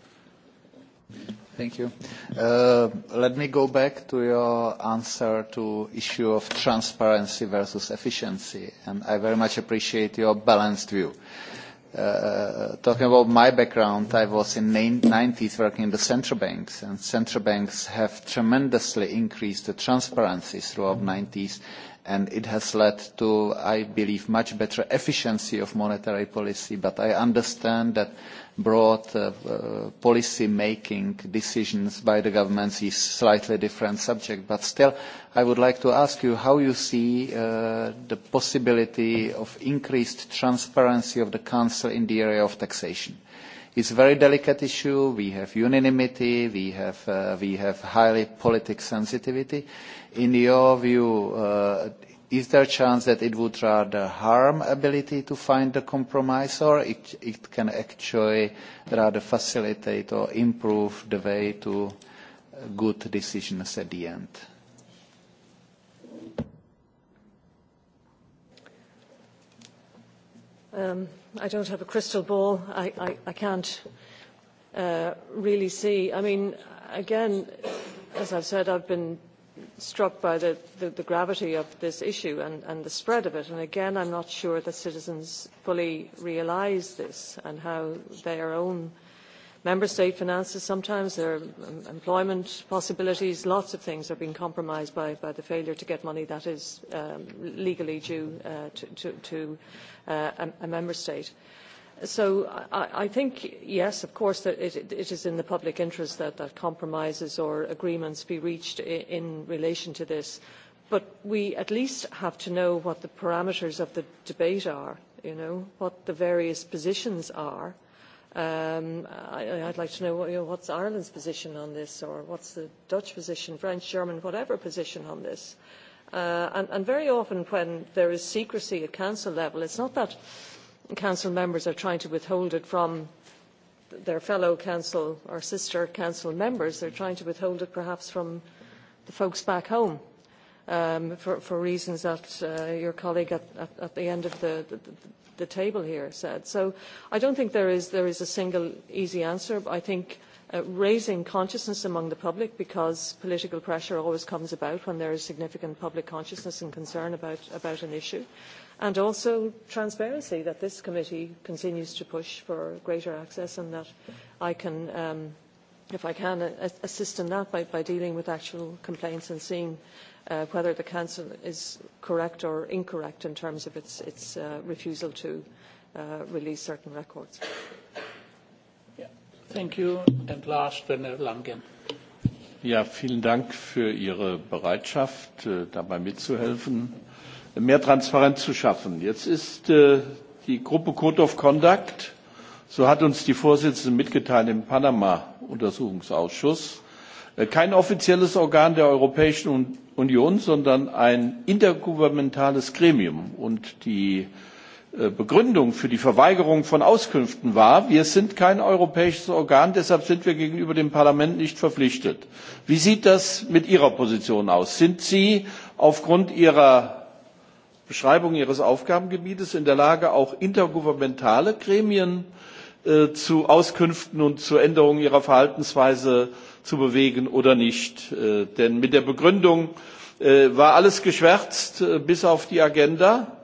C: Thank you. Uh, let me go back to your answer to issue of transparency versus efficiency, and I very much appreciate your balanced view. Uh, talking about my background, I was in the 90s working in the central banks, and central banks have tremendously increased the transparency throughout the 90s, and it has led to, I believe, much better efficiency of monetary policy. But I understand that broad uh, uh, policy making decisions by the governments is a slightly different subject. But still, I would like to ask you how you see uh, the possibility of increased transparency of the Council in the area of taxation It's a very delicate issue. We have unanimity. We have, uh, we have highly political sensitivity. In your view, uh, is there a chance that it would rather harm ability to find a compromise or it, it can actually rather facilitate or improve the way to good decisions
B: at the end? Um I don't have a crystal ball. I, I, I can't uh, really see. I mean, again, as I've said, I've been struck by the, the, the gravity of this issue and, and the spread of it. And again, I'm not sure that citizens fully realise this and how their own member state finances sometimes, their employment possibilities, lots of things are being compromised by, the failure to get money that is um, legally due uh, to, uh, a, member state. So I, think, yes, of course, that it, is in the public interest that, that compromises or agreements be reached in, in relation to this. But we at least have to know what the parameters of the debate are, you know, what the various positions are Um, I, I'd like to know, know what's Ireland's position on this, or what's the Dutch position, French, German, whatever position on this. Uh, and, and very often when there is secrecy at council level, it's not that council members are trying to withhold it from their fellow council or sister council members, they're trying to withhold it perhaps from the folks back home um, for, for reasons that uh, your colleague at, at, at the end of the, the, the table here said. So I don't think there is, there is a single easy answer. But I think uh, raising consciousness among the public, because political pressure always comes about when there is significant public consciousness and concern about, about an issue, and also transparency that this committee continues to push for greater access and that I can, um, if I can, assist in that by, by dealing with actual complaints and seeing uh, whether the council is correct or incorrect in terms of its, its uh, refusal to uh, release certain records.
A: Thank you. And last, Werner Langen.
N: Ja, vielen Dank für Ihre Bereitschaft, äh, dabei mitzuhelfen, mehr Transparenz zu schaffen. Jetzt ist äh, die Gruppe Code of Conduct, so hat uns die Vorsitzende mitgeteilt im Panama-Untersuchungsausschuss, Äh, kein offizielles organ der europäischen union sondern ein intergouvernementales gremium und die äh, begründung für die verweigerung von auskünften war wir sind kein europäisches organ deshalb sind wir gegenüber dem parlament nicht verpflichtet. wie sieht das mit ihrer position aus? sind sie aufgrund ihrer beschreibung ihres aufgabengebietes in der lage auch intergouvernementale gremien äh, zu auskünften und zur änderung ihrer verhaltensweise zu bewegen oder nicht. Äh, denn mit der Begründung äh, war alles geschwärzt äh, bis auf die Agenda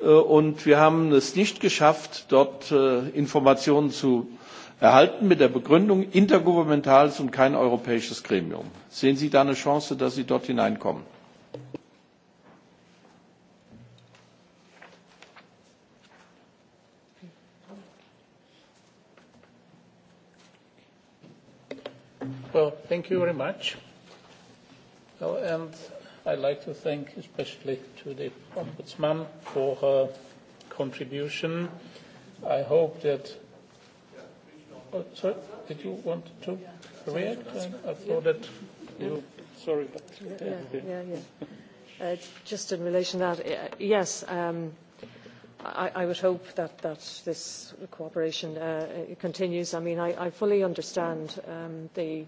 N: und wir haben es nicht geschafft, dort Informationen zu erhalten mit der Begründung intergouvernementales und kein europäisches Gremium. Sehen Sie da eine Chance, dass Sie dort hineinkommen?
A: Well, thank you very much. Oh, and I'd like to thank especially to the Ombudsman for her contribution. I hope that.
B: Oh, sorry, did you want to react? I, I
A: thought that you. Sorry.
B: But, yeah, yeah, yeah. yeah. Uh, just in relation to that, uh, yes. Um, I, I would hope that, that this cooperation uh, continues. I mean, I, I fully understand um, the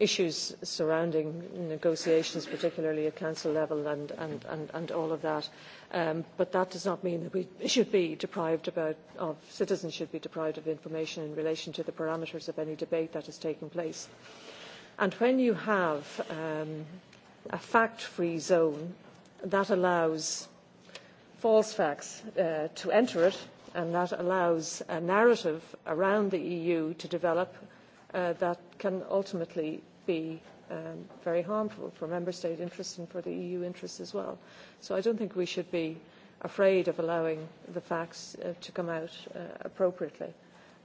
B: issues surrounding negotiations, particularly at council level and, and, and, and all of that. Um, but that does not mean that we should be deprived about, of citizens should be deprived of information in relation to the parameters of any debate that is taking place. And when you have um, a fact-free zone, that allows false facts uh, to enter it, and that allows a narrative around the EU to develop uh, that can ultimately be um, very harmful for member state interests and for the EU interests as well. So I don't think we should be afraid of allowing the facts uh, to come out uh, appropriately.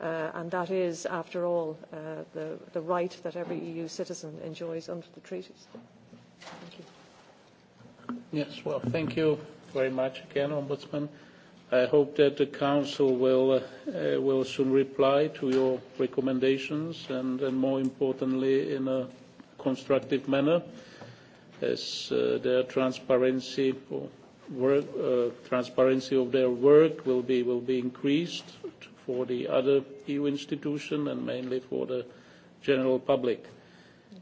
B: Uh, and that is, after all, uh, the, the right that every EU citizen enjoys under the treaties. Thank
A: you. Yes, well, thank you very much again, Ombudsman. I hope that the Council will, uh, will soon reply to your recommendations and, more importantly, in a constructive manner, as uh, their transparency, uh, transparency of their work will be, will be increased for the other EU institution and mainly for the general public.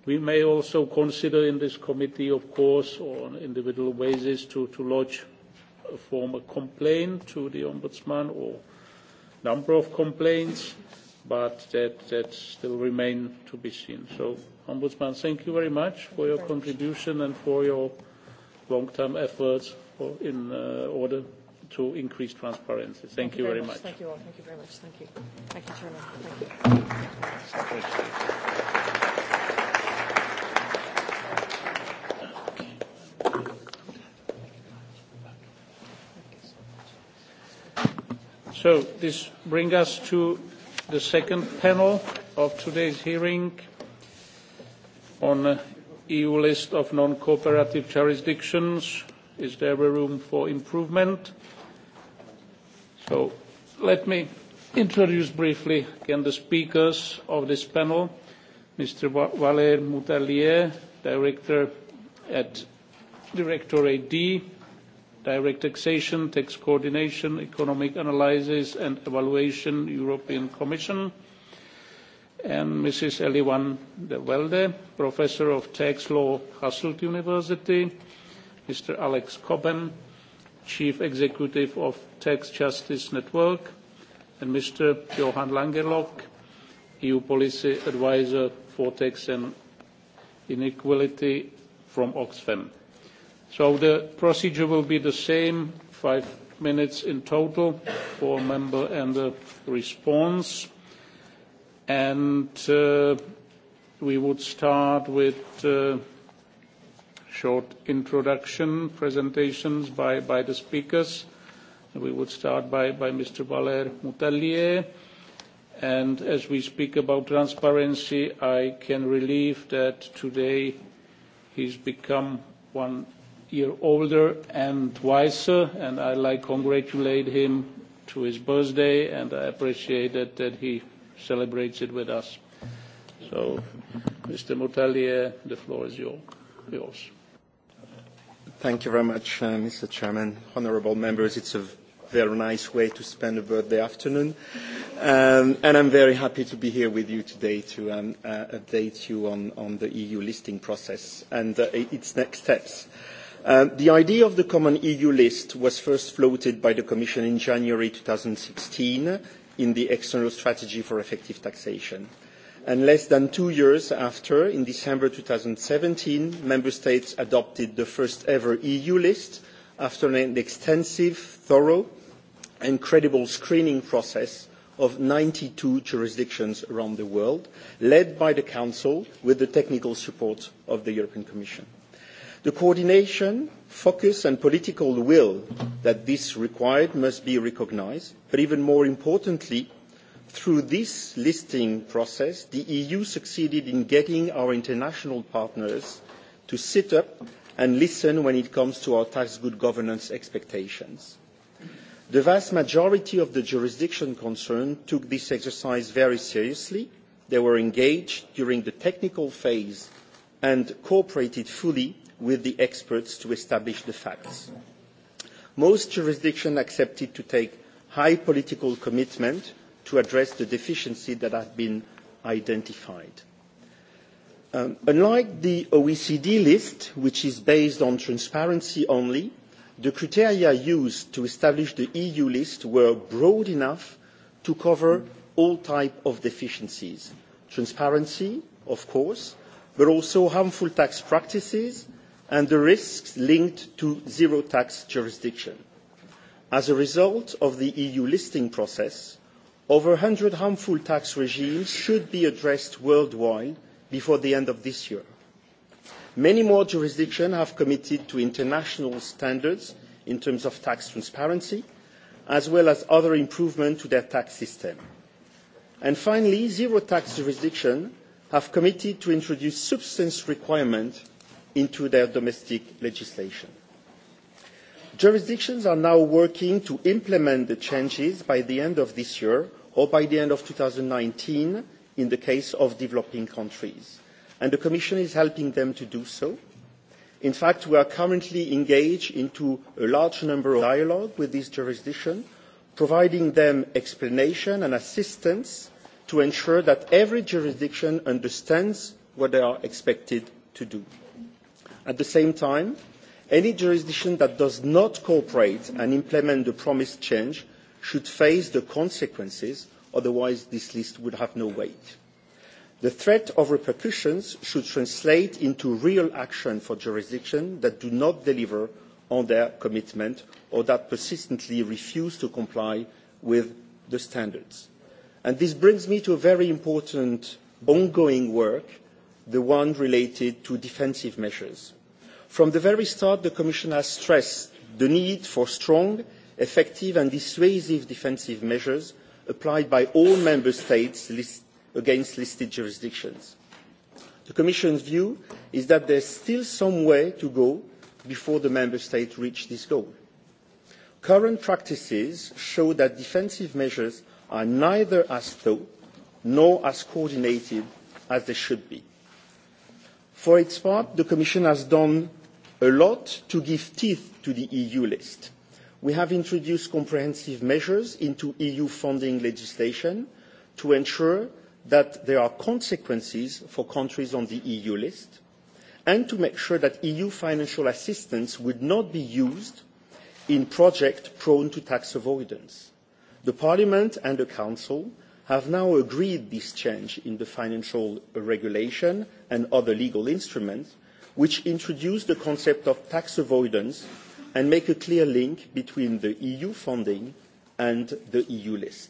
A: We may also consider in this committee, of course, on individual basis, to, to lodge a formal complaint to the ombudsman or number of complaints, but that, that still remain to be seen. So, Ombudsman, thank you very much for your contribution and for your long-term efforts for, in uh, order to increase transparency. Thank, thank you very, much. much.
B: Thank you all. Thank you very much. Thank you. Thank you, Chairman.
E: Thank you. Thank you.
A: So this brings us to the second panel of today's hearing on uh, EU list of non-cooperative jurisdictions. Is there a room for improvement? So let me introduce briefly again the speakers of this panel. Mr. Valer Mutalier, Director at Directorate D direct taxation, tax coordination, economic analysis and evaluation, European Commission, and Mrs. Eliwan de Velde, Professor of Tax Law, Hasselt University, Mr. Alex Cobham, Chief Executive of Tax Justice Network, and Mr. Johan Langerlock, EU Policy Advisor for Tax and Inequality from Oxfam. So the procedure will be the same, five minutes in total for a member and a response. And uh, we would start with a uh, short introduction presentations by, the speakers. We would start by, Mr. Valer Mutalier. And as we speak about transparency, I can relieve that today he's become one year older and wiser, and I like congratulate him to his birthday, and I appreciate that, that he celebrates it with us. So, Mr. Motelier, the floor is your, yours.
O: Thank you very much, uh, Mr. Chairman. Honourable members, it's a very nice way to spend a birthday afternoon. Um, and I'm very happy to be here with you today to um, uh, update you on, on the EU listing process and uh, its next steps. Uh, Uh, the idea of the common EU list was first floated by the Commission in January 2016 in the External Strategy for Effective Taxation. And less than two years after, in December 2017, Member States adopted the first ever EU list after an extensive, thorough and credible screening process of 92 jurisdictions around the world, led by the Council with the technical support of the European Commission. The coordination, focus and political will that this required must be recognised, but even more importantly, through this listing process, the EU succeeded in getting our international partners to sit up and listen when it comes to our tax good governance expectations. The vast majority of the jurisdictions concerned took this exercise very seriously. They were engaged during the technical phase and cooperated fully with the experts to establish the facts. Most jurisdictions accepted to take high political commitment to address the deficiencies that have been identified. Um, unlike the OECD list, which is based on transparency only, the criteria used to establish the EU list were broad enough to cover all types of deficiencies. Transparency, of course, but also harmful tax practices and the risks linked to zero tax jurisdiction. As a result of the EU listing process, over 100 harmful tax regimes should be addressed worldwide before the end of this year. Many more jurisdictions have committed to international standards in terms of tax transparency, as well as other improvements to their tax system. And finally, zero tax jurisdictions have committed to introduce substance requirements into their domestic legislation. Jurisdictions are now working to implement the changes by the end of this year or by the end of 2019 in the case of developing countries. And the Commission is helping them to do so. In fact, we are currently engaged in a large number of dialogue with these jurisdictions, providing them explanation and assistance to ensure that every jurisdiction understands what they are expected to do. At the same time, any jurisdiction that does not cooperate and implement the promised change should face the consequences, otherwise this list would have no weight. The threat of repercussions should translate into real action for jurisdictions that do not deliver on their commitment or that persistently refuse to comply with the standards. And this brings me to a very important ongoing work, the one related to defensive measures. From the very start, the Commission has stressed the need for strong, effective and dissuasive defensive measures applied by all member states list against listed jurisdictions. The Commission's view is that there is still some way to go before the member states reach this goal. Current practices show that defensive measures are neither as thorough nor as coordinated as they should be. For its part, the Commission has done a lot to give teeth to the EU list. We have introduced comprehensive measures into EU funding legislation to ensure that there are consequences for countries on the EU list and to make sure that EU financial assistance would not be used in projects prone to tax avoidance. The Parliament and the Council have now agreed this change in the financial regulation and other legal instruments, which introduce the concept of tax avoidance and make a clear link between the EU funding and the EU list.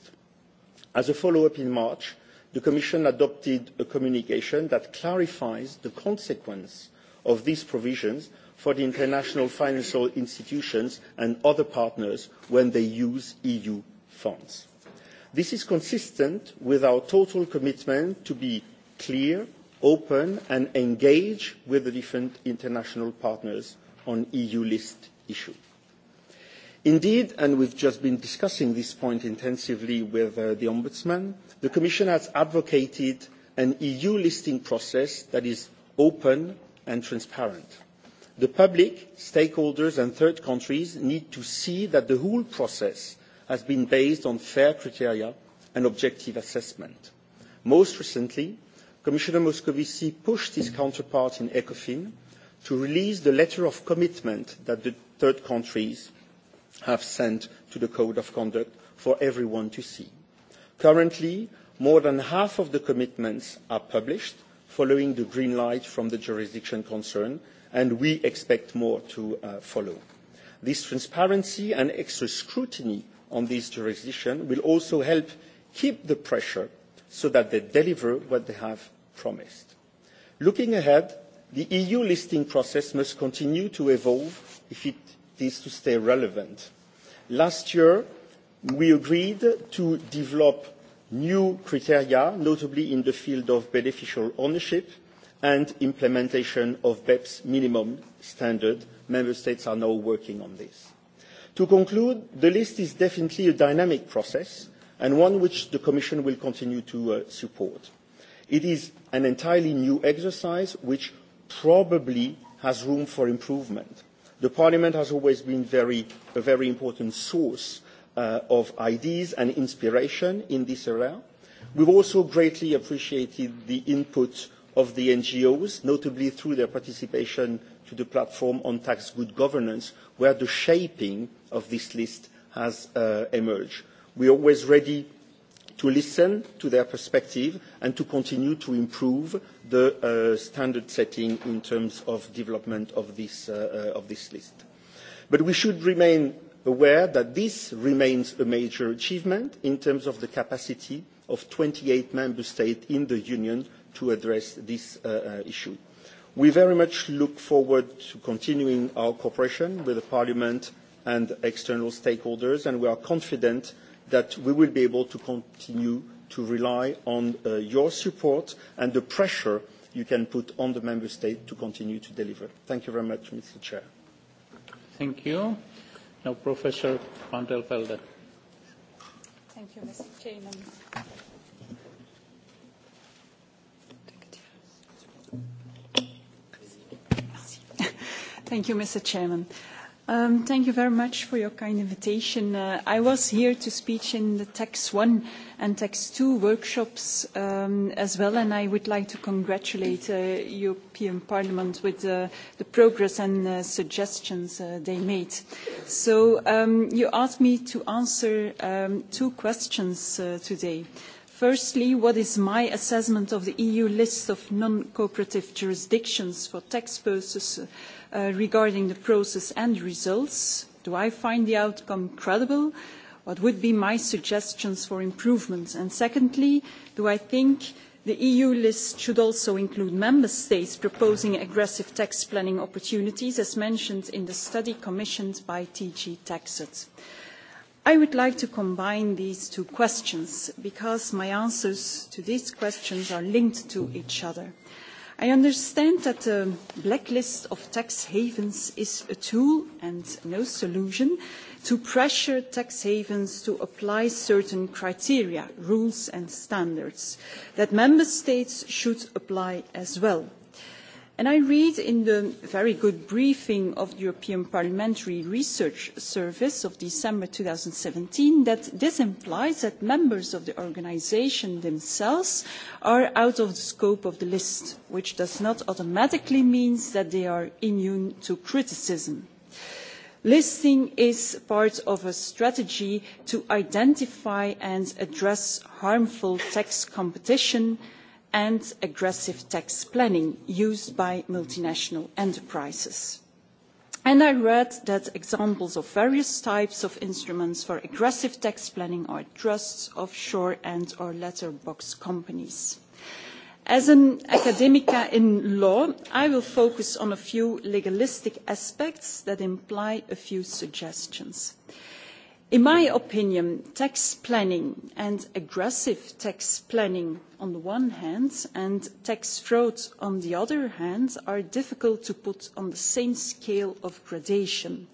O: As a follow-up in March, the Commission adopted a communication that clarifies the consequence of these provisions for the international financial institutions and other partners when they use EU funds. This is consistent with our total commitment to be clear, open and engage with the different international partners on EU list issue. Indeed, and we've just been discussing this point intensively with uh, the Ombudsman, the Commission has advocated an EU listing process that is open and transparent. The public, stakeholders and third countries need to see that the whole process has been based on fair criteria and objective assessment. Most recently, Commissioner Moscovici pushed his counterpart in ECOFIN to release the letter of commitment that the third countries have sent to the Code of Conduct for everyone to see. Currently, more than half of the commitments are published following the green light from the jurisdiction concerned, and we expect more to uh, follow. This transparency and extra scrutiny on these jurisdictions will also help keep the pressure so that they deliver what they have promised. Looking ahead, the EU listing process must continue to evolve if it is to stay relevant. Last year, we agreed to develop new criteria, notably in the field of beneficial ownership and implementation of BEPS minimum standard. Member states are now working on this. To conclude, the list is definitely a dynamic process and one which the Commission will continue to uh, support. It is an entirely new exercise which probably has room for improvement. The Parliament has always been very, a very important source uh, of ideas and inspiration in this area. We've also greatly appreciated the input of the NGOs, notably through their participation to the platform on tax good governance, where the shaping of this list has uh, emerged. We are always ready to listen to their perspective and to continue to improve the uh, standard setting in terms of development of this, uh, uh, of this list. But we should remain aware that this remains a major achievement in terms of the capacity of 28 member states in the Union to address this uh, uh, issue We very much look forward to continuing our cooperation with the Parliament and external stakeholders, and we are confident that we will be able to continue to rely on uh, your support and the pressure you can put on the Member State to continue to deliver. Thank you very much, Mr. Chair.
A: Thank you. Now, Professor Van der Velde.
P: Thank you, Mr. Chairman. Thank you, Mr. Chairman. Um, thank you very much for your kind invitation. Uh, I was here to speak in the TAX 1 and TAX 2 workshops um, as well, and I would like to congratulate the uh, European Parliament with uh, the progress and uh, suggestions uh, they made. So um, you asked me to answer um, two questions uh, today. Firstly, what is my assessment of the EU list of non-cooperative jurisdictions for tax purposes? Uh, Uh, regarding the process and results. Do I find the outcome credible? What would be my suggestions for improvements? And secondly, do I think the eu list should also include member states proposing aggressive tax planning opportunities as mentioned in the study commissioned by tg Taxet? i would like to combine these two questions because my answers to these questions are linked to each other. I understand that the blacklist of tax havens is a tool and no solution to pressure tax havens to apply certain criteria, rules and standards that member states should apply as well And I read in the very good briefing of the European Parliamentary Research Service of December 2017 that this implies that members of the organisation themselves are out of the scope of the list, which does not automatically mean that they are immune to criticism. Listing is part of a strategy to identify and address harmful tax competition, and aggressive tax planning used by multinational enterprises. And I read that examples of various types of instruments for aggressive tax planning are trusts, offshore and or letterbox companies. As an academica in law, I will focus on a few legalistic aspects that imply a few suggestions in my opinion tax planning and aggressive tax planning on the one hand and tax fraud on the other hand are difficult to put on the same scale of gradation.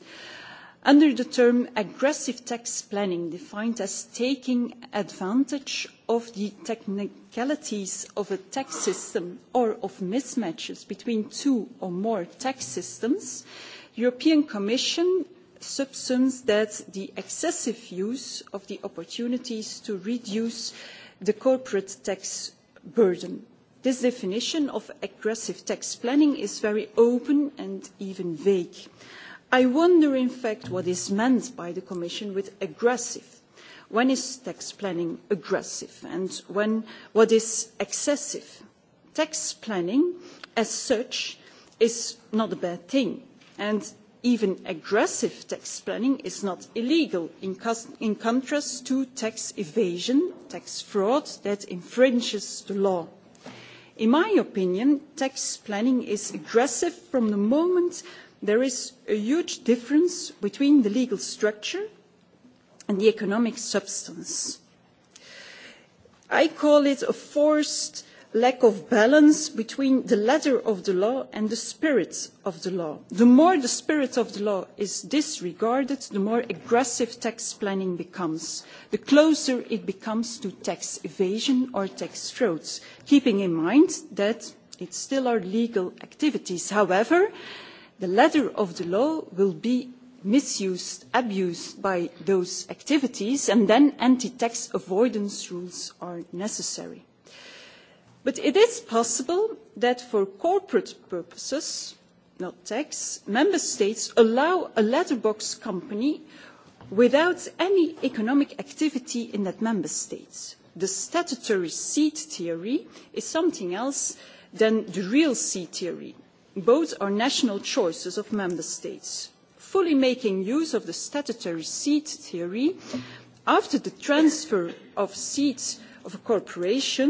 P: under the term aggressive tax planning defined as taking advantage of the technicalities of a tax system or of mismatches between two or more tax systems the european commission subsumes that the excessive use of the opportunities to reduce the corporate tax burden. This definition of aggressive tax planning is very open and even vague. I wonder, in fact, what is meant by the Commission with aggressive. When is tax planning aggressive and when, what is excessive? Tax planning, as such, is not a bad thing and even aggressive tax planning is not illegal in, in contrast to tax evasion, tax fraud that infringes the law. In my opinion, tax planning is aggressive from the moment there is a huge difference between the legal structure and the economic substance. I call it a forced lack of balance between the letter of the law and the spirit of the law. The more the spirit of the law is disregarded, the more aggressive tax planning becomes, the closer it becomes to tax evasion or tax frauds, keeping in mind that it still are legal activities. However, the letter of the law will be misused, abused by those activities, and then anti-tax avoidance rules are necessary but it is possible that for corporate purposes not tax member states allow a letterbox company without any economic activity in that member state. the statutory seat theory is something else than the real seat theory. both are national choices of member states. fully making use of the statutory seat theory after the transfer of seats of a corporation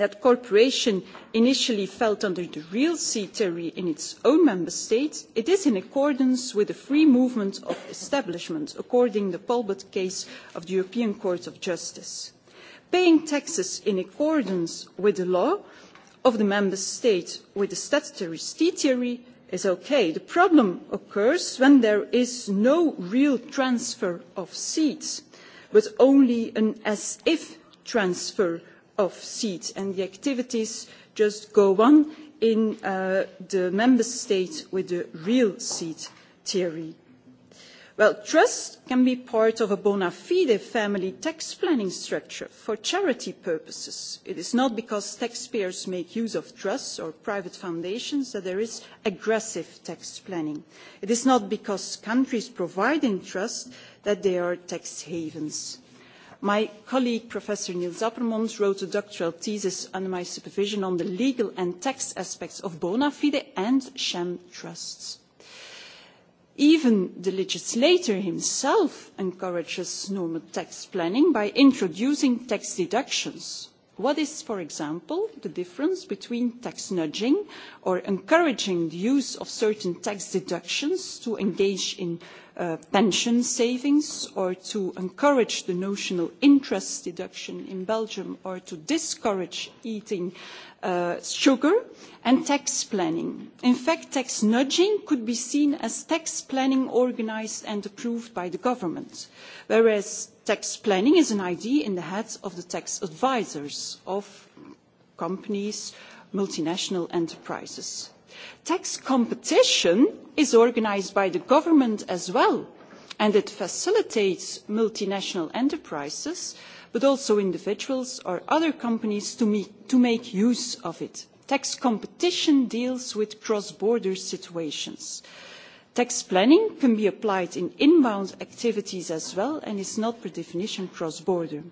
P: that cooperation initially felt under the real sea theory in its own member state. it is in accordance with the free movement of establishments, according to the Polbot case of the European Court of Justice. Paying taxes in accordance with the law of the member state with the statutory sea theory is okay. The problem occurs when there is no real transfer of seats, but only an as-if transfer of seeds and the activities just go on in uh, the member states with the real seat theory. Well, trust can be part of a bona fide family tax planning structure for charity purposes. It is not because taxpayers make use of trusts or private foundations that there is aggressive tax planning. It is not because countries provide in trust that they are tax havens. My colleague, Professor Neil Zappermond, wrote a doctoral thesis under my supervision on the legal and tax aspects of bona fide and sham trusts. Even the legislator himself encourages normal tax planning by introducing tax deductions What is, for example, the difference between tax nudging or encouraging the use of certain tax deductions to engage in uh, pension savings or to encourage the notional interest deduction in Belgium or to discourage eating uh, sugar and tax planning? In fact, tax nudging could be seen as tax planning organised and approved by the government, whereas tax planning is an idea in the heads of the tax advisors of companies, multinational enterprises. Tax competition is organised by the government as well, and it facilitates multinational enterprises, but also individuals or other companies to, meet, to make use of it. Tax competition deals with cross-border situations tax planning can be applied in inbound activities as well and is not per definition cross border.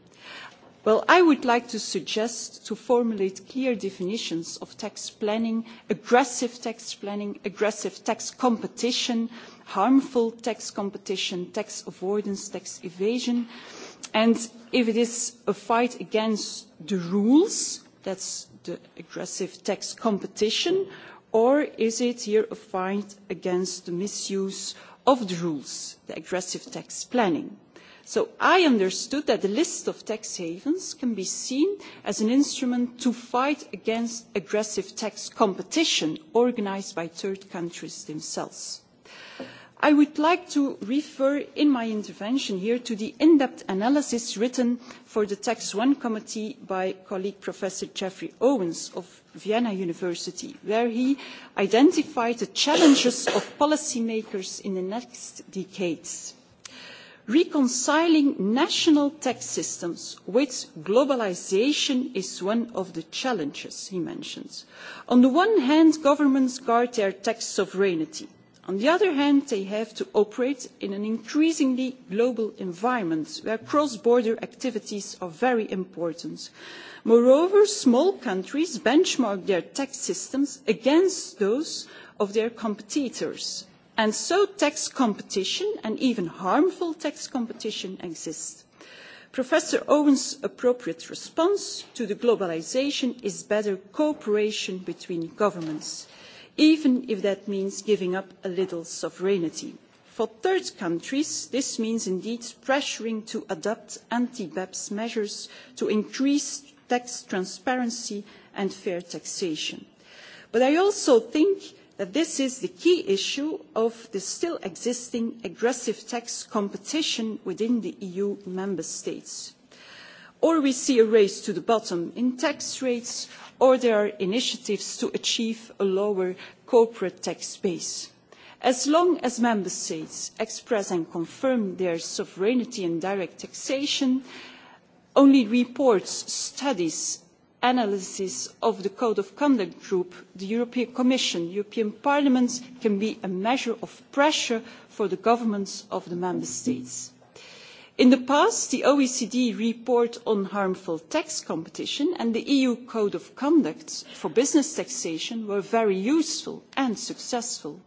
P: Well, I would like to suggest to formulate clear definitions of tax planning, aggressive tax planning, aggressive tax competition, harmful tax competition, tax avoidance, tax evasion. And if it is a fight against the rules, that's the aggressive tax competition, or is it here a fight against the misuse of the rules, the aggressive tax planning? So I understood that the list of tax havens can be seen as an instrument to fight against aggressive tax competition organised by third countries themselves I would like to refer in my intervention here to the in-depth analysis written for the Tax 1 committee by colleague Professor Jeffrey Owens of Vienna University, where he identified the challenges of policymakers in the next decades. Reconciling national tax systems with globalisation is one of the challenges, he mentions. On the one hand, governments guard their tax sovereignty – On the other hand, they have to operate in an increasingly global environment where cross-border activities are very important. Moreover, small countries benchmark their tax systems against those of their competitors. And so tax competition and even harmful tax competition exists. Professor Owen's appropriate response to the globalisation is better cooperation between governments even if that means giving up a little sovereignty. For third countries, this means indeed pressuring to adopt anti-BEPS measures to increase tax transparency and fair taxation. But I also think that this is the key issue of the still existing aggressive tax competition within the EU member states. Or we see a race to the bottom in tax rates, or there are initiatives to achieve a lower corporate tax base. As long as member states express and confirm their sovereignty in direct taxation, only reports, studies, analysis of the Code of Conduct Group, the European Commission, European Parliament can be a measure of pressure for the governments of the member states in the past the oecd report on harmful tax competition and the eu code of conduct for business taxation were very useful and successful.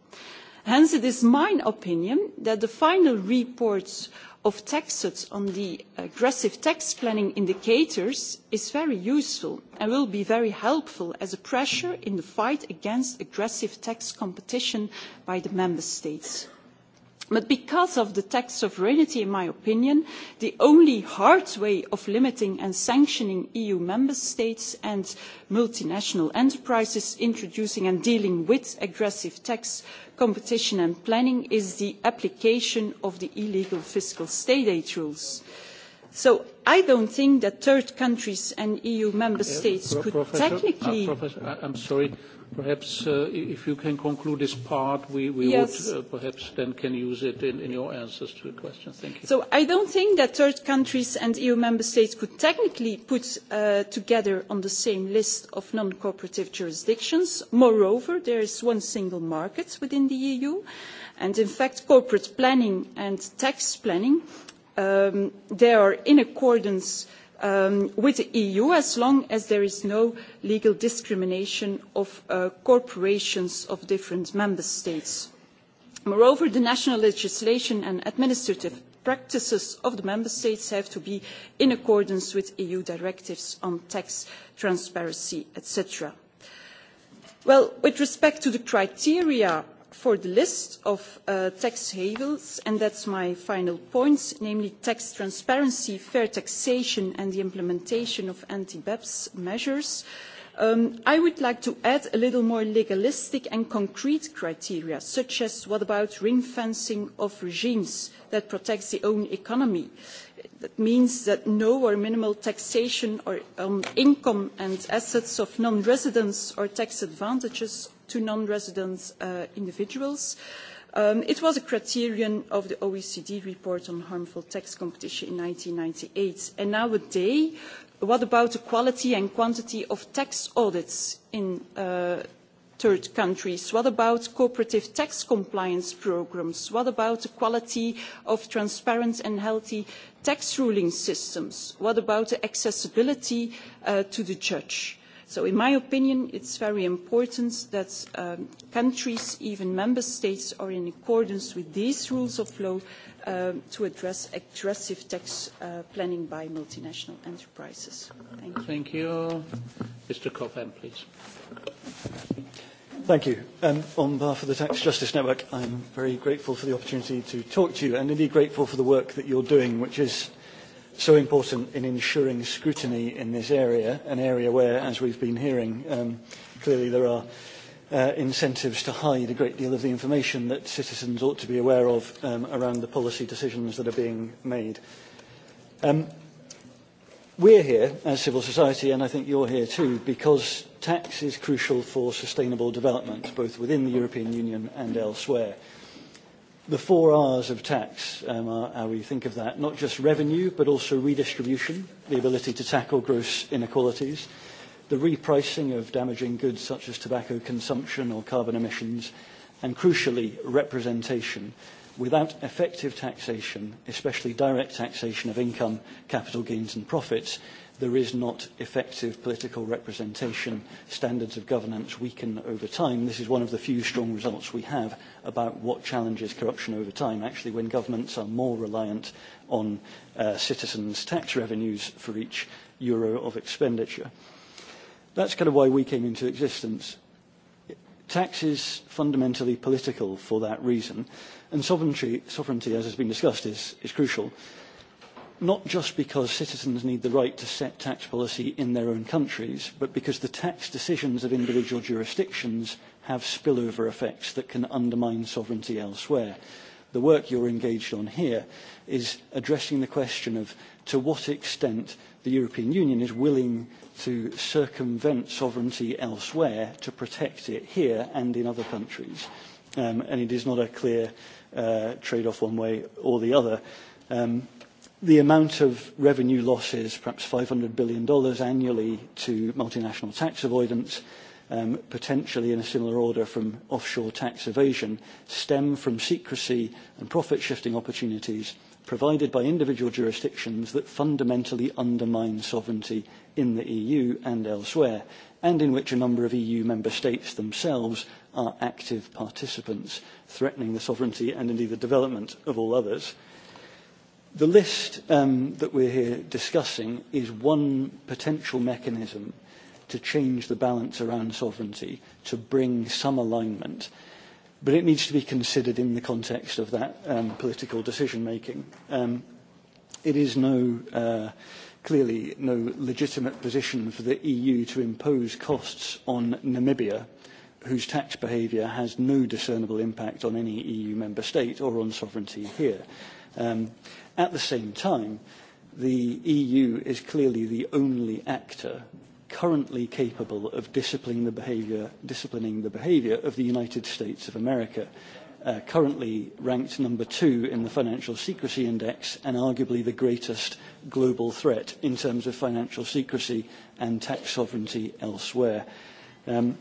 P: hence it is my opinion that the final reports of cuts on the aggressive tax planning indicators is very useful and will be very helpful as a pressure in the fight against aggressive tax competition by the member states but because of the tax sovereignty in my opinion the only hard way of limiting and sanctioning eu member states and multinational enterprises introducing and dealing with aggressive tax competition and planning is the application of the illegal fiscal state aid rules. so i do not think that third countries and eu member uh, states could uh, technically. Uh,
A: professor, I, am sorry Perhaps uh, if you can conclude this part, we, we yes. would uh, perhaps then can use it in, in your answers to the question. Thank you.
P: So I don't think that third countries and EU member states could technically put uh, together on the same list of non-cooperative jurisdictions. Moreover, there is one single market within the EU. And in fact, corporate planning and tax planning, um, they are in accordance uh, um, with the EU as long as there is no legal discrimination of uh, corporations of different member states. Moreover, the national legislation and administrative practices of the member states have to be in accordance with EU directives on tax transparency, etc. Well, with respect to the criteria for the list of uh, tax havens, and that's my final point, namely tax transparency, fair taxation, and the implementation of anti-BEPS measures, um, I would like to add a little more legalistic and concrete criteria, such as what about ring fencing of regimes that protects the own economy? That means that no or minimal taxation on um, income and assets of non-residents or tax advantages to non-resident uh, individuals. Um, it was a criterion of the OECD report on harmful tax competition in 1998. And nowadays, what about the quality and quantity of tax audits in uh, third countries? What about cooperative tax compliance programs? What about the quality of transparent and healthy tax ruling systems? What about the accessibility uh, to the judge? So in my opinion, it's very important that um, countries, even member states, are in accordance with these rules of law um, to address aggressive tax uh, planning by multinational enterprises. Thank you.
A: Thank you. Mr. Copan, please.
Q: Thank you. Um, on behalf of the Tax Justice Network, I'm very grateful for the opportunity to talk to you and indeed grateful for the work that you're doing, which is so important in ensuring scrutiny in this area, an area where, as we've been hearing, um, clearly there are uh, incentives to hide a great deal of the information that citizens ought to be aware of um, around the policy decisions that are being made. Um, we're here as civil society, and I think you're here too, because tax is crucial for sustainable development, both within the European Union and elsewhere the four R's of tax, um, are how we think of that, not just revenue, but also redistribution, the ability to tackle gross inequalities, the repricing of damaging goods such as tobacco consumption or carbon emissions, and crucially, representation, without effective taxation, especially direct taxation of income, capital gains and profits, there is not effective political representation. Standards of governance weaken over time. This is one of the few strong results we have about what challenges corruption over time. Actually, when governments are more reliant on uh, citizens' tax revenues for each euro of expenditure. That's kind of why we came into existence. Tax is fundamentally political for that reason. And sovereignty, sovereignty as has been discussed, is, is crucial, not just because citizens need the right to set tax policy in their own countries, but because the tax decisions of individual jurisdictions have spillover effects that can undermine sovereignty elsewhere. The work you're engaged on here is addressing the question of to what extent the European Union is willing to circumvent sovereignty elsewhere to protect it here and in other countries. Um, and it is not a clear uh, trade off one way or the other. Um, the amount of revenue losses, perhaps $500 billion annually to multinational tax avoidance, um, potentially in a similar order from offshore tax evasion, stem from secrecy and profit shifting opportunities provided by individual jurisdictions that fundamentally undermine sovereignty in the EU and elsewhere, and in which a number of EU member states themselves are active participants, threatening the sovereignty and indeed the development of all others. The list um, that we're here discussing is one potential mechanism to change the balance around sovereignty, to bring some alignment. But it needs to be considered in the context of that um, political decision making. Um, it is no, uh, clearly no legitimate position for the EU to impose costs on Namibia whose tax behaviour has no discernible impact on any EU member state or on sovereignty here. Um, at the same time, the EU is clearly the only actor currently capable of disciplining the behaviour, disciplining the behaviour of the United States of America, uh, currently ranked number two in the Financial Secrecy Index and arguably the greatest global threat in terms of financial secrecy and tax sovereignty elsewhere. Um,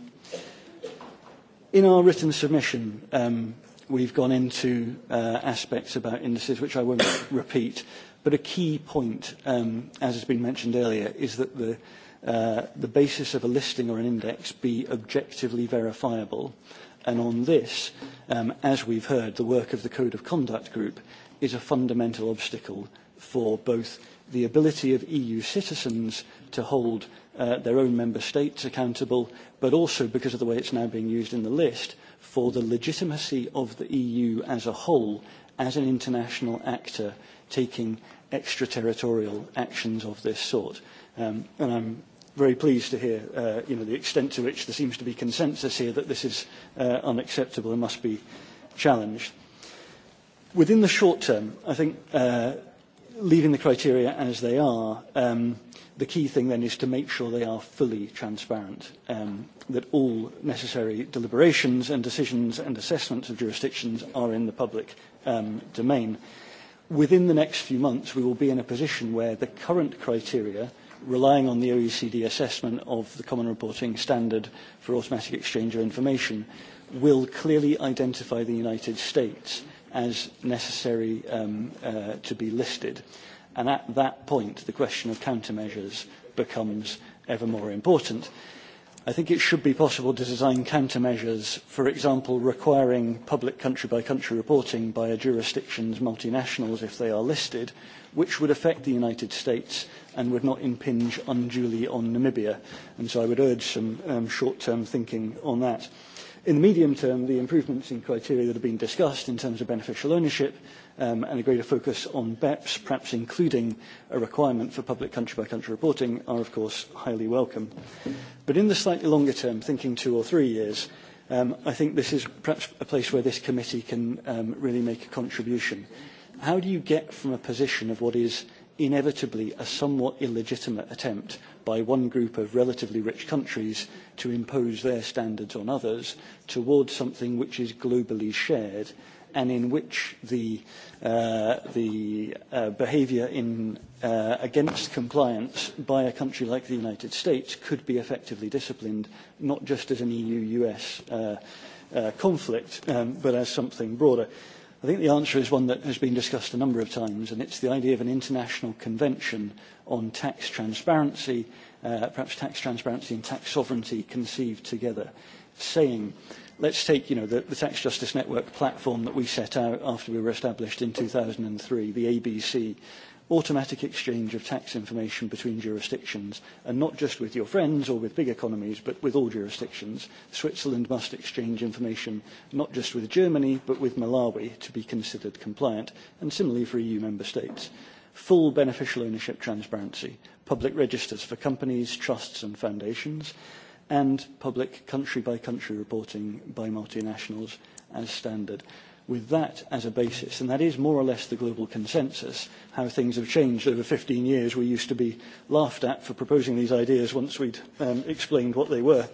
Q: In our written submission, um, we've gone into uh, aspects about indices, which I won't repeat, but a key point, um, as has been mentioned earlier, is that the, uh, the basis of a listing or an index be objectively verifiable. And on this, um, as we've heard, the work of the Code of Conduct Group is a fundamental obstacle for both the ability of EU citizens to hold uh, their own member states accountable, but also because of the way it's now being used in the list, for the legitimacy of the EU as a whole as an international actor taking extraterritorial actions of this sort. Um, and I'm very pleased to hear uh, you know, the extent to which there seems to be consensus here that this is uh, unacceptable and must be challenged. Within the short term, I think uh, leaving the criteria as they are um, The key thing then is to make sure they are fully transparent, um, that all necessary deliberations and decisions and assessments of jurisdictions are in the public um, domain. Within the next few months, we will be in a position where the current criteria, relying on the OECD assessment of the Common Reporting Standard for Automatic Exchange of Information, will clearly identify the United States as necessary um, uh, to be listed. And at that point, the question of countermeasures becomes ever more important. I think it should be possible to design countermeasures, for example, requiring public country-by-country -country reporting by a jurisdiction's multinationals if they are listed, which would affect the United States and would not impinge unduly on Namibia. And so I would urge some um, short-term thinking on that. In the medium term, the improvements in criteria that have been discussed in terms of beneficial ownership um, and a greater focus on BEPS, perhaps including a requirement for public country-by-country -country reporting, are of course highly welcome. But in the slightly longer term, thinking two or three years, um, I think this is perhaps a place where this committee can um, really make a contribution. How do you get from a position of what is inevitably a somewhat illegitimate attempt by one group of relatively rich countries to impose their standards on others towards something which is globally shared and in which the, uh, the uh, behaviour in, uh, against compliance by a country like the United States could be effectively disciplined, not just as an EU-US uh, uh, conflict, um, but as something broader. I think the answer is one that has been discussed a number of times, and it's the idea of an international convention on tax transparency, uh, perhaps tax transparency and tax sovereignty conceived together, saying let's take you know, the, the Tax Justice Network platform that we set out after we were established in 2003, the ABC, automatic exchange of tax information between jurisdictions, and not just with your friends or with big economies, but with all jurisdictions. Switzerland must exchange information not just with Germany, but with Malawi to be considered compliant, and similarly for EU member states. Full beneficial ownership transparency, public registers for companies, trusts and foundations, and public country-by-country reporting by multinationals as standard. With that as a basis, and that is more or less the global consensus, how things have changed over 15 years. We used to be laughed at for proposing these ideas once we'd um, explained what they were.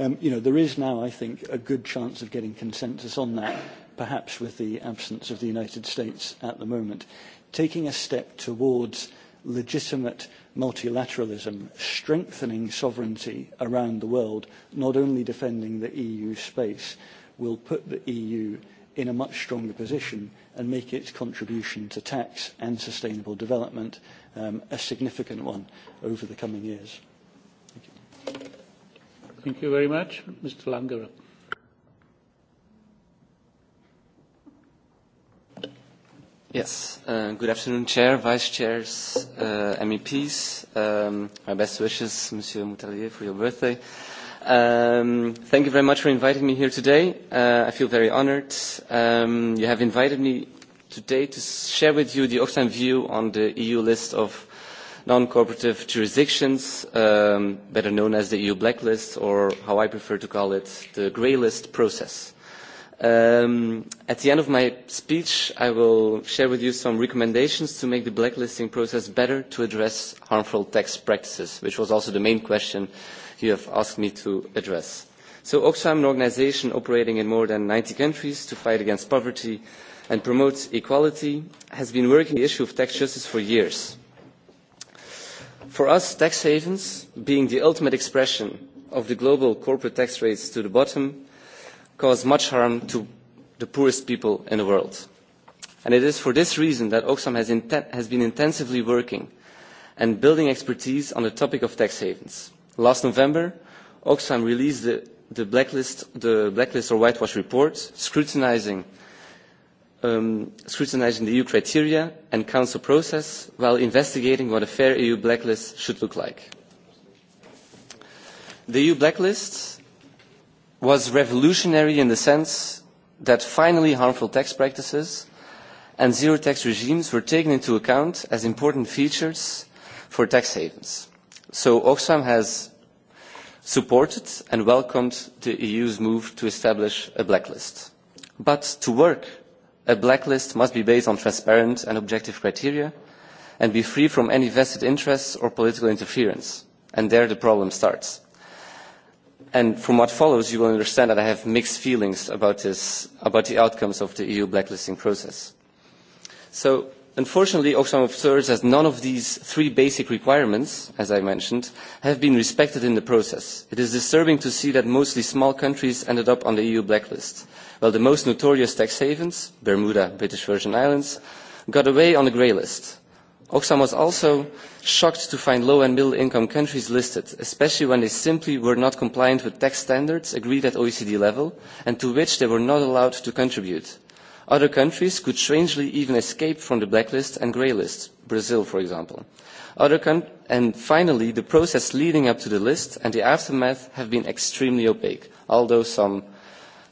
Q: Um, you know, there is now, I think, a good chance of getting consensus on that, perhaps with the absence of the United States at the moment. Taking a step towards legitimate multilateralism, strengthening sovereignty around the world, not only defending the EU space, will put the EU in a much stronger position and make its contribution to tax and sustainable development um, a significant one over the coming years. Thank you, Thank you
A: very much. Mr. Langerup.
R: Yes, uh, good afternoon, Chair, Vice Chairs, uh, MEPs. Um, my best wishes, Monsieur Moutalier, for your birthday. Um, thank you very much for inviting me here today. Uh, I feel very honored. Um, you have invited me today to share with you the Oxfam view on the EU list of non-cooperative jurisdictions, um, better known as the EU blacklist, or how I prefer to call it, the grey list process. Um, at the end of my speech, I will share with you some recommendations to make the blacklisting process better to address harmful tax practices, which was also the main question you have asked me to address. So Oxfam, an organization operating in more than 90 countries to fight against poverty and promote equality, has been working the issue of tax justice for years. For us, tax havens, being the ultimate expression of the global corporate tax rates to the bottom, cause much harm to the poorest people in the world. And it is for this reason that Oxfam has, has been intensively working and building expertise on the topic of tax havens. Last November, Oxfam released the, the, blacklist, the blacklist or whitewash report scrutinizing, um, scrutinizing the EU criteria and council process while investigating what a fair EU blacklist should look like. The EU blacklist was revolutionary in the sense that finally harmful tax practices and zero tax regimes were taken into account as important features for tax havens. So Oxfam has supported and welcomed the EU's move to establish a blacklist. But to work, a blacklist must be based on transparent and objective criteria and be free from any vested interests or political interference. And there the problem starts and from what follows, you will understand that I have mixed feelings about, this, about the outcomes of the EU blacklisting process. So, unfortunately, Oxfam observes that none of these three basic requirements, as I mentioned, have been respected in the process. It is disturbing to see that mostly small countries ended up on the EU blacklist, while the most notorious tax havens, Bermuda, British Virgin Islands, got away on the grey list. Oxfam was also shocked to find low and middle income countries listed, especially when they simply were not compliant with tax standards agreed at OECD level and to which they were not allowed to contribute. Other countries could strangely even escape from the blacklist and grey list, Brazil for example. and finally, the process leading up to the list and the aftermath have been extremely opaque, although some,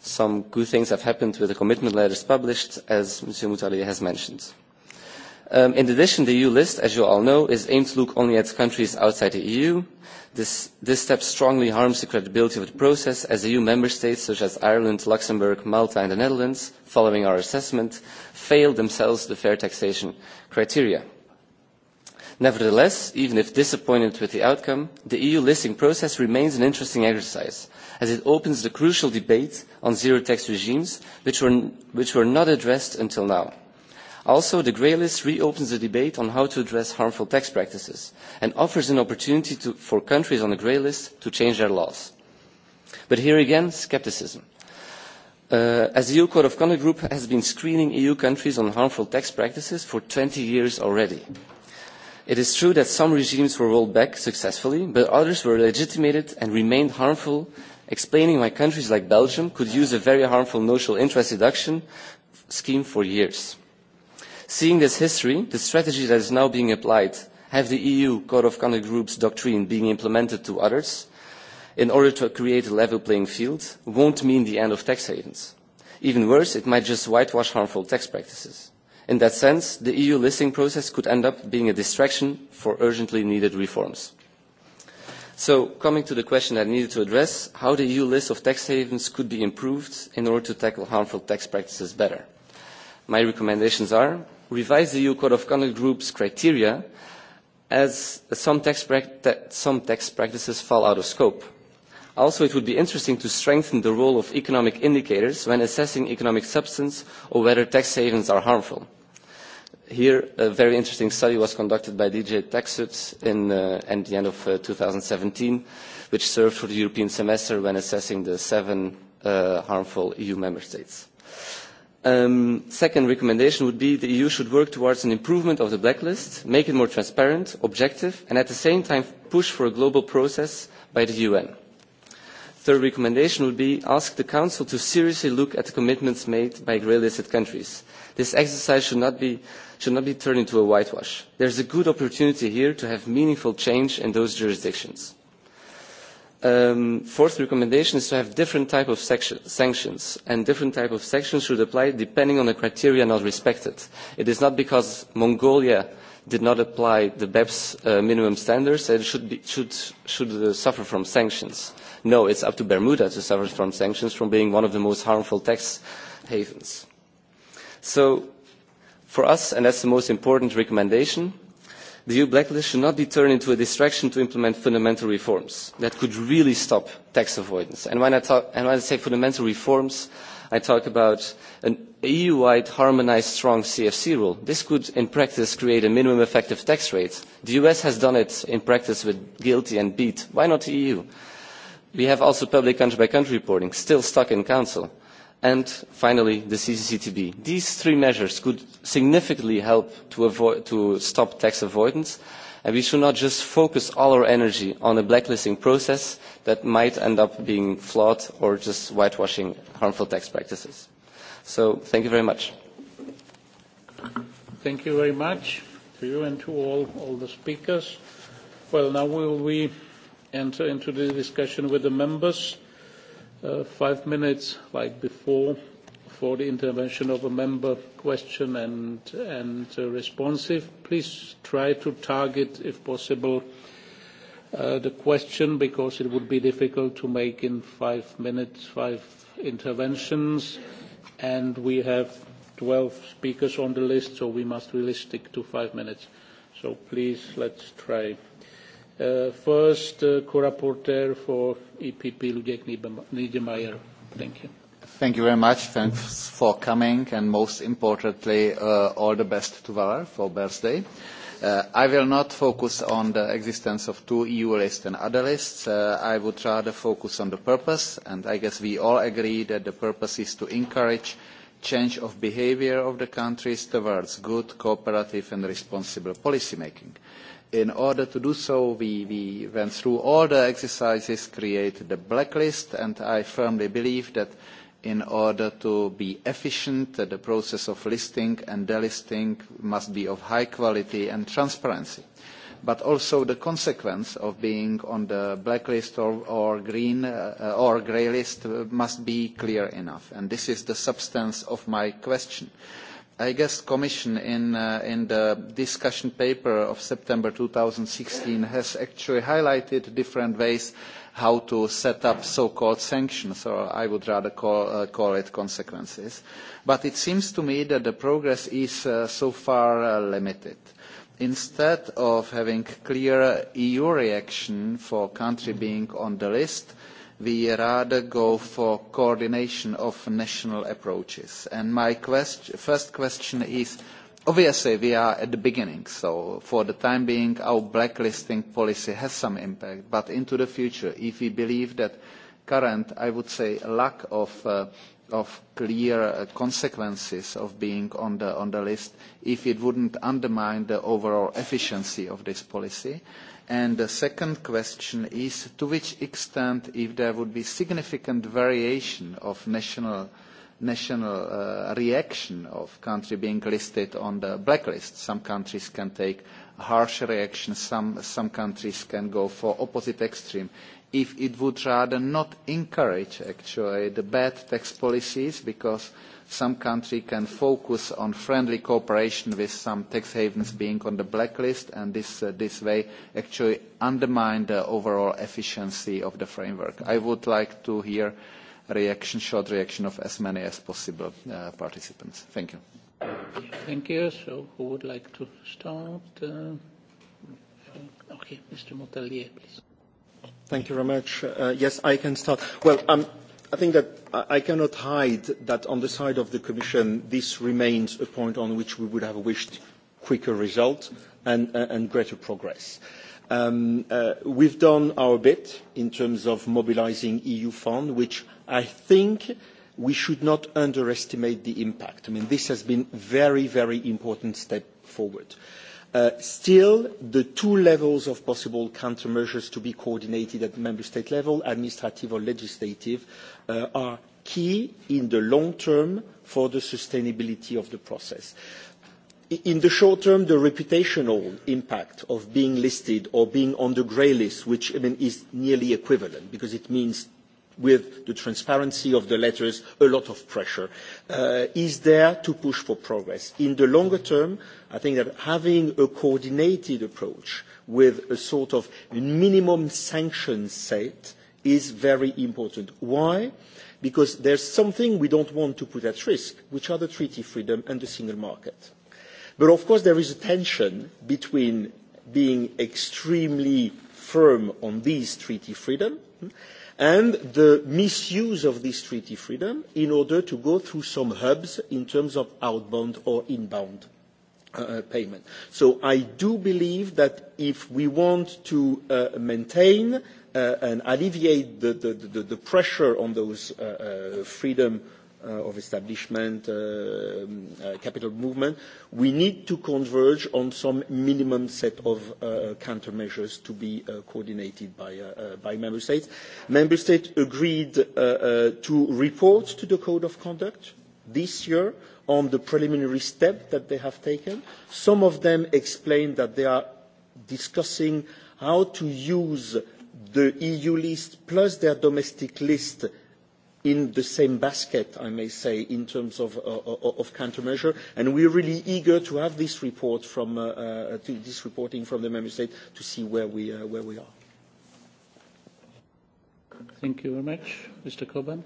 R: some good things have happened with the commitment letters published, as Mr. Mutali has mentioned. Um, in addition, the EU list, as you all know, is aimed to look only at countries outside the EU. This, step strongly harms the credibility of the process as EU member states such as Ireland, Luxembourg, Malta and the Netherlands, following our assessment, fail themselves the fair taxation criteria. Nevertheless, even if disappointed with the outcome, the EU listing process remains an interesting exercise, as it opens the crucial debate on zero tax regimes, which were not addressed until now also the grey list reopens the debate on how to address harmful tax practices and offers an opportunity to, for countries on the grey list to change their laws. but here again scepticism. Uh, as the eu code of conduct group has been screening eu countries on harmful tax practices for twenty years already it is true that some regimes were rolled back successfully but others were legitimated and remained harmful explaining why countries like belgium could use a very harmful notional interest deduction scheme for years. Seeing this history, the strategy that is now being applied, have the EU Code of Conduct Group's doctrine being implemented to others in order to create a level playing field won't mean the end of tax havens. Even worse, it might just whitewash harmful tax practices. In that sense, the EU listing process could end up being a distraction for urgently needed reforms. So, coming to the question I needed to address, how the EU list of tax havens could be improved in order to tackle harmful tax practices better. My recommendations are revised the EU Code of Conduct Group's criteria as some tax, some tax practices fall out of scope. Also, it would be interesting to strengthen the role of economic indicators when assessing economic substance or whether tax havens are harmful. Here, a very interesting study was conducted by DJ TaxSuits in, uh, at the end of uh, 2017, which served for the European semester when assessing the seven uh, harmful EU member states. Um, second recommendation would be that the EU should work towards an improvement of the blacklist, make it more transparent, objective, and at the same time push for a global process by the UN. Third recommendation would be to ask the Council to seriously look at the commitments made by grey-listed countries. This exercise should not, be, should not be turned into a whitewash. there is a good opportunity here to have meaningful change in those jurisdictions. Um, fourth recommendation is to have different type of section, sanctions, and different type of sanctions should apply depending on the criteria not respected. It is not because Mongolia did not apply the BEPS uh, minimum standards that it should, be, should, should uh, suffer from sanctions. No, it's up to Bermuda to suffer from sanctions from being one of the most harmful tax havens. So for us, and that's the most important recommendation, the eu blacklist should not be turned into a distraction to implement fundamental reforms that could really stop tax avoidance. And when I, talk, and when I say fundamental reforms, I talk about an EU-wide harmonised strong CFC rule. This could, in practice, create a minimum effective tax rate. The US has done it in practice with guilty and beat. Why not the EU? We have also public country by -country reporting, still stuck in Council and finally the ccctb. these three measures could significantly help to, avoid, to stop tax avoidance and we should not just focus all our energy on a blacklisting process that might end up being flawed or just whitewashing harmful tax practices. so thank you very much.
A: thank you very much to you and to all, all the speakers. well, now will we enter into the discussion with the members. Uh, five minutes, like before, for the intervention of a member question and, and uh, responsive. Please try to target, if possible, uh, the question because it would be difficult to make in five minutes five interventions and we have 12 speakers on the list so we must really stick to five minutes so please let's try Uh, first, uh, co-rapporteur for EPP, Ludwig Niedermayer.
C: Thank you. Thank you very much. Thanks for coming, and most importantly, uh, all the best to Valar for birthday. Uh, I will not focus on the existence of two EU lists and other lists. Uh, I would rather focus on the purpose, and I guess we all agree that the purpose is to encourage change of behaviour of the countries towards good, cooperative and responsible policy making in order to do so, we, we went through all the exercises, created the blacklist, and I firmly believe that in order to be efficient, the process of listing and delisting must be of high quality and transparency. But also the consequence of being on the blacklist or, or green uh, or grey list must be clear enough. And this is the substance of my question. I guess the Commission uh, in, the discussion paper of September two thousand and sixteen has actually highlighted different ways how to set up so-called sanctions, or I would rather call, uh, it consequences. But it seems to me that the progress is uh, so far limited instead of having a clear EU reaction for a country being on the list, we rather go for coordination of national approaches. And my first question is, obviously we are at the beginning, so for the time being our blacklisting policy has some impact, but into the future, if we believe that current, I would say, lack of uh, clear uh, consequences of being on the, on the list if it wouldn't undermine the overall efficiency of this policy. And the second question is, to which extent, if there would be significant variation of national, national uh, reaction of country being listed on the blacklist, some countries can take harsh reaction, some, some countries can go for opposite extreme, if it would rather not encourage actually the bad tax policies because some countries can focus on friendly cooperation with some tax havens being on the blacklist and this, uh, this way actually undermine the overall efficiency of the framework. I would like to hear a reaction, short reaction of as many as possible uh, participants.
O: Thank you.
A: Thank you. So who would like to start? Uh, okay, Mr. Montalier, please.
O: Thank you very much. Uh, yes, I can start. Well, um, I think that I cannot hide that on the side of the Commission, this remains a point on which we would have wished quicker results and, uh, and greater progress. Um, uh, we've done our bit in terms of mobilising EU funds, which I think we should not underestimate the impact. I mean, this has been very, very important step forward. Uh, Uh, still, the two levels of possible countermeasures to be coordinated at member state level, administrative or legislative, uh, are key in the long term for the sustainability of the process. In the short term, the reputational impact of being listed or being on the grey list, which I mean, is nearly equivalent because it means with the transparency of the letters a lot of pressure uh, is there to push for progress. In the longer term, I think that having a coordinated approach with a sort of minimum sanction set is very important. Why? Because there's something we don't want to put at risk, which are the treaty freedom and the single market. But of course, there is a tension between being extremely firm on these treaty freedoms and the misuse of this treaty freedom in order to go through some hubs in terms of outbound or inbound uh, uh, payment. So I do believe that if we want to uh, maintain and alleviate the, the, the, pressure on those freedoms freedom Uh, of establishment, uh, um, uh, capital movement, we need to converge on some minimum set of uh, countermeasures to be uh, coordinated by, uh, uh, by member states. Member states agreed uh, uh, to report to the code of conduct this year on the preliminary step that they have taken. Some of them explained that they are discussing how to use the EU list plus their domestic list in the same basket, I may say, in terms of, uh, uh, of countermeasure. And we're really eager to have this report from, uh, uh, this reporting from the member state to see where we, uh, where we are.
Q: Thank you very much. Mr. Coburn?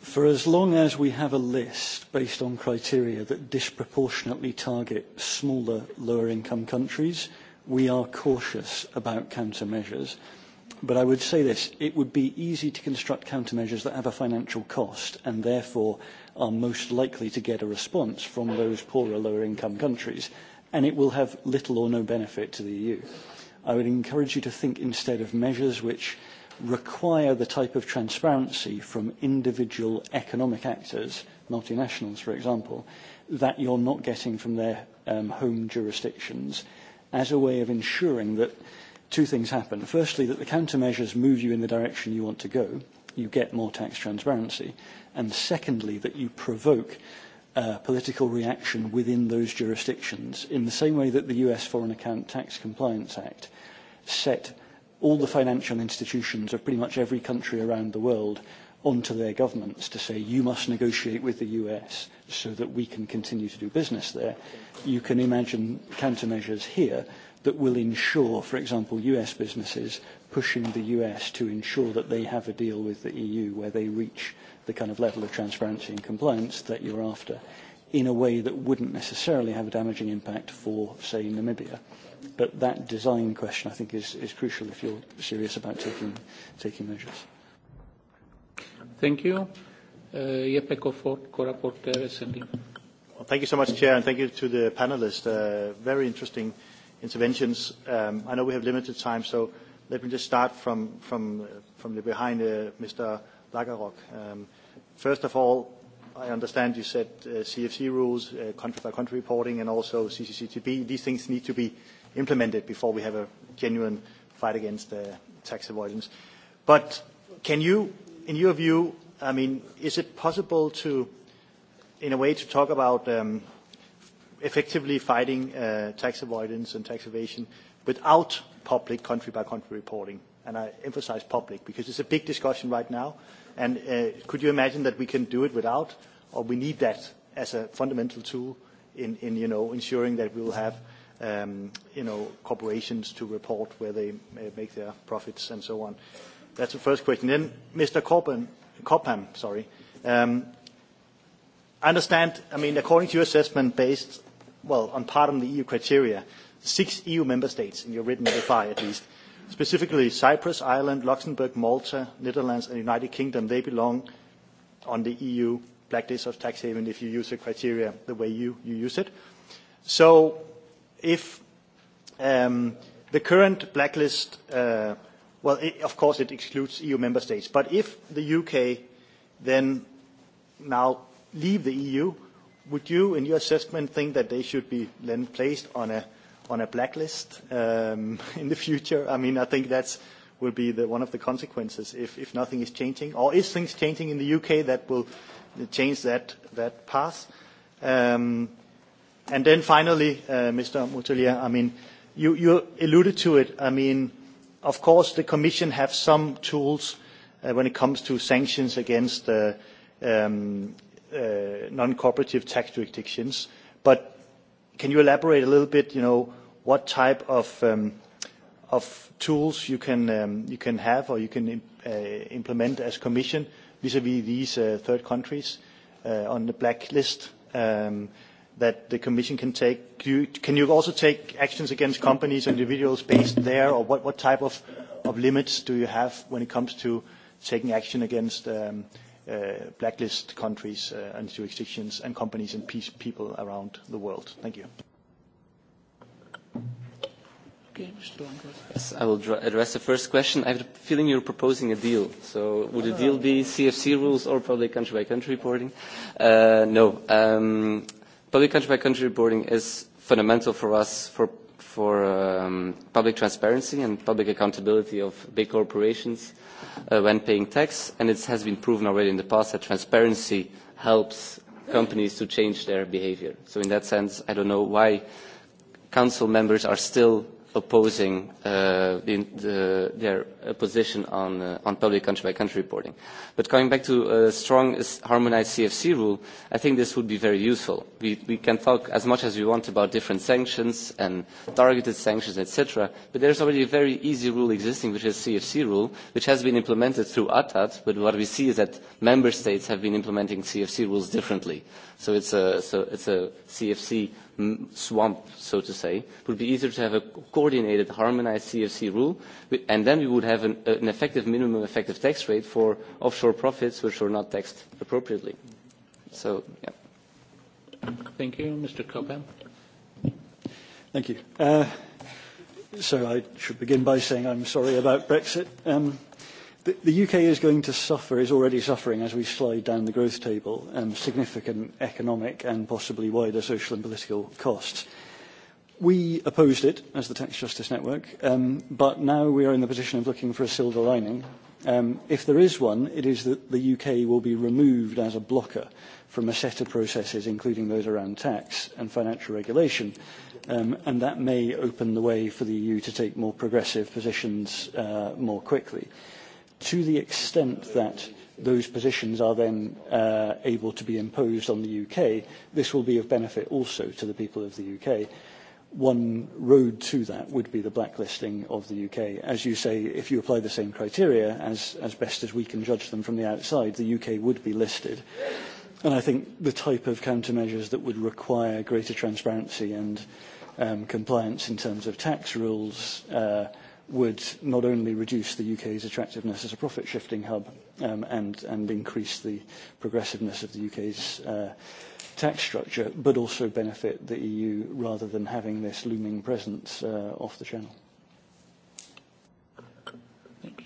Q: For as long as we have a list based on criteria that disproportionately target smaller, lower income countries, we are cautious about countermeasures But I would say this, it would be easy to construct countermeasures that have a financial cost and therefore are most likely to get a response from those poorer, lower income countries, and it will have little or no benefit to the EU. I would encourage you to think instead of measures which require the type of transparency from individual economic actors, multinationals for example, that you're not getting from their um, home jurisdictions as a way of ensuring that two things happen. Firstly, that the countermeasures move you in the direction you want to go. You get more tax transparency. And secondly, that you provoke uh, political reaction within those jurisdictions in the same way that the US Foreign Account Tax Compliance Act set all the financial institutions of pretty much every country around the world onto their governments to say, you must negotiate with the US so that we can continue to do business there. You can imagine countermeasures here that will ensure, for example, US businesses pushing the US to ensure that they have a deal with the EU where they reach the kind of level of transparency and compliance that you're after in a way that wouldn't necessarily have a damaging impact for, say, Namibia. But that design question, I think, is, is crucial if you're serious about taking,
D: taking measures.
A: Thank you. Uh, Jeppe Kofod, co-rapporteur,
D: Well, thank you so much, Chair, and thank you to the panelists. Uh, very interesting interventions. Um, I know we have limited time, so let me just start from, from, uh, from the behind uh, Mr. Lagerrock. Um, first of all, I understand you said CFC uh, rules, country-by-country reporting, and also CCCTB. These things need to be implemented before we have a genuine fight against tax avoidance. But can you, in your view, I mean, is it possible to, in a way, to talk about um, effectively fighting uh, tax avoidance and tax evasion without public country-by-country -country reporting. And I emphasize public because it's a big discussion right now. And uh, could you imagine that we can do it without, or we need that as a fundamental tool in, in you know, ensuring that we will have um, you know, corporations to report where they uh, make their profits and so on. That's the first question. Then Mr. Corbin, Copham, sorry. Um, I understand, I mean, according to your assessment based well, on part of the EU criteria, six EU member states in your written reply at least, specifically Cyprus, Ireland, Luxembourg, Malta, Netherlands and United Kingdom, they belong on the EU blacklist of tax haven if you use the criteria the way you, you use it. So if um, the current blacklist, uh, well, it, of course it excludes EU member states, but if the UK then now leave the EU, would you, in your assessment, think that they should be then placed on a on a blacklist um, in the future? I mean, I think that's will be the, one of the consequences if, if nothing is changing, or is things changing in the UK that will change that that path? Um, and then finally, uh, Mr. Mutelier, I mean, you, you alluded to it. I mean, of course, the Commission have some tools uh, when it comes to sanctions against. Uh, um, Uh, non-cooperative tax jurisdictions. But can you elaborate a little bit, you know, what type of, um, of tools you can, um, you can have or you can uh, implement as Commission vis-à-vis these uh, third countries on the blacklist um, that the Commission can take? can you also take actions against companies individuals based there, or what, what type of, of limits do you have when it comes to taking action against Uh, blacklist countries uh, and jurisdictions and companies and peace people around the world. Thank you. Okay. Yes,
R: I will address the first question. I have the feeling you're proposing a deal. So would a deal be CFC rules or public country-by-country -country reporting? Uh, no. Um, public country-by-country -country reporting is fundamental for us for for um, public transparency and public accountability of big corporations uh, when paying tax. And it has been proven already in the past that transparency helps companies to change their behavior. So in that sense, I don't know why council members are still opposing uh, the, their position on, uh, on public country-by-country -country reporting. But coming back to a strong harmonized CFC rule, I think this would be very useful. We, we can talk as much as we want about different sanctions and targeted sanctions, etc., but there's already a very easy rule existing, which is CFC rule, which has been implemented through ATAT, but what we see is that member states have been implementing CFC rules differently. So it's a, so it's a CFC swamp, so to say. It would be easier to have a coordinated, harmonized CFC rule, and then we would have an, an effective minimum effective tax rate for offshore profits which were not taxed appropriately. So, yeah.
A: Thank
Q: you. Mr. Cobham. Thank you. Uh, so I should begin by saying I'm sorry about Brexit. Um, The, UK is going to suffer, is already suffering as we slide down the growth table, um, significant economic and possibly wider social and political costs. We opposed it as the Tax Justice Network, um, but now we are in the position of looking for a silver lining. Um, if there is one, it is that the UK will be removed as a blocker from a set of processes, including those around tax and financial regulation, um, and that may open the way for the EU to take more progressive positions uh, more quickly to the extent that those positions are then uh, able to be imposed on the UK, this will be of benefit also to the people of the UK. One road to that would be the blacklisting of the UK. As you say, if you apply the same criteria, as, as best as we can judge them from the outside, the UK would be listed. And I think the type of countermeasures that would require greater transparency and um, compliance in terms of tax rules, uh, would not only reduce the UK's attractiveness as a profit-shifting hub um, and, and increase the progressiveness of the UK's uh, tax structure, but also benefit the EU rather than having this looming presence uh, off the channel.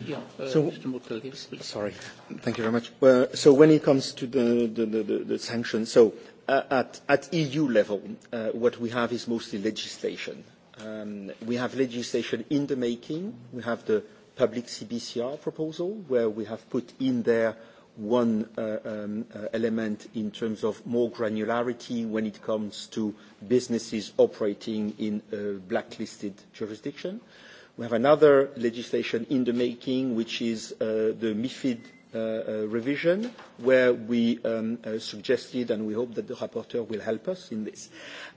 A: Yeah, uh, so,
O: Mr. Sorry, thank you very much. Uh, so when it comes to the, the, the, the, the sanctions, so uh, at, at EU level, uh, what we have is mostly legislation Um, we have legislation in the making. We have the public CBCR proposal, where we have put in there one uh, um, uh, element in terms of more granularity when it comes to businesses operating in a blacklisted jurisdiction. We have another legislation in the making, which is uh, the MiFID Uh, uh, revision, where we um, uh, suggested, and we hope that the rapporteur will help us in this,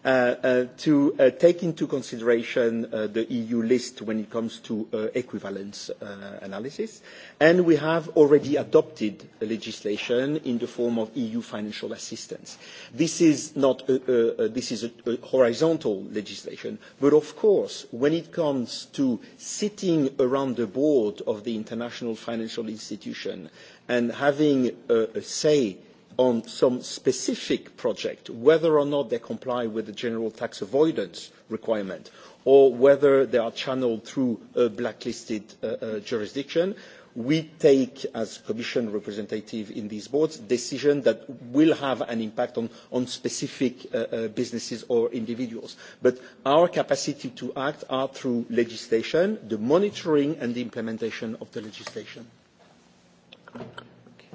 O: uh, uh, to uh, take into consideration uh, the EU list when it comes to uh, equivalence uh, analysis, and we have already adopted legislation in the form of EU financial assistance. This is not a, a, a, this is a, a horizontal legislation, but of course, when it comes to sitting around the board of the international financial institution and having a, a say on some specific project, whether or not they comply with the general tax avoidance requirement, or whether they are channeled through a blacklisted uh, uh, jurisdiction, we take, as Commission representative in these boards, decisions that will have an impact on, on specific uh, uh, businesses or individuals. But our capacity to act are through legislation, the monitoring and the implementation of the legislation.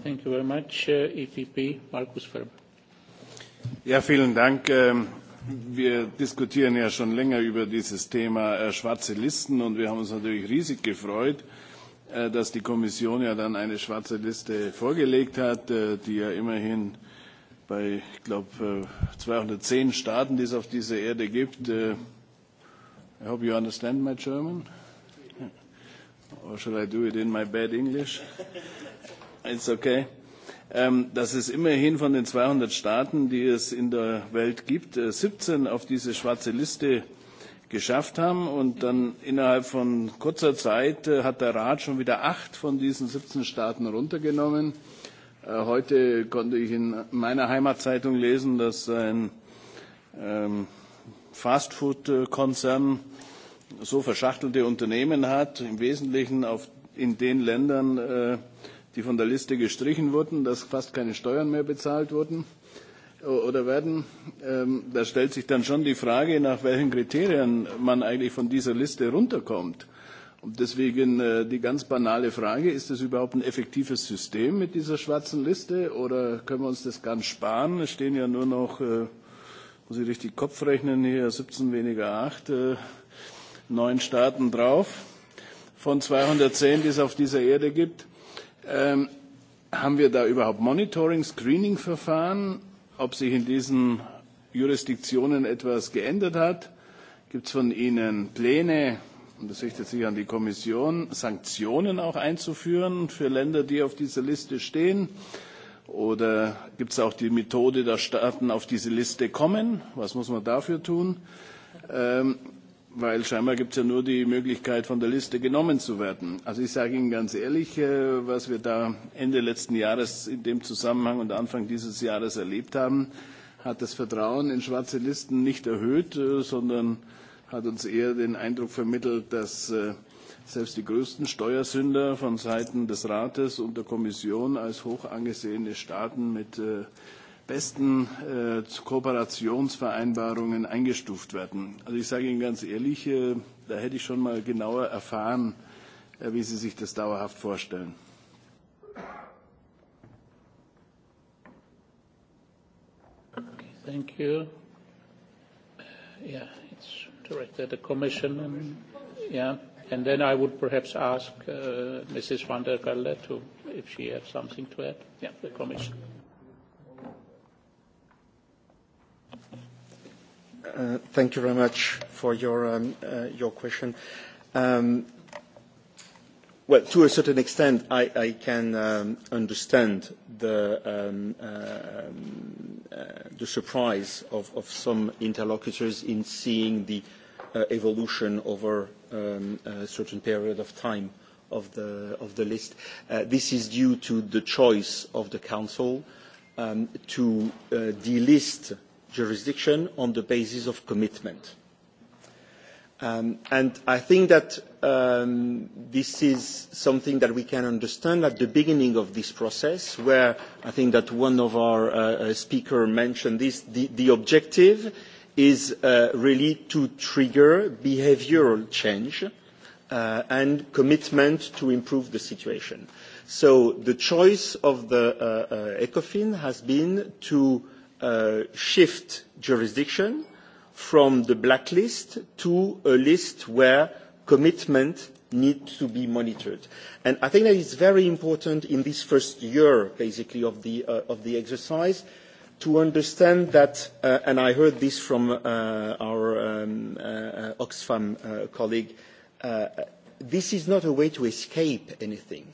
A: Thank you very much. Uh, EPP, Markus Ferber.
S: Ja, vielen Dank. Ähm wir diskutieren ja schon länger über dieses Thema äh, schwarze Listen und wir haben uns natürlich riesig gefreut, Äh, dass die Kommission ja dann eine schwarze Liste vorgelegt hat, äh, die ja immerhin bei, ich glaube, äh, 210 Staaten, die es auf dieser Erde gibt. I hope you understand my German. Or shall I do it in my bad English? It's okay. Ähm, dass es immerhin von den 200 Staaten, die es in der Welt gibt, 17 auf diese schwarze Liste geschafft haben. Und dann innerhalb von kurzer Zeit äh, hat der Rat schon wieder acht von diesen 17 Staaten runtergenommen. Äh, heute konnte ich in meiner Heimatzeitung lesen, dass ein ähm, Fastfood-Konzern so verschachtelte Unternehmen hat, im Wesentlichen auf, in den Ländern, äh, die von der Liste gestrichen wurden, dass fast keine Steuern mehr bezahlt wurden oder werden, ähm, da stellt sich dann schon die Frage, nach welchen Kriterien man eigentlich von dieser Liste runterkommt. Und deswegen äh, die ganz banale Frage, ist das überhaupt ein effektives System mit dieser schwarzen Liste oder können wir uns das ganz sparen? Es stehen ja nur noch, äh, muss ich richtig Kopf rechnen hier, 17 weniger 8, äh, neun Staaten drauf von 210, die es auf dieser Erde gibt. Ähm, haben wir da überhaupt Monitoring, Screening-Verfahren? ob sich in diesen Jurisdiktionen etwas geändert hat. Gibt es von Ihnen Pläne, und das richtet sich an die Kommission, Sanktionen auch einzuführen für Länder, die auf dieser Liste stehen? Oder gibt es auch die Methode, dass Staaten auf diese Liste kommen? Was muss man dafür tun? Ähm, weil scheinbar gibt es ja nur die Möglichkeit, von der Liste genommen zu werden. Also ich sage Ihnen ganz ehrlich, äh, was wir da Ende letzten Jahres in dem Zusammenhang und Anfang dieses Jahres erlebt haben, hat das Vertrauen in schwarze Listen nicht erhöht, äh, sondern hat uns eher den Eindruck vermittelt, dass äh, selbst die größten Steuersünder von Seiten des Rates und der Kommission als hoch angesehene Staaten mit besten äh, Kooperationsvereinbarungen eingestuft werden. Also ich sage Ihnen ganz ehrlich, äh, da hätte ich schon mal genauer erfahren, äh, wie Sie sich das dauerhaft vorstellen.
A: Okay, thank you. Yeah, it's directed at the Commission. And, yeah, and then I would perhaps ask uh, Mrs. van der Galle to, if she has something to add. Yeah, the Commission. Okay.
O: Uh, thank you very much for your, um, uh, your question. Um, well, to a certain extent, I, can um, understand the, uh, the surprise of, some interlocutors in seeing the evolution over a certain period of time of the, of the list. This is due to the choice of the council to delist jurisdiction on the basis of commitment. Um, and I think that um, this is something that we can understand at the beginning of this process, where I think that one of our uh, uh speakers mentioned this, the, the objective is uh, really to trigger behavioural change uh, and commitment to improve the situation. So the choice of the uh, uh, ECOFIN has been to Uh, shift jurisdiction from the blacklist to a list where commitment needs to be monitored. And I think that it's very important in this first year, basically, of the, uh, of the exercise to understand that, uh, and I heard this from uh, our um, uh, Oxfam uh, colleague, uh, this is not a way to escape anything.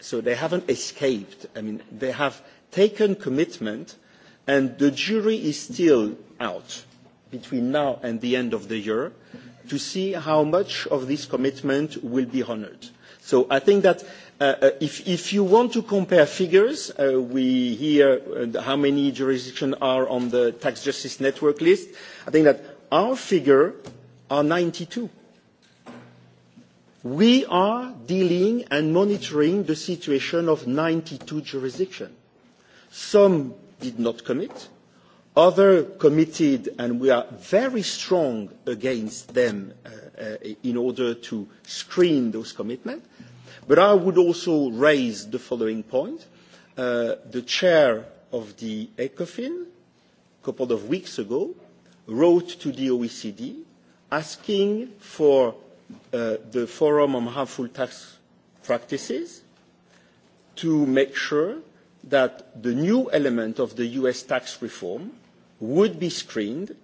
O: So they haven't escaped. I mean, they have taken commitment uh, and the jury is still out between now and the end of the year to see how much of this commitment will be honoured. So I think that uh, uh, if, if you want to compare figures, uh, we hear uh, how many jurisdictions are on the tax justice network list. I think that our figure are 92. We are dealing and monitoring the situation of 92 jurisdictions. Some did not commit. Others committed, and we are very strong against them uh, uh, in order to screen those commitments. But I would also raise the following point. Uh, the chair of the ECOFIN, a couple of weeks ago, wrote to the OECD asking for the Forum on Harmful Tax Practices to make sure that the new element of the US tax reform would be screened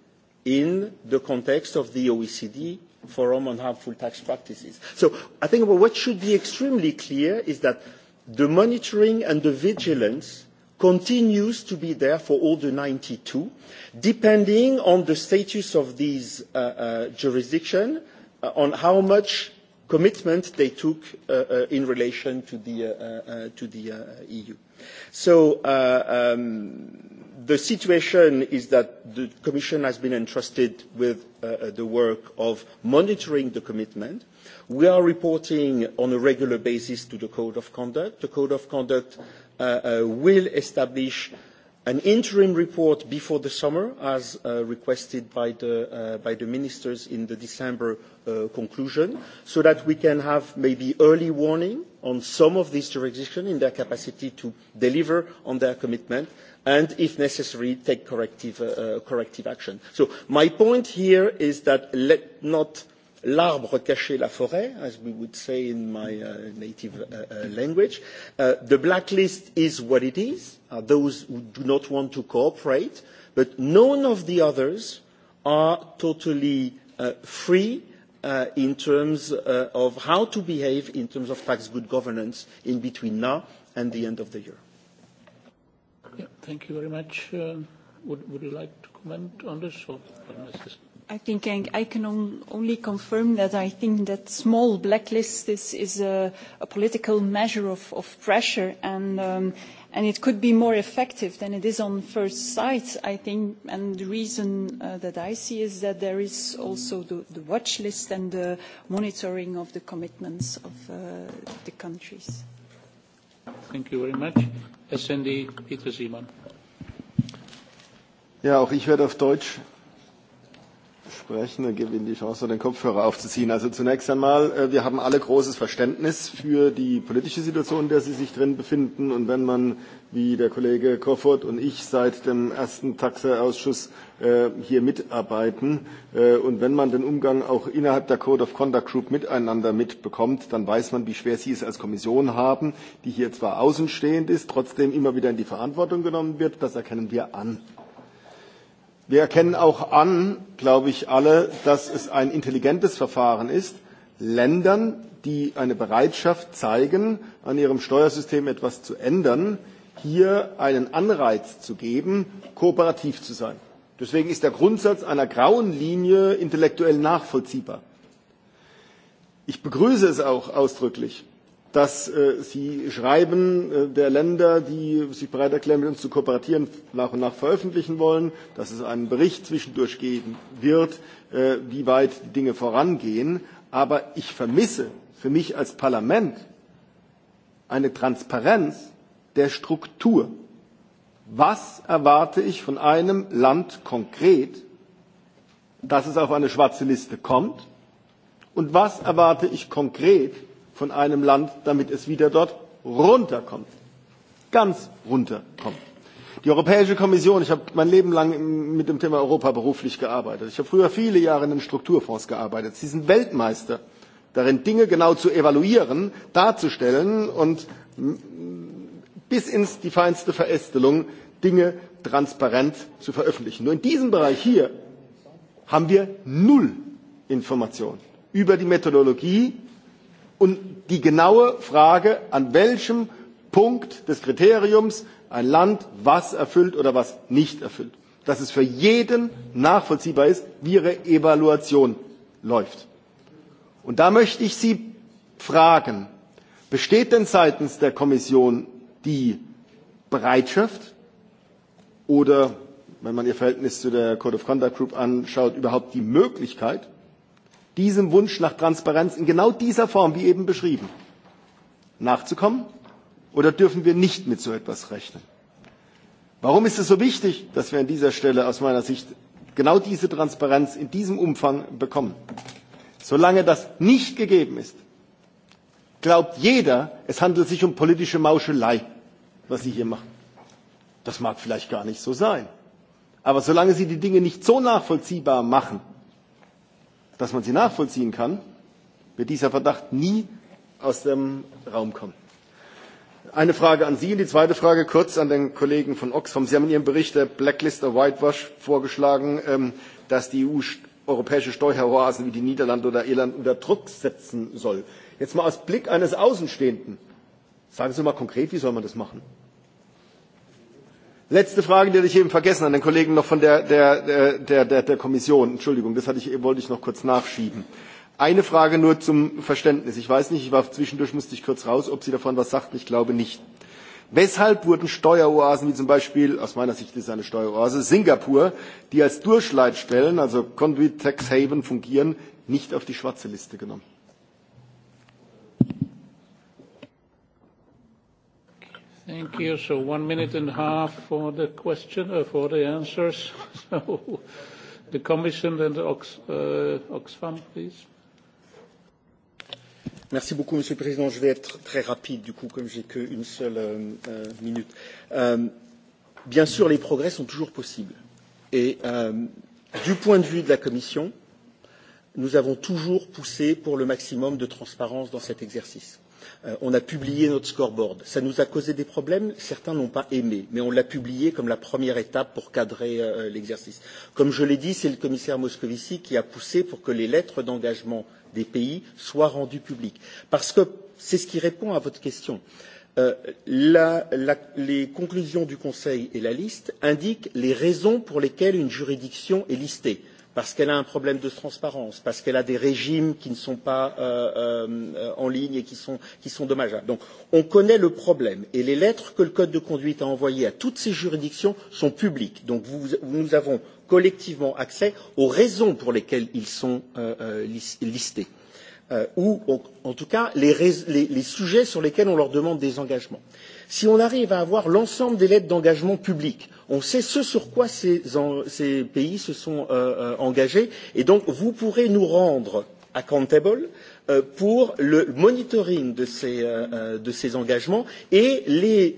O: in the context of the OECD Forum on Harmful Tax Practices. So I think what should be extremely clear is that the monitoring and the vigilance continues to be there for all the 92, depending on the status of these uh, uh, jurisdiction, uh, on how much commitment they took uh, uh, in relation to the, uh, uh, to the uh, EU. So uh, um, the situation is that the Commission has been entrusted with uh, uh, the work of monitoring the commitment. We are reporting on a regular basis to the Code of Conduct. The Code of Conduct uh, uh, will establish uh, an interim report before the summer, as uh, requested uh, by the, ministers in the December uh, conclusion, so that we can have maybe early warning on some of these jurisdictions in their capacity to deliver on their commitment and, if necessary, take corrective, corrective action. So my point here is that let not l'arbre cachait la forêt, as we would say in my uh, native uh, uh, language. Uh, the blacklist is what it is, uh, those who do not want to cooperate, but none of the others are totally uh, free uh, in terms uh, of how to behave in terms of tax good governance in between now and the end of the year.
A: Yeah, thank you very much. Uh, would, would you like to comment on this? Or, or
P: I think I can only confirm that I think that small blacklist is, is a, a political measure of, of pressure and, um, and it could be more effective than it is on first sight, I think. And the reason uh, that I see is that there is also the, the watch list and the monitoring of the commitments of uh, the countries.
A: Thank you very much. SND Peter Simon.
F: Ja, auch ich werde auf Deutsch sprechen. Dann gebe ich Ihnen die Chance, den Kopfhörer aufzuziehen. Also zunächst einmal, äh, wir haben alle großes Verständnis für die politische Situation, in der Sie sich drin befinden. Und wenn man, wie der Kollege Koffert und ich, seit dem ersten Taxe-Ausschuss äh, hier mitarbeiten äh, und wenn man den Umgang auch innerhalb der Code of Conduct Group miteinander mitbekommt, dann weiß man, wie schwer Sie es als Kommission haben, die hier zwar außenstehend ist, trotzdem immer wieder in die Verantwortung genommen wird. Das erkennen wir an. Wir erkennen auch an, glaube ich, alle, dass es ein intelligentes Verfahren ist, Ländern, die eine Bereitschaft zeigen, an ihrem Steuersystem etwas zu ändern, hier einen Anreiz zu geben, kooperativ zu sein. Deswegen ist der Grundsatz einer grauen Linie intellektuell nachvollziehbar. Ich begrüße es auch ausdrücklich, dass äh, Sie Schreiben äh, der Länder, die sich bereit erklären, mit uns zu kooperieren, nach und nach veröffentlichen wollen, dass es einen Bericht zwischendurch geben wird, äh, wie weit die Dinge vorangehen. Aber ich vermisse für mich als Parlament eine Transparenz der Struktur. Was erwarte ich von einem Land konkret, dass es auf eine schwarze Liste kommt? Und was erwarte ich konkret, von einem Land, damit es wieder dort runterkommt. Ganz runterkommt. Die Europäische Kommission, ich habe mein Leben lang mit dem Thema Europa beruflich gearbeitet. Ich habe früher viele Jahre in den Strukturfonds gearbeitet. Sie sind Weltmeister darin, Dinge genau zu evaluieren, darzustellen und bis ins die feinste Verästelung Dinge transparent zu veröffentlichen. Nur in diesem Bereich hier haben wir null Informationen über die Methodologie und die genaue Frage, an welchem Punkt des Kriteriums ein Land was erfüllt oder was nicht erfüllt. Dass es für jeden nachvollziehbar ist, wie ihre Evaluation läuft. Und da möchte ich Sie fragen, besteht denn seitens der Kommission die Bereitschaft oder, wenn man ihr Verhältnis zu der Code of Conduct Group anschaut, überhaupt die Möglichkeit, diesem Wunsch nach Transparenz in genau dieser Form, wie eben beschrieben, nachzukommen? Oder dürfen wir nicht mit so etwas rechnen? Warum ist es so wichtig, dass wir an dieser Stelle aus meiner Sicht genau diese Transparenz in diesem Umfang bekommen? Solange das nicht gegeben ist, glaubt jeder, es handelt sich um politische Mauschelei, was Sie hier machen. Das mag vielleicht gar nicht so sein. Aber solange Sie die Dinge nicht so nachvollziehbar machen, dass man sie nachvollziehen kann, wird dieser Verdacht nie aus dem Raum kommen. Eine Frage an Sie und die zweite Frage kurz an den Kollegen von Oxfam. Sie haben in Ihrem Bericht der Blacklist of Whitewash vorgeschlagen, ähm, dass die EU europäische Steueroasen wie die Niederlande oder Irland unter Druck setzen soll. Jetzt mal aus Blick eines Außenstehenden. Sagen Sie mal konkret, wie soll man das machen? Letzte Frage, die hatte ich eben vergessen an den Kollegen noch von der, der, der, der, der Kommission. Entschuldigung, das hatte ich, wollte ich noch kurz nachschieben. Eine Frage nur zum Verständnis. Ich weiß nicht, ich war zwischendurch, musste ich kurz raus, ob Sie davon was sagten. Ich glaube nicht. Weshalb wurden Steueroasen wie zum Beispiel, aus meiner Sicht ist eine Steueroase, Singapur, die als Durchleitstellen, also Conduit Tax Haven fungieren, nicht auf die schwarze Liste genommen?
A: Thank you. So one minute and a half for the question, uh, for the answers. So the Commission and uh, Oxfam, please.
O: Merci beaucoup, Monsieur le Président. Je vais être très rapide, du coup, comme j'ai qu'une seule euh, euh, minute. Euh, bien sûr, les progrès sont toujours possibles. Et euh, du point de vue de la Commission, euh, nous avons toujours poussé pour le maximum de transparence dans cet exercice. Euh, on a publié notre scoreboard. Ça nous a causé des problèmes, certains n'ont pas aimé, mais on l'a publié comme la première étape pour cadrer euh, euh, l'exercice. Comme je l'ai dit, c'est le commissaire Moscovici qui a poussé pour que les lettres d'engagement des pays soient rendues publiques. Parce que c'est ce qui répond à votre question. Euh, la, la, les conclusions du Conseil et la liste indiquent les raisons pour lesquelles une juridiction est listée. Euh, parce qu'elle a un problème de transparence, parce qu'elle a des régimes qui ne sont pas euh, euh, en ligne et qui sont, qui sont dommageables. Donc on connaît le problème et les lettres que le Code de conduite a envoyées à toutes ces juridictions sont publiques. Donc vous, vous, nous avons collectivement accès aux raisons pour lesquelles ils sont euh, euh listés euh, ou en, en tout cas les, les, les sujets sur lesquels on leur demande des engagements. Euh, si on arrive à avoir l'ensemble des lettres d'engagement public, on sait ce sur quoi ces, en, ces pays se sont euh, euh, engagés et donc vous pourrez nous rendre accountable euh, pour le monitoring de ces, euh, euh de ces engagements et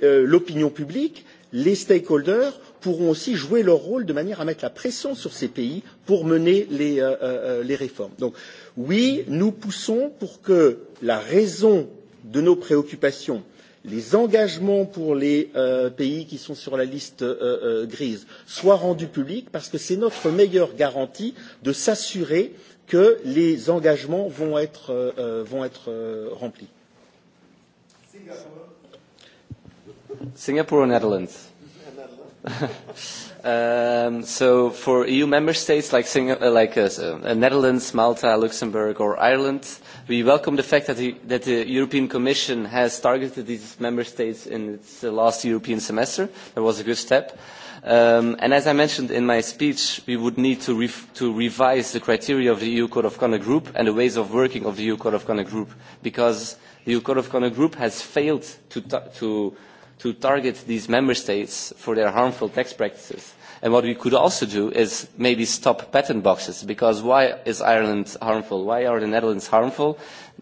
O: euh, l'opinion euh, publique, les stakeholders pourront aussi jouer leur rôle de manière à mettre la pression sur ces pays pour mener les, euh, euh, euh les réformes. Donc oui, nous poussons pour que la raison de nos préoccupations les engagements pour les euh, pays qui sont sur la liste euh, euh, grise soient rendus publics parce que c'est notre meilleure garantie de s'assurer que les engagements vont être, euh, euh vont être euh, remplis.
G: Singapour.
R: Singapore or Netherlands? Um, so for EU member states like, Sing uh, like uh, uh, Netherlands, Malta, Luxembourg or Ireland, we welcome the fact that the, that the European Commission has targeted these member states in its uh, last European semester. That was a good step. Um, and as I mentioned in my speech, we would need to, re to revise the criteria of the EU Code of Conduct Group and the ways of working of the EU Code of Conduct Group because the EU Code of Conduct Group has failed to, to to target these member states for their harmful tax practices. And what we could also do is maybe stop patent boxes, because why is Ireland harmful? Why are the Netherlands harmful?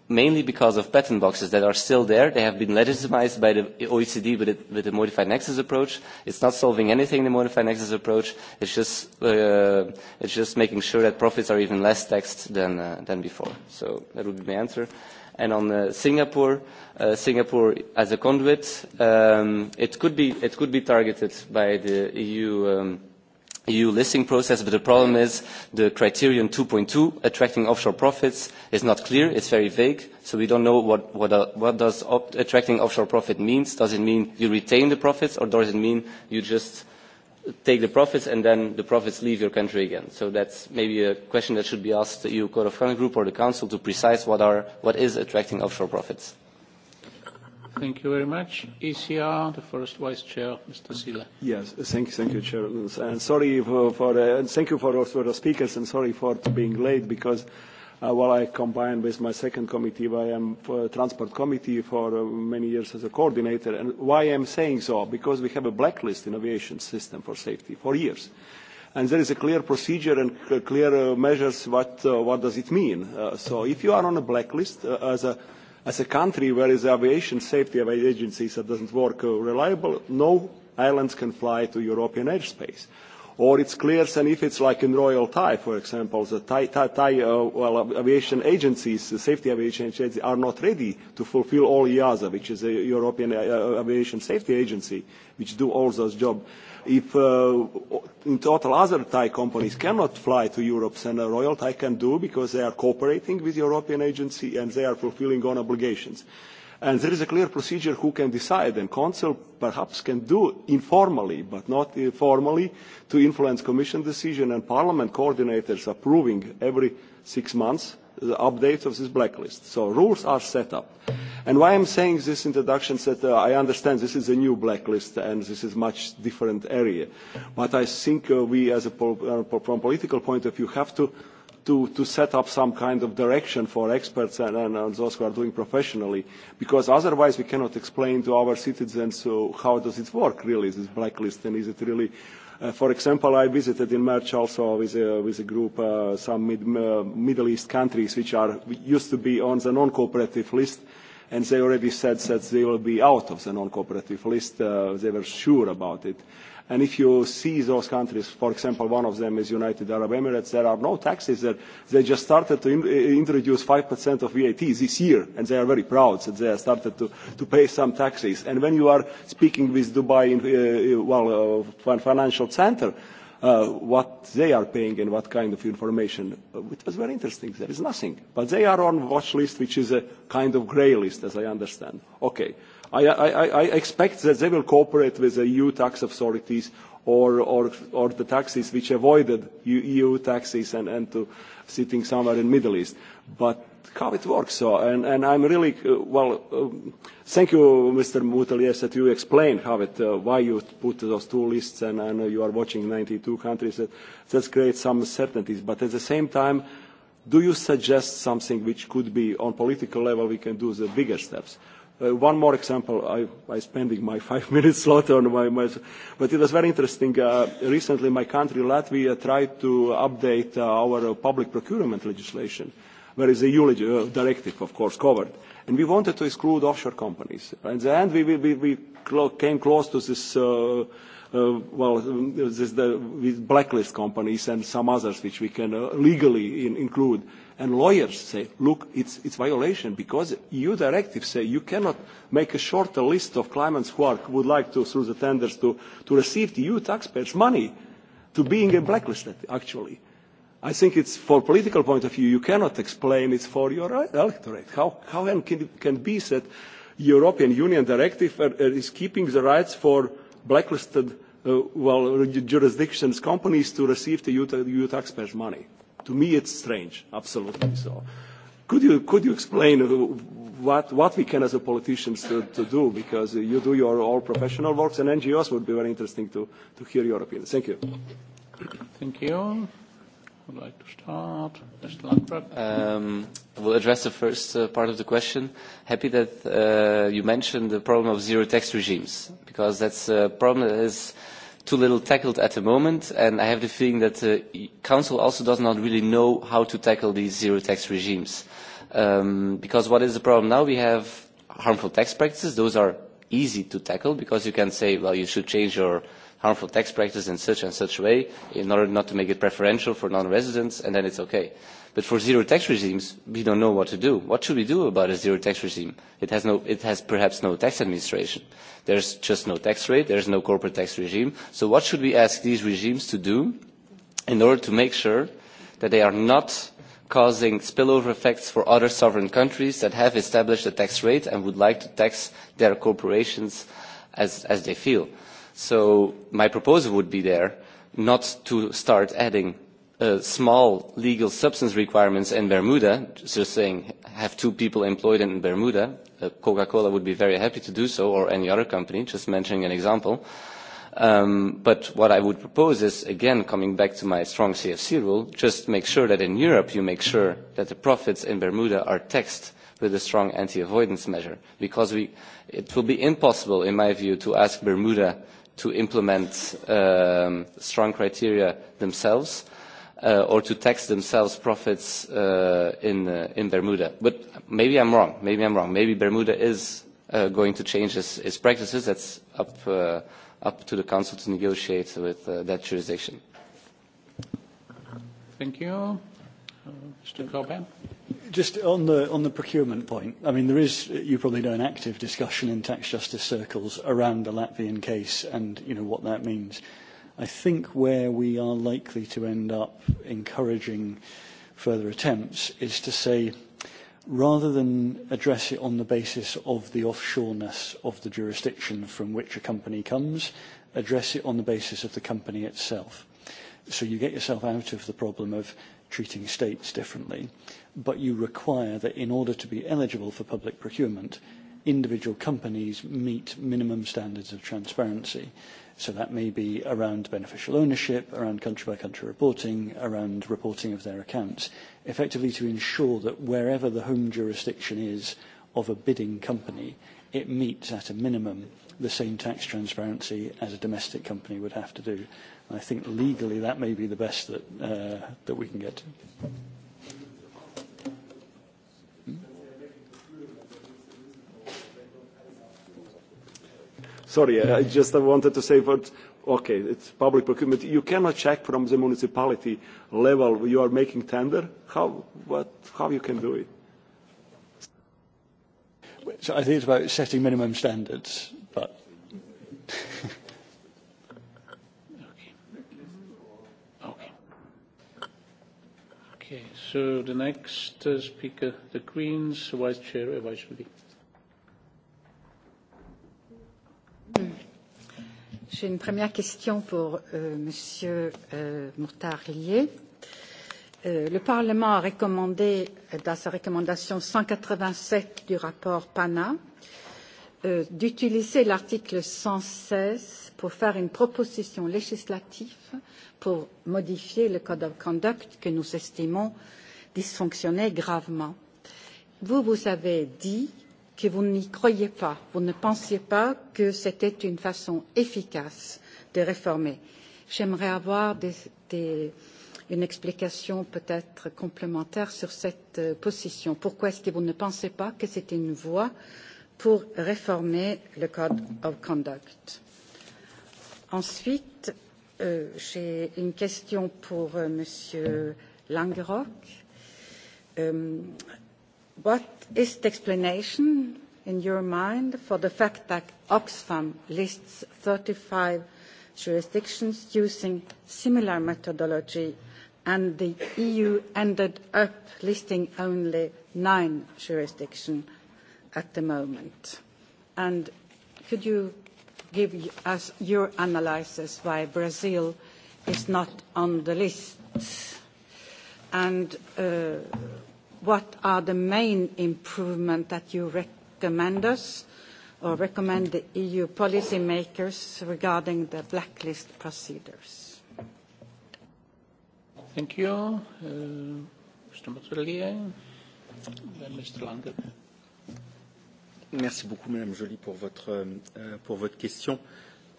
R: Mainly because of patent boxes that are still there. They have been legitimized by the OECD with, it, with the modified nexus approach. It's not solving anything, the modified nexus approach. It's just, uh, it's just making sure that profits are even less taxed than, uh, than before. So that would be my answer and on uh, Singapore, uh, Singapore as a conduit, um, it could be it could be targeted by the EU. Um, EU listing process, but the problem is the criterion 2.2, attracting offshore profits, is not clear, it's very vague, so we don't know what, what, uh, what does op attracting offshore profit means. Does it mean you retain the profits, or does it mean you just take the profits and then the profits leave your country again. So that's maybe a question that should be asked the EU Code of Conduct Group or the Council to precise what, are, what is attracting offshore profits.
A: Thank you very much. ECR, the first vice chair, Mr. Sile.
T: Yes, thank you, thank you, Chair. And sorry for, for uh, and thank you for, for the speakers and sorry for being late because uh, while I combine with my second committee, where I am uh, transport committee for uh, many years as a coordinator. And why I'm saying so? Because we have a blacklist in aviation system for safety for years. And there is a clear procedure and clear uh, measures what, uh, what does it mean. Uh, so if you are on a blacklist uh, as a as a country where is aviation safety of agencies that doesn't work uh, reliable, no islands can fly to European airspace. Or it's clear, and if it's like in Royal Thai, for example, the Thai, Thai, Thai uh, well, aviation agencies, the safety aviation agencies, are not ready to fulfill all EASA, which is a European uh, uh, aviation safety agency, which do all those jobs if uh, in total other Thai companies cannot fly to Europe, then uh, Royal Thai can do because they are cooperating with European agency and they are fulfilling on obligations. And there is a clear procedure who can decide, and Council perhaps can do informally, but not formally, to influence Commission decision and Parliament coordinators approving every six months the updates of this blacklist. So rules are set up. And why I'm saying this introduction is that uh, I understand this is a new blacklist and this is much different area. But I think uh, we, as a, uh, from political point of view, have to to, to set up some kind of direction for experts and, and, and those who are doing professionally, because otherwise we cannot explain to our citizens so uh, how does it work really, this blacklist, and is it really uh, for example, I visited in March also with a, with a group uh, some mid, uh, Middle East countries which are used to be on the non-cooperative list, and they already said that they will be out of the non-cooperative list. Uh, they were sure about it. And if you see those countries, for example, one of them is United Arab Emirates, there are no taxes there. They just started to in, uh, introduce 5% of VAT this year, and they are very proud that they have started to, to pay some taxes. And when you are speaking with Dubai, in, uh, uh well, uh, financial center, Uh, what they are paying and what kind of information. Uh, it was very interesting. There is nothing. But they are on watch list, which is a kind of grey list, as I understand. Okay. I, I, I expect that they will cooperate with the EU tax authorities or, or, or the taxes which avoided EU e taxes and, and to sitting somewhere in Middle East. But how it works. So, and, and I'm really, uh, well, um, thank you, Mr. yes, that you explained how it, uh, why you put those two lists and, and you are watching 92 countries. That, that creates some certainties. But at the same time, do you suggest something which could be on political level we can do the bigger steps? Uh, one more example, I, I'm spending my five minutes slot on my, my, but it was very interesting. Uh, recently, my country, Latvia, tried to update uh, our uh, public procurement legislation, where is the EU uh, directive, of course, covered. And we wanted to exclude offshore companies. In the end, we, we, we, we clo came close to this, uh, uh, well, this, the, with blacklist companies and some others which we can uh, legally in, include And lawyers say, look, it's, it's violation because EU directives say you cannot make a shorter list of claimants who are, would like to, through the tenders, to, to receive EU e taxpayers' money to being a blacklisted, actually. I think it's for political point of view, you cannot explain it's for your e-, electorate. How, how can it be that European Union directive uh, uh, is keeping the rights for blacklisted uh, well, jurisdictions, companies to receive the EU e taxpayers' money? to me it's strange, absolutely so. Could you, could you explain what, what we can as a politicians to, to do? Because you do your all professional works and NGOs would be very interesting to, to hear your opinion. Thank you.
A: Thank you. Would like to start, Mr. Landgraf? Um,
R: we'll address the first uh, part of the question. Happy that uh, you mentioned the problem of zero tax regimes, because that's a problem that is too little tackled at the moment, and I have the feeling that the Council also does not really know how to tackle these zero tax regimes. Um, because what is the problem now? We have harmful tax practices. Those are easy to tackle because you can say, well, you should change your harmful tax practice in such and such way in order not to make it preferential for non-residents, and then it's okay. But for zero tax regimes, we don't know what to do. What should we do about a zero tax regime? It has, no, it has perhaps no tax administration. There's just no tax rate. There's no corporate tax regime. So what should we ask these regimes to do in order to make sure that they are not causing spillover effects for other sovereign countries that have established a tax rate and would like to tax their corporations as, as they feel. So my proposal would be there not to start adding Uh, small legal substance requirements in Bermuda, just saying have two people employed in Bermuda, uh, Coca-Cola would be very happy to do so, or any other company, just mentioning an example. Um, but what I would propose is, again, coming back to my strong CFC rule, just make sure that in Europe you make sure that the profits in Bermuda are taxed with a strong anti-avoidance measure, because we, it will be impossible, in my view, to ask Bermuda to implement um, strong criteria themselves uh, or to tax themselves profits uh, in, uh, in Bermuda. But maybe I'm wrong. Maybe I'm wrong. Maybe Bermuda is uh, going to change its, its practices. That's up, uh, up to the Council to negotiate with uh, that jurisdiction.
A: Thank you. Uh, Mr. Corbett?
Q: Just on the, on the procurement point, I mean, there is, you probably know, an active discussion in tax justice circles around the Latvian case and, you know, what that means. I think where we are likely to end up encouraging further attempts is to say, rather than address it on the basis of the offshoreness of the jurisdiction from which a company comes, address it on the basis of the company itself. So you get yourself out of the problem of treating states differently, but you require that in order to be eligible for public procurement, individual companies meet minimum standards of transparency. So that may be around beneficial ownership, around country-by-country -country reporting, around reporting of their accounts, effectively to ensure that wherever the home jurisdiction is of a bidding company, it meets at a minimum the same tax transparency as a domestic company would have to do. And I think legally that may be the best that, uh, that we can get to.
T: Sorry, I just wanted to say but okay, it's public procurement. You cannot check from the municipality level you are making tender. How, what, how you can do it? So I think it's about setting minimum standards,
Q: but...
A: Okay, so the next uh, speaker, the Greens, Vice Chair Chair.
U: J'ai une première question pour euh, Monsieur euh, Mortarlier. Euh, le Parlement a recommandé, euh, dans sa recommandation 187 du rapport PANA, euh, d'utiliser l'article 116 pour faire une proposition législative pour modifier le code of conduct que nous estimons dysfonctionner gravement. Vous, vous avez dit que vous n'y croyez pas, vous ne pensiez pas que c'était une façon efficace de réformer. J'aimerais avoir des, des, une explication peut-être complémentaire sur cette euh, position. Pourquoi est-ce que vous ne pensez pas que c'est une voie pour réformer le Code of Conduct Ensuite, euh, j'ai une question pour euh, M. Langerock. Euh, what is the explanation in your mind for the fact that Oxfam lists 35 jurisdictions using similar methodology and the EU ended up listing only nine jurisdictions at the moment? And could you give us your analysis why Brazil is not on the list? And uh, what are the main improvement that you recommend us or recommend the EU policymakers regarding the blacklist procedures?
A: Thank you. Uh, Mr. Mazzollier, then Mr. Lange.
O: Merci beaucoup, Madame Joly, pour votre, euh, question,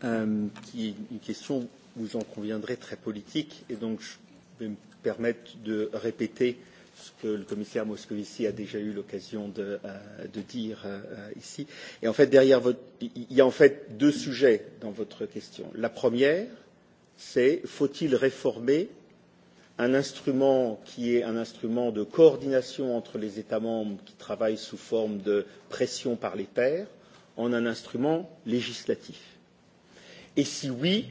O: euh, qui est une question, vous en conviendrez, très politique. Et donc, je vais me permettre de répéter ce que le commissaire Moscovici a déjà eu l'occasion de, euh, de dire euh, ici. Et en fait, derrière votre, il y a en fait deux sujets dans votre question. La première, c'est faut-il réformer un instrument qui est un instrument de coordination entre les États membres qui travaillent sous forme de pression par les pairs en un instrument législatif Et si oui,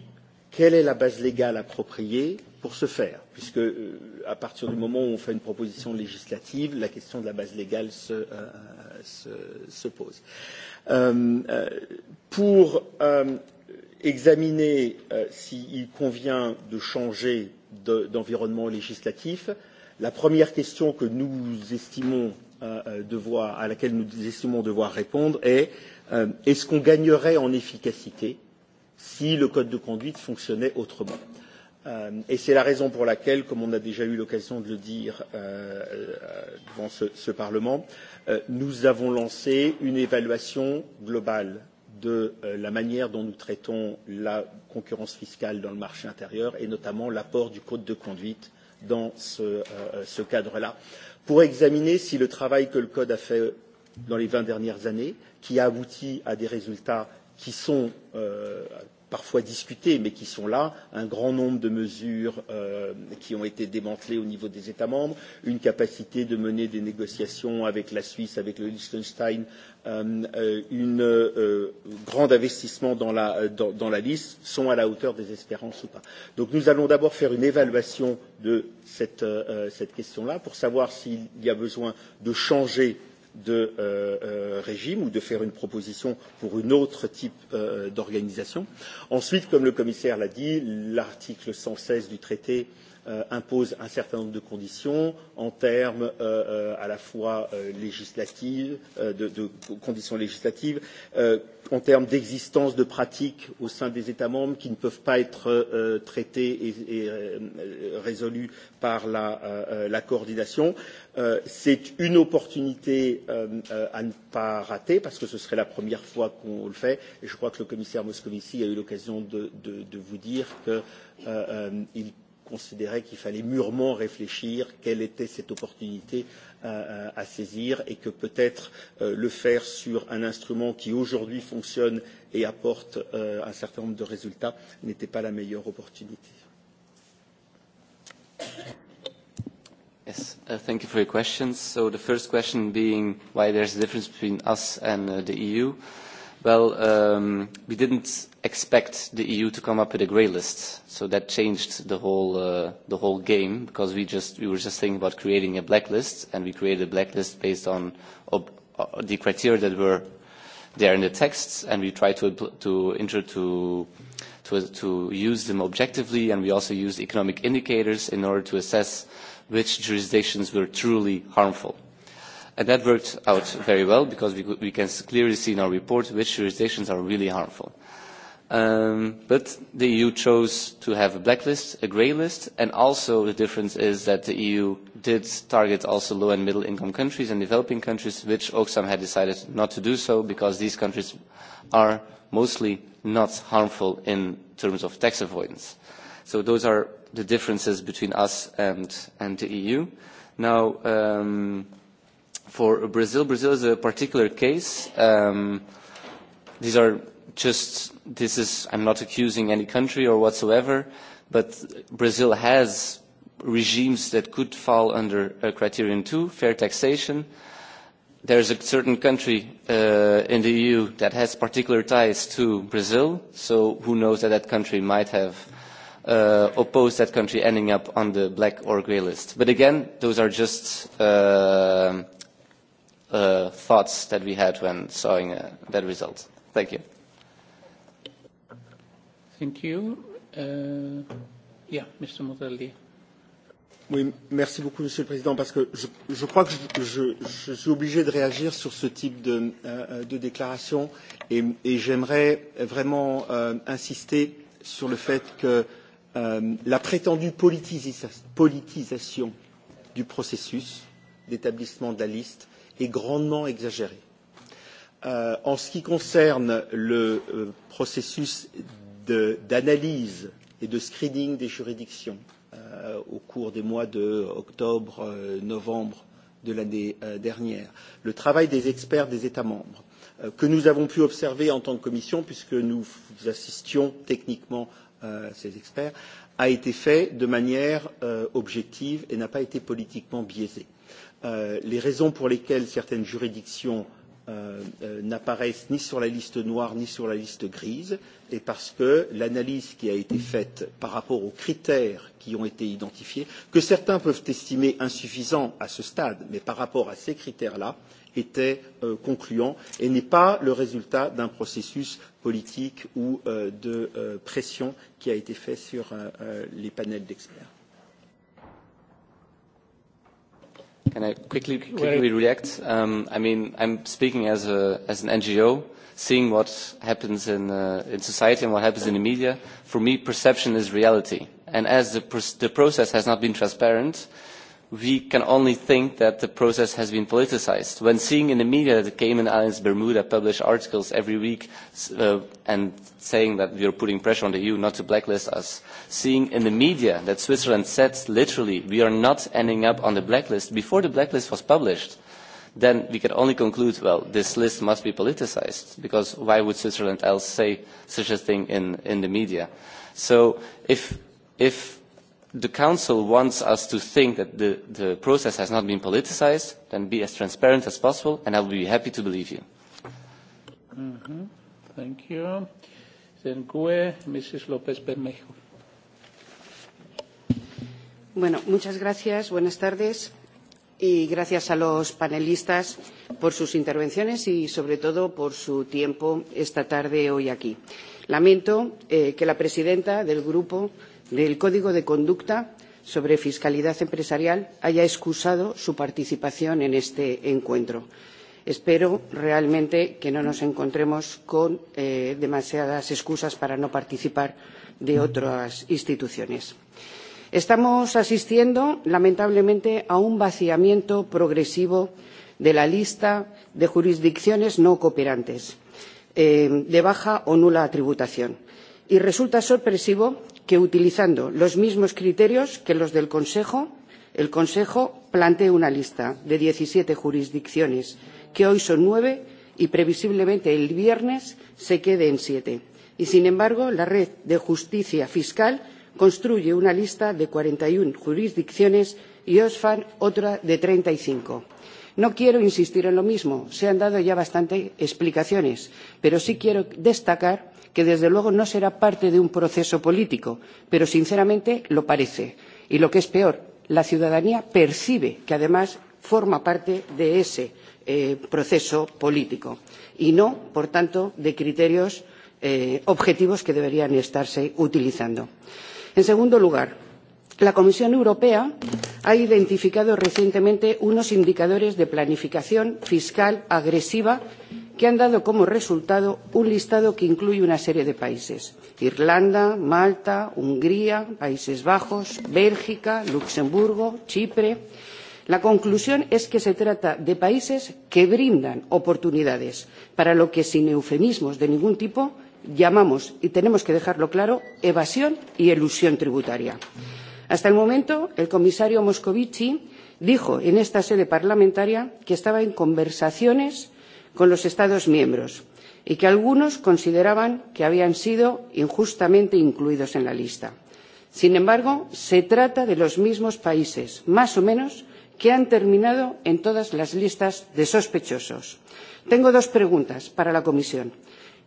O: quelle est la base légale appropriée pour ce faire puisque euh, à partir du moment où on fait une proposition législative la question de la base légale se, euh, se, se pose. Euh, euh pour euh, examiner euh, s'il convient de changer d'environnement de, législatif la première question que nous estimons euh, euh, devoir, à laquelle nous estimons devoir répondre est euh, est ce qu'on gagnerait en efficacité euh, si le code de conduite fonctionnait autrement. Euh, et c'est la raison pour laquelle, comme on a déjà eu l'occasion de le dire euh, euh, devant ce, ce Parlement, euh, nous avons lancé une évaluation globale de euh, la manière dont nous traitons la concurrence fiscale dans le marché intérieur et notamment l'apport du code de conduite dans ce, euh, euh ce cadre-là, pour examiner si le travail que le code a fait dans les vingt dernières années, qui a abouti à des résultats qui sont euh, parfois discutées, mais qui sont là, un grand nombre de mesures euh, qui ont été démantelées au niveau des États membres, une capacité de mener des négociations avec la Suisse, avec le Liechtenstein, euh, euh un euh, grand investissement dans la, dans, dans la liste, sont à la hauteur des espérances ou pas. Donc nous allons d'abord faire une évaluation de cette, euh, cette question-là pour savoir s'il y a besoin de changer euh, de euh, euh, régime ou de faire une proposition pour un autre type euh, d'organisation. Ensuite, comme le commissaire l'a dit, l'article 116 du traité euh, Euh, impose un certain nombre de conditions en termes euh, euh, à la fois euh, législatives, euh, de, de conditions législatives, euh, en termes d'existence de pratiques au sein des États membres qui ne peuvent pas être euh, traitées et, et euh, résolues par la, euh, la coordination. Euh, C'est une opportunité euh, euh à ne pas rater parce que ce serait la première fois qu'on le fait. Et je crois que le commissaire Moscovici a eu l'occasion de, de, de vous dire qu'il euh, euh, considérait qu'il fallait mûrement réfléchir quelle était cette opportunité à, à, à saisir et que peut être euh, le faire sur un instrument qui aujourd'hui fonctionne et apporte euh, un certain nombre de résultats n'était pas la meilleure opportunité.
R: Yes, uh, thank you for your questions. So the first question being why there's a difference between us and uh, the EU. Uh, Well, um, we didn't expect the EU to come up with a grey list, so that changed the whole uh, the whole game because we just we were just thinking about creating a blacklist, and we created a blacklist based on ob, uh, the criteria that were there in the texts, and we tried to to to to, to use them objectively, and we also used economic indicators in order to assess which jurisdictions were truly harmful And that worked out very well because we, we can clearly see in our report which jurisdictions are really harmful. Um, but the EU chose to have a blacklist, a grey list, and also the difference is that the EU did target also low and middle income countries and developing countries, which Oxfam had decided not to do so because these countries are mostly not harmful in terms of tax avoidance. So those are the differences between us and, and the EU. Now, um, for Brazil, Brazil is a particular case. Um, these are just, this is, I'm not accusing any country or whatsoever, but Brazil has regimes that could fall under uh, criterion two, fair taxation. There is a certain country uh, in the EU that has particular ties to Brazil, so who knows that that country might have uh, opposed that country ending up on the black or grey list. But again, those are just uh, Uh, thoughts that we had when seeing uh, that result. Thank you.
A: Thank you. Uh, yeah, Mr. Modelli.
O: Oui, merci beaucoup, Monsieur le Président, parce que je, je crois que je, je, je suis obligé de réagir sur ce type de, euh, de déclaration et, et j'aimerais vraiment euh, insister sur le fait que euh, la prétendue politisation du processus d'établissement de la liste est grandement exagérée. Euh, en ce qui concerne le euh, processus d'analyse et de screening des juridictions euh, au cours des mois de octobre, euh, novembre de l'année euh, dernière, le travail des experts des États membres, euh, que nous avons pu observer en tant que commission puisque nous assistions techniquement euh, ces experts, a été fait de manière euh, objective et n'a pas été politiquement biaisé Euh, les raisons pour lesquelles certaines juridictions euh, euh, n'apparaissent ni sur la liste noire ni sur la liste grise et parce que l'analyse qui a été faite par rapport aux critères qui ont été identifiés, que certains peuvent estimer insuffisants à ce stade, mais par rapport à ces critères-là, était euh, concluant et n'est pas le résultat d'un processus politique ou euh, de euh, pression qui a été fait sur euh, euh les panels d'experts.
R: Can I quickly quickly react? Um, I mean, I'm speaking as a as an NGO, seeing what happens in uh, in society and what happens in the media. For me, perception is reality, and as the, pr the process has not been transparent, we can only think that the process has been politicised. When seeing in the media that the Cayman Islands, Bermuda publish articles every week uh, and saying that we are putting pressure on the EU not to blacklist us, seeing in the media that Switzerland said literally we are not ending up on the blacklist before the blacklist was published, then we can only conclude, well, this list must be politicised because why would Switzerland else say such a thing in, in the media? So if, if the Council wants us to think that the, the process has not been politicised, then be as transparent as possible, and I will be happy to believe you.
A: Mm -hmm. Thank you. Then GUE, Mrs. López Bermejo.
V: Bueno, muchas gracias. Buenas tardes. Y gracias a los panelistas por sus intervenciones y, sobre todo, por su tiempo esta tarde hoy aquí. Lamento eh, que la presidenta del grupo del Código de Conducta sobre Fiscalidad Empresarial haya excusado su participación en este encuentro. Espero realmente que no nos encontremos con eh, demasiadas excusas para no participar de otras instituciones. Estamos asistiendo, lamentablemente, a un vaciamiento progresivo de la lista de jurisdicciones no cooperantes eh, de baja o nula tributación. Y resulta sorpresivo que utilizando los mismos criterios que los del Consejo, el Consejo plantee una lista de 17 jurisdicciones, que hoy son nueve y previsiblemente el viernes se quede en siete. Y sin embargo, la red de justicia fiscal construye una lista de 41 jurisdicciones y Oxfam otra de 35. No quiero insistir en lo mismo, se han dado ya bastantes explicaciones, pero sí quiero destacar que desde luego no será parte de un proceso político pero sinceramente lo parece y lo que es peor la ciudadanía percibe que además forma parte de ese eh, proceso político y no por tanto de criterios eh, objetivos que deberían estarse utilizando. en segundo lugar la comisión europea ha identificado recientemente unos indicadores de planificación fiscal agresiva que han dado como resultado un listado que incluye una serie de países Irlanda, Malta, Hungría, Países Bajos, Bélgica, Luxemburgo, Chipre. La conclusión es que se trata de países que brindan oportunidades para lo que sin eufemismos de ningún tipo llamamos y tenemos que dejarlo claro evasión y elusión tributaria. Hasta el momento, el comisario Moscovici dijo en esta sede parlamentaria que estaba en conversaciones con los Estados miembros y que algunos consideraban que habían sido injustamente incluidos en la lista. Sin embargo, se trata de los mismos países, más o menos, que han terminado en todas las listas de sospechosos. Tengo dos preguntas para la Comisión.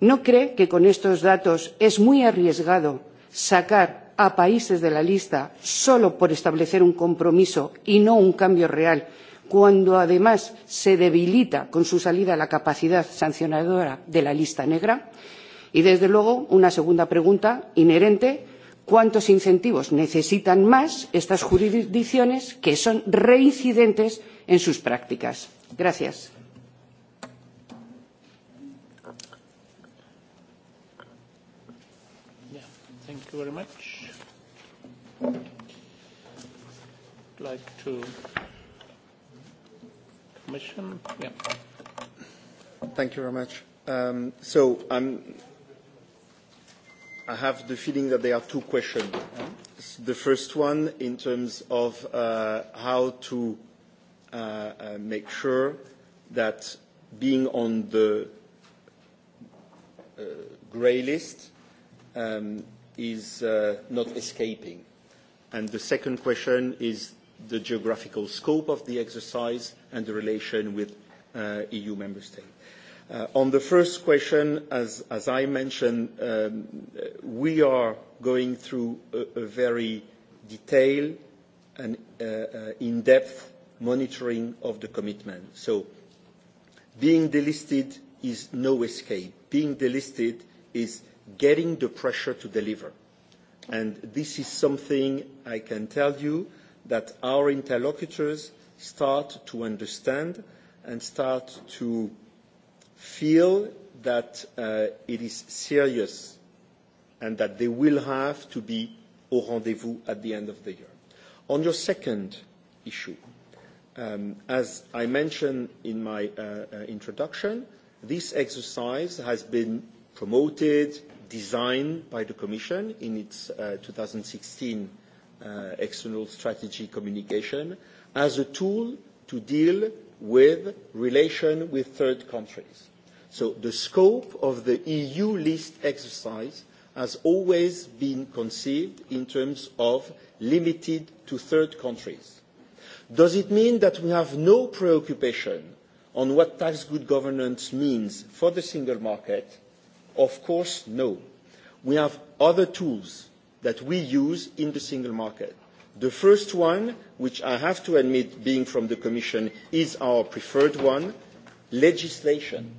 V: ¿No cree que con estos datos es muy arriesgado sacar a países de la lista solo por establecer un compromiso y no un cambio real cuando además se debilita con su salida la capacidad sancionadora de la lista negra? Y desde luego, una segunda pregunta inherente cuántos incentivos necesitan más estas jurisdicciones que son reincidentes en sus prácticas. Gracias.
A: thank you very much. I'd like to Commission?
O: Yeah. Thank you very much. Um, so I'm, I have the feeling that there are two questions. The first one in terms of uh, how to uh, uh make sure that being on the uh, grey list um, is uh, not escaping. And the second question is the geographical scope of the exercise and the relation with uh, EU member states. Uh, on the first question, as, as I mentioned, um, uh, we are going through a, a very detailed and uh, uh, in-depth monitoring of the commitment. So being delisted is no escape. Being delisted is getting the pressure to deliver. And this is something I can tell you that our interlocutors start to understand and start to feel that uh, it is serious and that they will have to be au rendezvous at the end of the year. On your second issue, um, as I mentioned in my uh, uh, introduction, this exercise has been promoted, designed by the Commission in its uh, 2016 uh, external strategy communication as a tool to deal with relation with third countries. So the scope of the EU list exercise has always been conceived in terms of limited to third countries. Does it mean that we have no preoccupation on what tax good governance means for the single market? Of course, no. We have other tools that we use in the single market. The first one, which I have to admit being from the Commission, is our preferred one, legislation.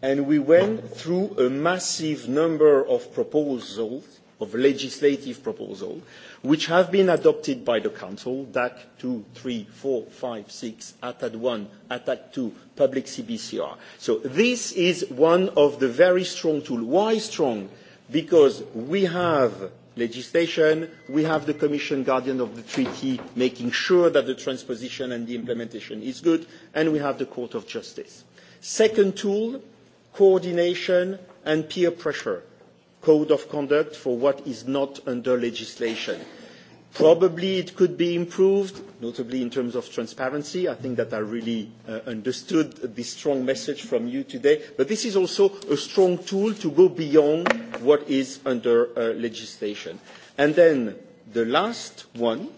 O: And we went through a massive number of proposals, of legislative proposals, which have been adopted by the Council, DAC 2, 3, 4, 5, 6, ATAD 1, ATAD 2, public CBCR. So this is one of the very strong tools. Why strong? Because we have legislation. We have the Commission guardian of the treaty making sure that the transposition and the implementation is good, and we have the Court of Justice. Second tool, coordination and peer pressure, code of conduct for what is not under legislation. Probably it could be improved, notably in terms of transparency. I think that I really uh, understood the strong message from you today. But this is also a strong tool to go beyond what is under uh, legislation. And then the last one,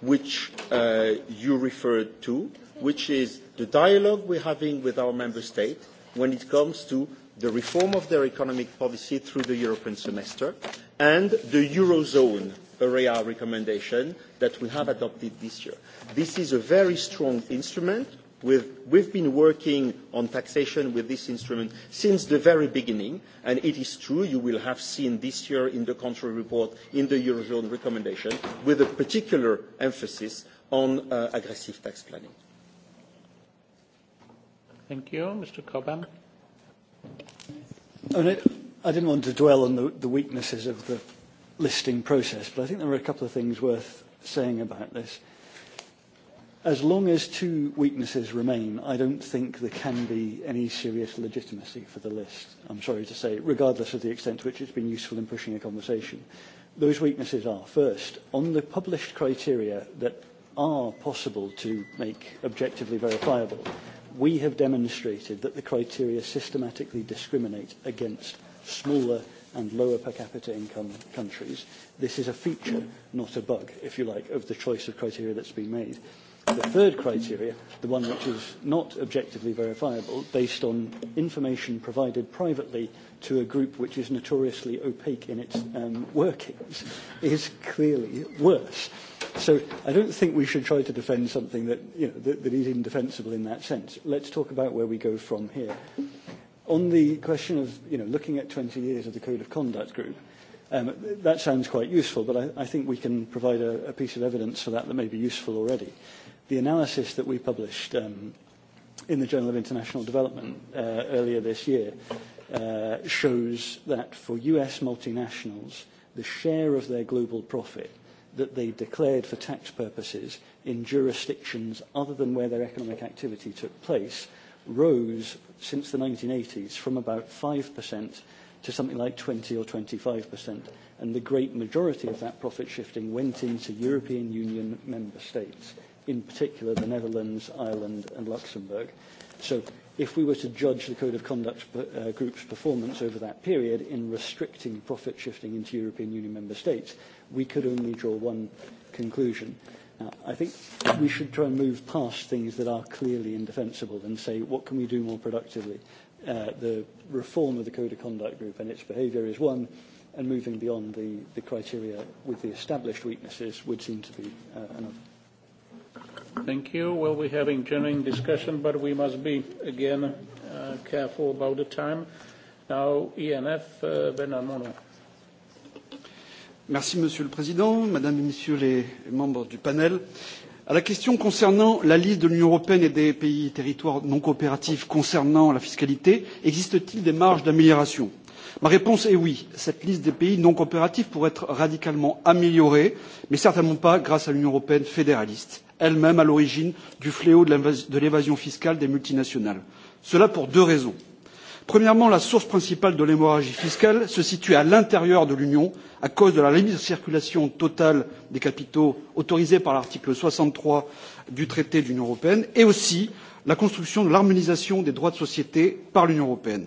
O: which uh, you referred to, which is the dialogue we're having with our member state when it comes to the reform of their economic policy through the European semester and the Eurozone area recommendation that we have adopted this year. This is a very strong instrument. We've, we've been working on taxation with this instrument since the very beginning, and it is true, you will have seen this year in the country report, in the Eurozone recommendation, with a particular emphasis on uh, aggressive tax planning.
A: Thank you. Mr. Cobham?
O: I didn't want to
Q: dwell on the, the weaknesses of the listing process, but I think there are a couple of things worth saying about this. As long as two weaknesses remain, I don't think there can be any serious legitimacy for the list, I'm sorry to say, regardless of the extent to which it's been useful in pushing a conversation. Those weaknesses are, first, on the published criteria that are possible to make objectively verifiable, we have demonstrated that the criteria systematically discriminate against smaller and lower per capita income countries. This is a feature, not a bug, if you like, of the choice of criteria that's been made. The third criteria, the one which is not objectively verifiable, based on information provided privately to a group which is notoriously opaque in its um, workings, is clearly worse. So I don't think we should try to defend something that, you know, that, that is indefensible in that sense. Let's talk about where we go from here. On the question of you know, looking at 20 years of the Code of Conduct Group, um, that sounds quite useful, but I, I think we can provide a, a piece of evidence for that that may be useful already. The analysis that we published um, in the Journal of International Development uh, earlier this year uh, shows that for US multinationals, the share of their global profit that they declared for tax purposes in jurisdictions other than where their economic activity took place – rose since the 1980s from about 5% to something like 20 or 25%, and the great majority of that profit shifting went into European Union member states, in particular the Netherlands, Ireland, and Luxembourg. So if we were to judge the Code of Conduct uh, Group's performance over that period in restricting profit shifting into European Union member states, we could only draw one conclusion. Now, I think we should try and move past things that are clearly indefensible and say, what can we do more productively? Uh, the reform of the Code of Conduct Group and its behaviour is one, and moving beyond the, the criteria with the established weaknesses would seem to be uh, another.
A: Thank you. Well, we're having genuine discussion, but we must be, again, uh, careful about the time. Now, ENF, uh, Bernard
W: Monod. Merci, Monsieur le Président, Madame et Messieurs les membres du panel. À la question concernant la liste de l'Union européenne et des pays et territoires non coopératifs concernant la fiscalité, existe-t-il des marges d'amélioration Ma réponse est oui. Cette liste des pays non coopératifs pourrait être radicalement améliorée, mais certainement pas grâce à l'Union européenne fédéraliste, elle-même à l'origine du fléau de l'évasion fiscale des multinationales. Cela pour deux raisons premièrement la source principale de l'hémorragie fiscale se situe à l'intérieur de l'union à cause de la libre circulation totale des capitaux autorisée par l'article soixante trois du traité sur l'union européenne et aussi la construction de l'harmonisation des droits de société par l'union européenne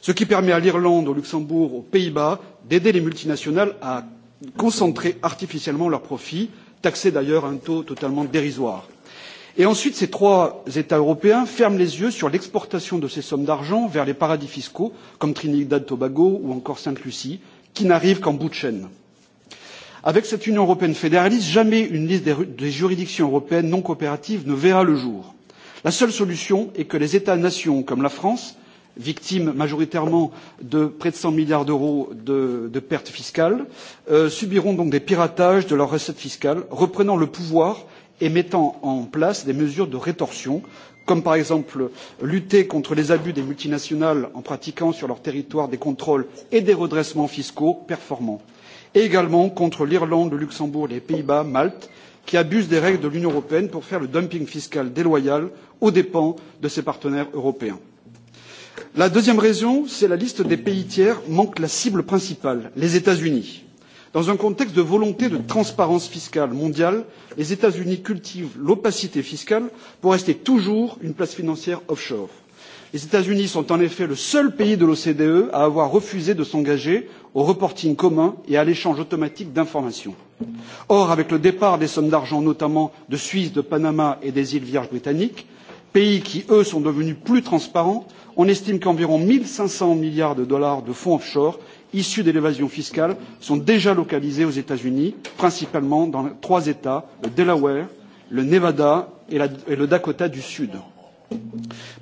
W: ce qui permet à l'irlande au luxembourg aux pays bas d'aider les multinationales à concentrer artificiellement leurs profits taxés d'ailleurs à un taux totalement dérisoire. Et ensuite, ces trois États européens ferment les yeux sur l'exportation de ces sommes d'argent vers les paradis fiscaux, comme Trinidad Tobago ou encore Sainte Lucie, qui n'arrivent qu'en bout de chaîne. Avec cette Union européenne fédéraliste, jamais une liste des, juridictions européennes non coopératives ne verra le jour. La seule solution est que les États nations comme la France, victime majoritairement de près de 100 milliards d'euros de, de pertes fiscales, euh, subiront donc des piratages de leurs recettes fiscales, reprenant le pouvoir et mettant en place des mesures de rétorsion comme par exemple lutter contre les abus des multinationales en pratiquant sur leur territoire des contrôles et des redressements fiscaux performants et également contre l'irlande le luxembourg les pays bas malte qui abusent des règles de l'union européenne pour faire le dumping fiscal déloyal aux dépens de ses partenaires européens. la deuxième raison c'est que la liste des pays tiers manque la cible principale les états unis dans un contexte de volonté de transparence fiscale mondiale les états unis cultivent l'opacité fiscale pour rester toujours une place financière offshore. les états unis sont en effet le seul pays de l'ocde à avoir refusé de s'engager au reporting commun et à l'échange automatique d'informations. or avec le départ des sommes d'argent notamment de suisse de panama et des îles vierges britanniques pays qui eux sont devenus plus transparents on estime qu'environ un cinq cents milliards de dollars de fonds offshore issus de l'évasion fiscale sont déjà localisés aux états unis principalement dans trois états le delaware le nevada et, la, et le dakota du sud.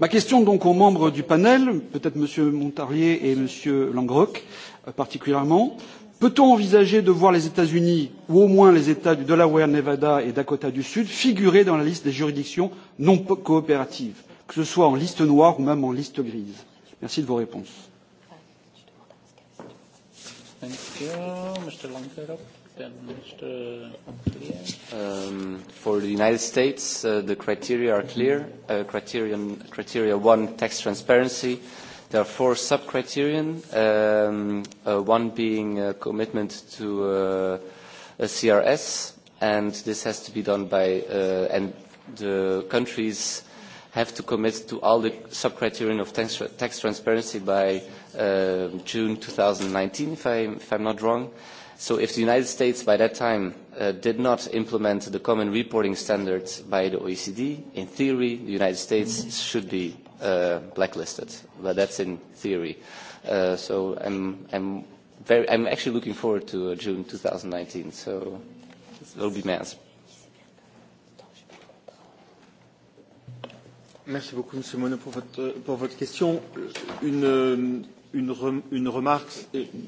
W: ma question donc aux membres du panel peut être m. montarlier et m. langrock euh, particulièrement peut on envisager de voir les états unis ou au moins les états du delaware nevada et dakota du sud figurer dans la liste des juridictions non coopératives que ce soit en liste noire ou même en liste grise? merci de vos réponses.
A: Thank you, Mr. Lankerop. Then Mr.
R: Um, for the United States, uh, the criteria are clear. Uh, criterion, criteria one, tax transparency. There are four sub-criterion, um, uh, one being a commitment to uh, a CRS, and this has to be done by, uh, and the countries have to commit to all the sub-criterion of tax, tax transparency by uh, June 2019, if, I, if I'm not wrong. So if the United States by that time uh, did not implement the common reporting standards by the OECD, in theory, the United States should be uh, blacklisted. But that's in theory. Uh, so I'm, I'm, very, I'm actually looking forward to uh, June 2019. So that'll be my answer.
O: Merci beaucoup, Monsieur Monod, pour votre, pour votre question. Une, euh, une, remarque.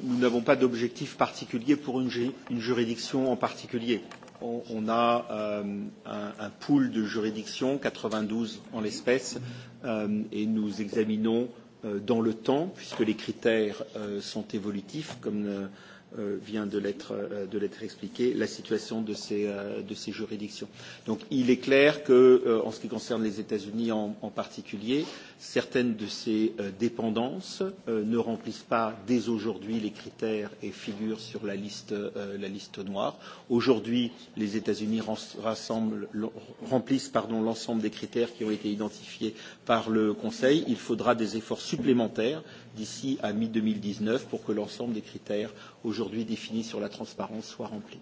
O: Nous n'avons pas d'objectif particulier pour une, une juridiction en particulier. On, on a euh, un, un pool de juridictions, 92 en l'espèce, euh, et nous examinons euh, dans le temps, puisque les critères euh, sont évolutifs, comme euh, Euh, vient euh, de l'être expliqué, la situation de ces, euh, de ces juridictions. Donc il est clair que, en ce qui concerne les États-Unis en, en particulier, certaines de ces dépendances ne remplissent pas dès aujourd'hui les critères et figurent sur la liste, la liste noire. Aujourd'hui, les États-Unis remplissent l'ensemble des critères qui ont été identifiés par le Conseil. Il faudra des efforts supplémentaires d'ici à mi-2019 pour que l'ensemble des critères aujourd'hui définis sur la transparence soient remplis.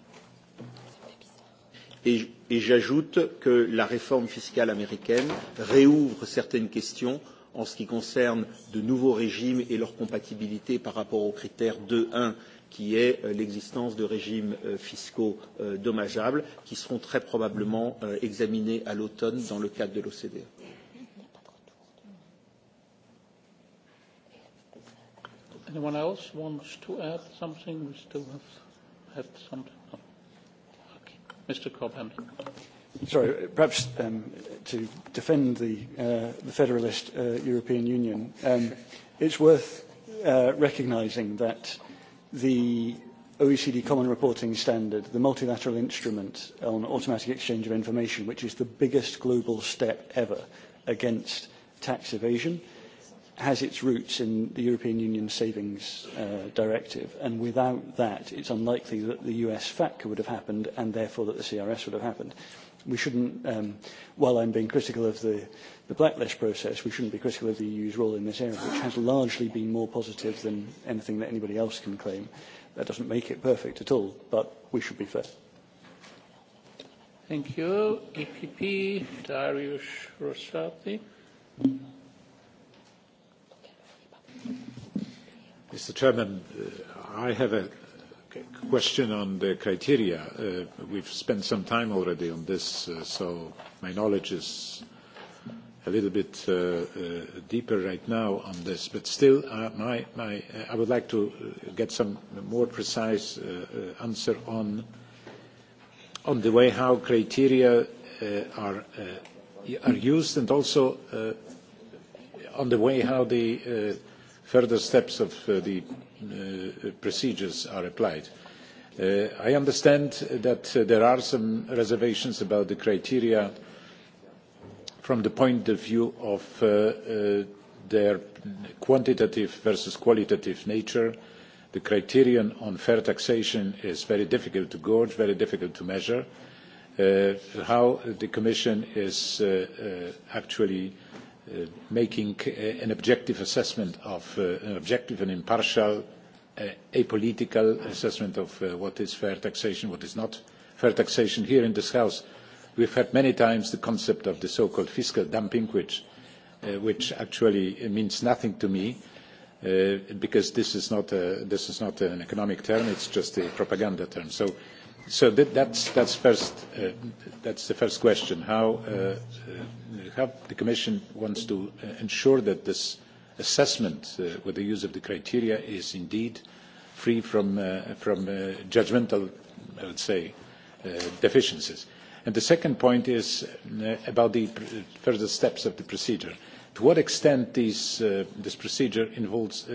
O: Et, et j'ajoute que la réforme fiscale américaine réouvre certaines questions en ce qui concerne de nouveaux régimes et leur compatibilité par rapport aux critères 2.1 qui est euh, l'existence de régimes euh, fiscaux euh, dommageables qui seront très probablement examinés à l'automne dans le cadre de l'OCDE.
A: Anyone else wants to add something? We still have had something. No. Oh, okay. Mr. Cobham.
Q: Sorry, uh, perhaps um, to defend the, uh, the Federalist uh, European Union, um, it's worth uh, recognising that the OECD Common Reporting Standard, the multilateral instrument on automatic exchange of information, which is the biggest global step ever against tax evasion, has its roots in the European Union Savings uh, Directive, and without that, it's unlikely that the US FATCA would have happened, and therefore that the CRS would have happened. We shouldn't, um, while I'm being critical of the, the blacklist process, we shouldn't be critical of the EU's role in this area, which has largely been more positive than anything that anybody else can claim. That doesn't make it perfect at all, but we should be fair.
A: Thank you. EPP, Darius Rosati.
E: Mr. Chairman, uh, I have a question on the criteria. Uh, we've spent some time already on this, uh, so my knowledge is a little bit uh, uh deeper right now on this. But still, uh, my, my, I would like to get some more precise answer on, on the way how criteria are, are used and also on the way how the further steps of uh, the uh, procedures are applied. Uh, I understand that there are some reservations about the criteria from the point of view of their quantitative versus qualitative nature. The criterion on fair taxation is very difficult to gauge, very difficult to measure. how the Commission is actually Uh, making uh, an objective assessment of uh, an objective and impartial apolitical assessment of what is fair taxation, what is not fair taxation. Here in this House, we've had many times the concept of the so-called fiscal dumping, which, uh, which actually means nothing to me, uh, because this is, not a, this is not an economic term, it's just a propaganda term. So So that, uh, that's, the first question, how, uh, uh, the Commission wants to ensure that this assessment with the use of the criteria is indeed free from, from judgmental, I would say, deficiencies. And the second point is about the further steps of the procedure. To what extent these, this procedure involves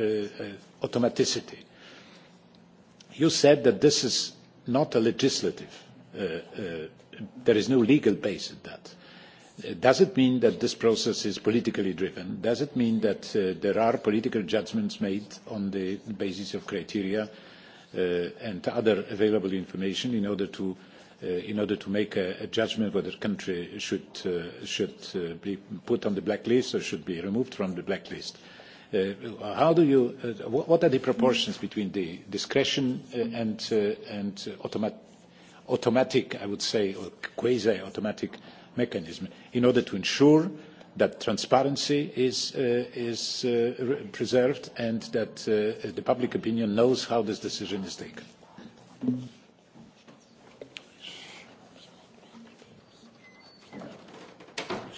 E: automaticity? You said that this is not a legislative. Uh, uh, there is no legal base in that. Uh, does it mean that this process is politically driven? Does it mean that uh, there are political judgments made on the basis of criteria uh, and other available information in order to uh, in order to make a, a judgment whether a country should uh, should uh, be put on the blacklist or should be removed from the blacklist? Uh, Uh, how do you, uh, what are the proportions between the discretion uh, and, uh, and automat automatic, I would say, or quasi-automatic mechanism in order to ensure that transparency is, uh, is uh, preserved and that uh, the public opinion knows how this decision is taken.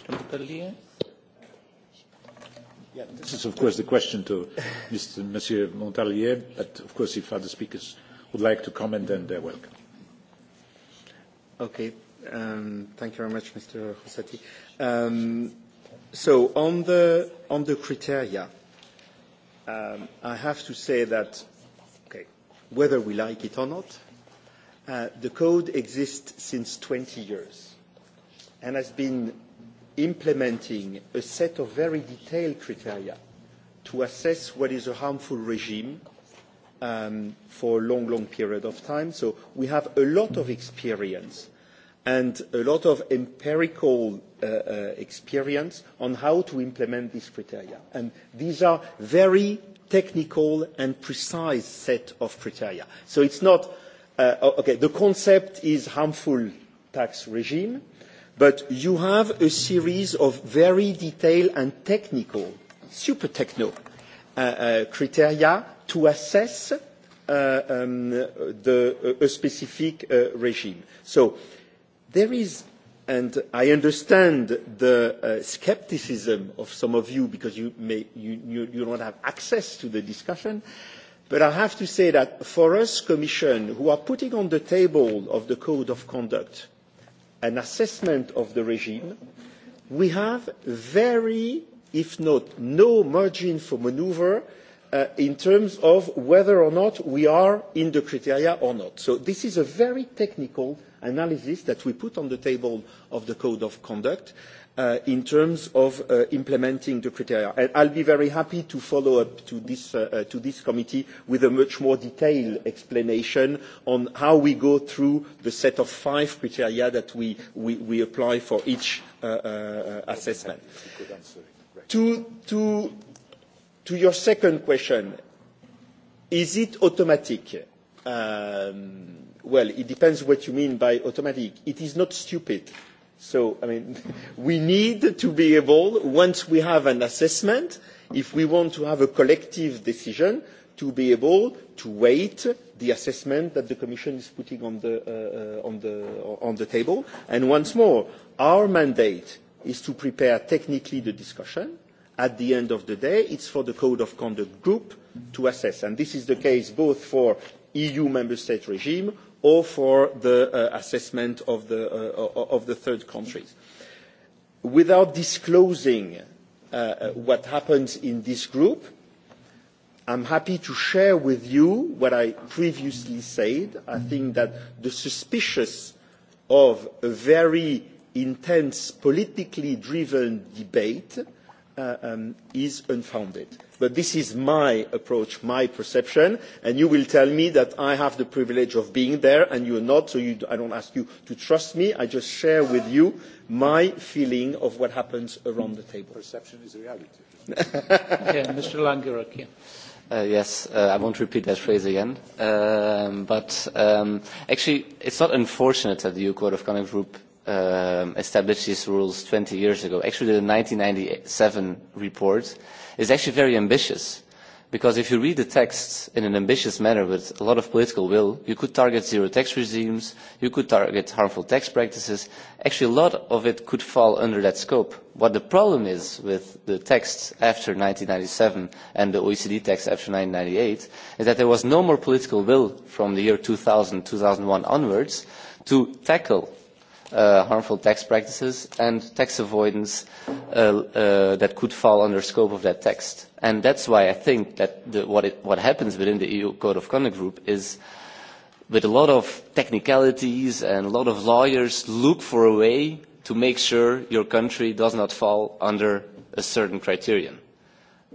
A: Mr
E: this is, of course, the question to Mr. Monsieur Montalier, but, of course, if
O: other speakers would like to comment, then they're welcome. Okay. Um, thank you very much, Mr. Rossetti. Um, so on the, on the criteria, um, I have to say that, okay, whether we like it or not, uh, the code exists since 20 years and has been implementing a set of very detailed criteria to assess what is a harmful regime um, for a long, long period of time. So we have a lot of experience and a lot of empirical uh, uh, experience on how to implement these criteria. And these are very technical and precise set of criteria. So it's not, uh, okay, the concept is harmful tax regime, But you have a series of very detailed and technical, super techno, uh, uh, criteria to assess uh, um, the, uh, a specific uh, regime. So there is and I understand the uh, skepticism of some of you because you, may, you, you, you don't have access to the discussion. But I have to say that for us, Commission, who are putting on the table of the Code of Conduct an assessment of the regime, we have very, if not no margin for manoeuvre uh, in terms of whether or not we are in the criteria or not. So this is a very technical analysis that we put on the table of the code of conduct Uh, in terms of uh, implementing the criteria. And I'll be very happy to follow up to this, uh, uh, to this committee with a much more detailed explanation on how we go through the set of five criteria that we, we, we apply for each uh, assessment. To, to, to your second question, is it automatic? Um, well, it depends what you mean by automatic. It is not stupid So, I mean, we need to be able, once we have an assessment, if we want to have a collective decision, to be able to wait the assessment that the Commission is putting uh, uh, on the, on the table. And once more, our mandate is to prepare technically the discussion. At the end of the day, it's for the Code of Conduct Group to assess. And this is the case both for EU member state regime or for the uh, assessment of the, uh, of the third countries. Without disclosing uh, uh, what happens in this group, I'm happy to share with you what I previously said. I think that the suspicious of a very intense politically driven debate uh, um, is unfounded but this is my approach my perception and you will tell me that i have the privilege of being there and you are not so you, i don't ask you to trust me i just share with you my feeling of what happens around the table. perception is reality. yeah, mr langerak yeah.
R: Uh, yes, uh, I won't repeat that phrase again. Um, but um, actually, it's not unfortunate that the EU Code of Conduct Group um, established these rules 20 years ago, actually the 1997 report, is actually very ambitious. Because if you read the text in an ambitious manner with a lot of political will, you could target zero tax regimes, you could target harmful tax practices. Actually, a lot of it could fall under that scope. What the problem is with the text after 1997 and the OECD text after 1998 is that there was no more political will from the year 2000, 2001 onwards to tackle uh, harmful tax practices and tax avoidance uh, uh, that could fall under scope of that text. And that's why I think that the, what, it, what happens within the EU Code of Conduct Group is with a lot of technicalities and a lot of lawyers look for a way to make sure your country does not fall under a certain criterion.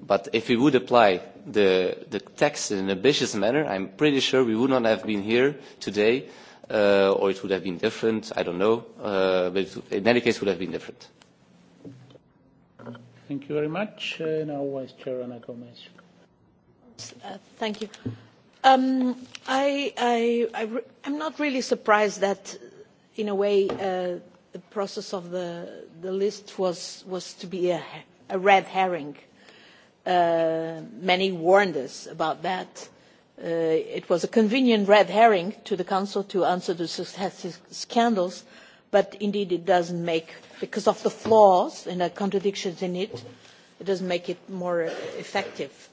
R: But if we would apply the, the text in an ambitious manner, I'm pretty sure we would not have been here today uh, or it would have been different. I don't know, uh, but in any case, it would have been different.
A: Thank you very much. Uh, now, Vice Chair Ana Gomez.
M: Uh, thank you. Um, I, I, I re- I'm not really surprised that, in a way, uh, the process of the, the list was, was to be a, a red herring. Uh, many warned us about that Uh, it was a convenient red herring to the council to answer the successive scandals but indeed it doesn't make because of the flaws and the contradictions in it it doesn't make it more effective.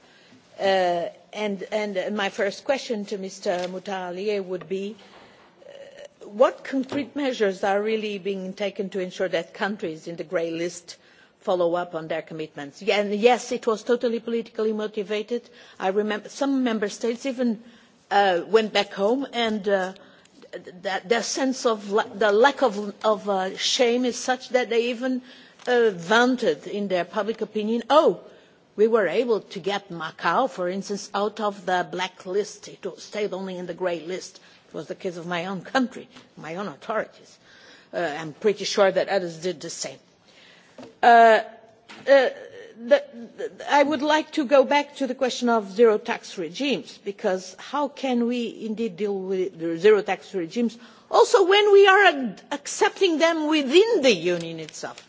M: Uh, and, my first question to mr mutaalia would be uh, what concrete measures are really being taken to ensure that countries in the grey list follow up on their commitments. And yes, it was totally politically motivated. I remember some member states even uh, went back home and uh, their sense of la the lack of, of uh, shame is such that they even uh, vaunted in their public opinion, oh, we were able to get Macau, for instance, out of the black list. It stayed only in the grey list. It was the case of my own country, my own authorities. Uh, I'm pretty sure that others did the same Uh, uh, i would like to go back to the question of zero tax regimes because how can we indeed deal with zero tax regimes also when we are accepting them within the union itself?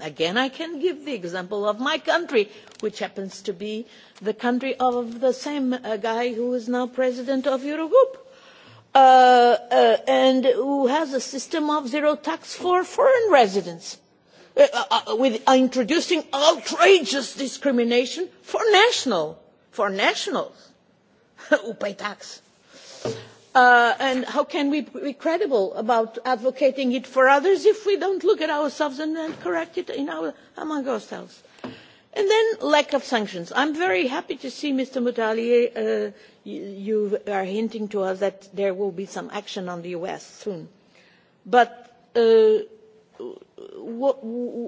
M: again i can give the example of my country which happens to be the country of the same uh, guy who is now president of eurogroup uh, uh, and who has a system of zero tax for foreign residents Uh, uh, uh, with introducing outrageous discrimination for national for nationals who pay tax. Uh, and how can we be credible about advocating it for others if we don't look at ourselves and then correct it in our, among ourselves? And then lack of sanctions. I'm very happy to see, Mr. Mutali. uh, you, you are hinting to us that there will be some action on the US soon. But uh,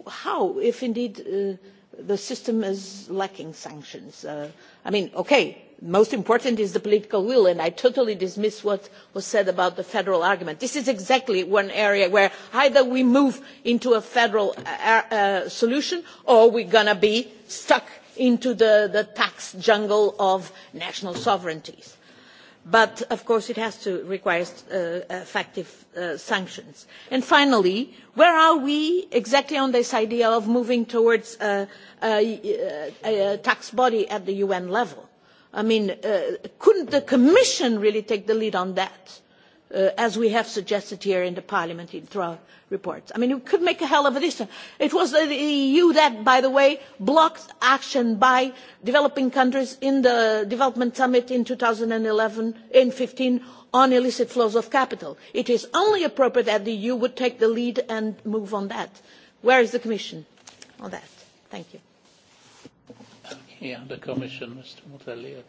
M: how, if indeed uh, the system is lacking sanctions? Uh, I mean, okay, most important is the political will, and I totally dismiss what was said about the federal argument. This is exactly one area where either we move into a federal uh, uh solution or we're going to be stuck into the, the tax jungle of national sovereignties but of course it has to require uh, effective uh, sanctions. And finally where are we exactly on this idea of moving towards a, tax body at the un level? i mean uh, couldn't the commission really take the lead on that? Uh, as we have suggested here in the parliament in our reports. I mean, we could make a hell of a difference. It was the EU e that, by the way, blocked action by developing countries in the development summit in 2011 and 15 on illicit flows of capital. It is only appropriate that the EU would take the lead and move on that. Where is the Commission on that? Thank you.
A: Yeah, the Commission, Mr. Montalier,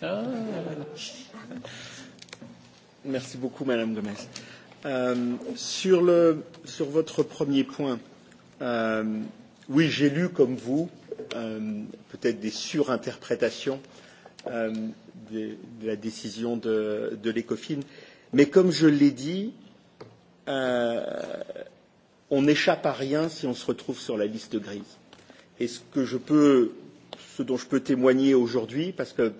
A: please. Oh.
O: Merci beaucoup, Madame Gomez. Euh, sur, le, sur votre premier point, euh, oui, j'ai lu comme vous euh, peut-être des surinterprétations euh, de, de la décision de, de l'ECOFIN, mais comme je l'ai dit, euh, on n'échappe à rien si on se retrouve sur la liste grise. Et ce que je peux, ce dont je peux témoigner aujourd'hui, parce que euh,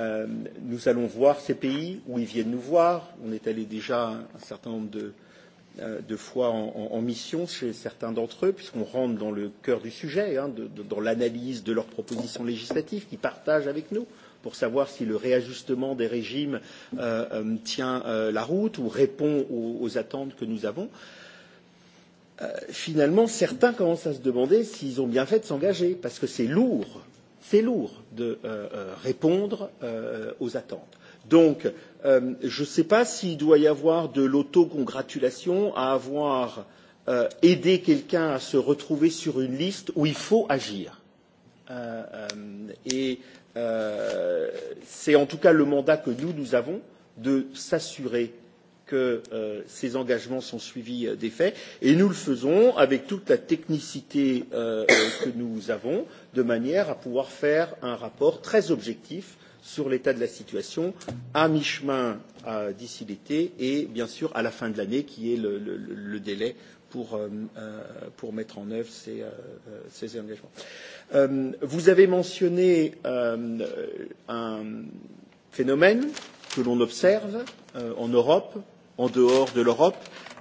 O: Euh, nous allons voir ces pays où ils viennent nous voir. On est allé déjà un certain nombre de, euh, de fois en, en, en mission chez certains d'entre eux, puisqu'on rentre dans le cœur du sujet, hein, de, de, dans l'analyse de leurs propositions législatives qu'ils partagent avec nous pour savoir si le réajustement des régimes euh, euh tient euh, la route ou répond aux, aux attentes que nous avons. Euh, finalement, certains commencent à se demander s'ils ont bien fait de s'engager, parce que c'est lourd c'est lourd de euh, euh, répondre euh, aux attentes. Donc, euh, je ne sais pas s'il doit y avoir de l'autocongratulation à avoir euh, aidé quelqu'un à se retrouver sur une liste où il faut agir. Euh, euh, et euh, c'est en tout cas le mandat que nous, nous avons de s'assurer que euh, ces engagements sont suivis euh, des faits et nous le faisons avec toute la technicité euh, euh, que nous avons de manière à pouvoir faire un rapport très objectif sur l'état de la situation à mi chemin euh, d'ici l'été et bien sûr à la fin de l'année qui est le, le, le délai pour, euh, euh, pour mettre en œuvre ces, euh, euh, ces engagements. Euh, vous avez mentionné euh, un phénomène que l'on observe euh, en Europe en dehors de l'Europe,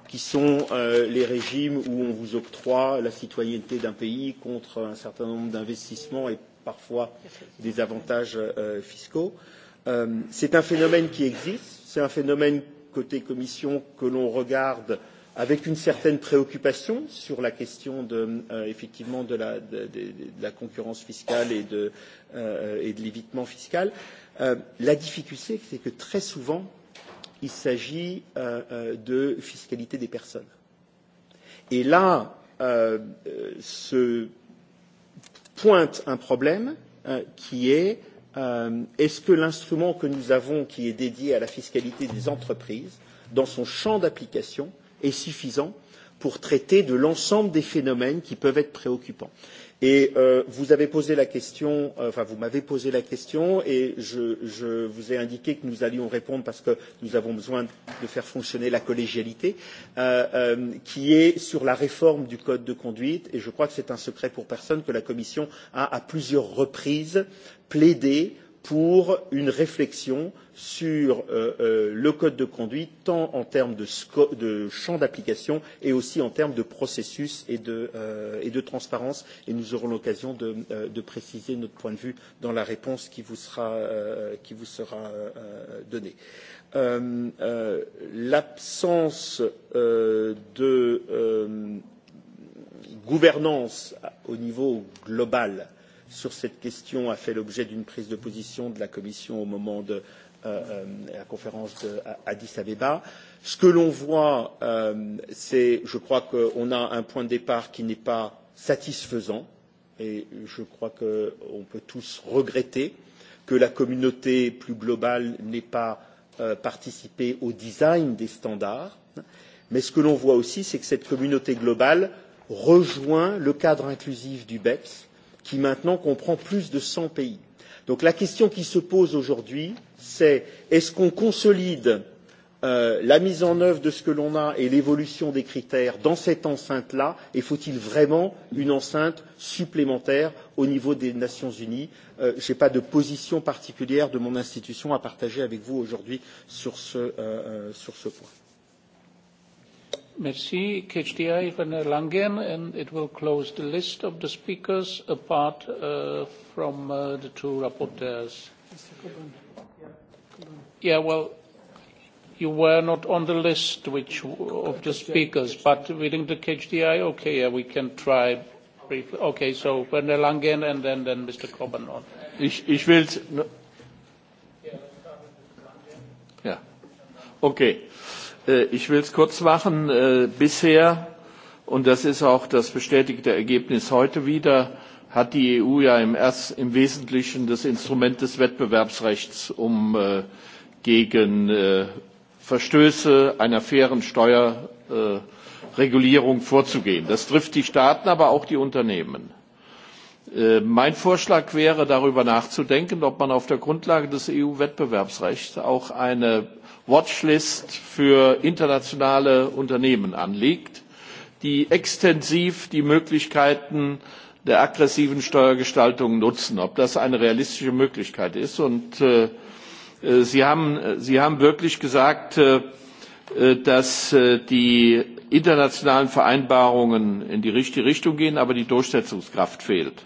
O: qui sont euh, les régimes où on vous octroie la citoyenneté d'un pays contre un certain nombre d'investissements et parfois des avantages euh, fiscaux. Euh, c'est un phénomène qui existe, c'est un phénomène côté Commission que l'on regarde avec une certaine préoccupation sur la question de, euh, effectivement de la, de, de, de la concurrence fiscale et de, euh, de l'évitement fiscal. Euh, la difficulté, c'est que très souvent, il s'agit euh, euh, de fiscalité des personnes. Et là, euh, se pointe un problème euh, qui est euh, est-ce que l'instrument que nous avons, qui est dédié à la fiscalité des entreprises, dans son champ d'application, est suffisant pour traiter de l'ensemble des phénomènes qui peuvent être préoccupants Et euh, vous avez posé la question, euh, enfin vous m'avez posé la question et je, je vous ai indiqué que nous allions répondre parce que nous avons besoin de faire fonctionner la collégialité, euh, euh, qui est sur la réforme du code de conduite. Et je crois que c'est un secret pour personne que la Commission a à plusieurs reprises plaidé euh, pour une réflexion sur euh, euh, le code de conduite, tant en termes de, de champ d'application et aussi en termes de processus et de, euh, et de transparence. Et nous aurons l'occasion de, euh, de préciser notre point de vue dans la réponse qui vous sera, euh, qui vous sera euh, donnée. Euh, euh, L'absence euh, de euh, gouvernance au niveau global sur cette question a fait l'objet d'une prise de position de la Commission au moment de euh, euh la conférence d'Addis Abeba. Ce que l'on voit, euh, c'est, je crois qu'on a un point de départ qui n'est pas satisfaisant et je crois qu'on peut tous regretter que la communauté plus globale n'ait pas euh, participé au design des standards. Mais ce que l'on voit aussi, c'est que cette communauté globale rejoint le cadre inclusif du BEPS qui maintenant comprend plus de cent pays. donc la question qui se pose aujourd'hui c'est est ce qu'on consolide euh, la mise en œuvre de ce que l'on a et l'évolution des critères dans cette enceinte là et faut il vraiment une enceinte supplémentaire au niveau des nations unies? Euh, je n'ai pas de position particulière de mon institution à partager avec vous aujourd'hui sur, euh, euh, sur ce point.
A: Merci. KHDI van Langen, and it will close the list of the speakers apart uh, from uh, the two rapporteurs. Yeah, well, you were not on the list which of the speakers, but within the KHDI, okay, yeah, we can try briefly. Okay, so van der Langen and then, then Mr. Coburn on.
N: Ich, ich will... No. Yeah. Okay. Äh, ich will es kurz machen. Äh, bisher, und das ist auch das bestätigte Ergebnis heute wieder, hat die EU ja im, Erst, im Wesentlichen das Instrument des Wettbewerbsrechts, um äh, gegen Verstöße einer fairen Steuerregulierung vorzugehen. Das trifft die Staaten, aber auch die Unternehmen. mein Vorschlag wäre, darüber nachzudenken, ob man auf der Grundlage des EU-Wettbewerbsrechts auch eine Watchlist für internationale Unternehmen anlegt, die extensiv die Möglichkeiten der aggressiven Steuergestaltung nutzen, ob das eine realistische Möglichkeit ist. Und äh, äh Sie, haben, Sie haben wirklich gesagt, äh, äh, dass äh, die internationalen Vereinbarungen in die richtige Richtung gehen, aber die Durchsetzungskraft fehlt.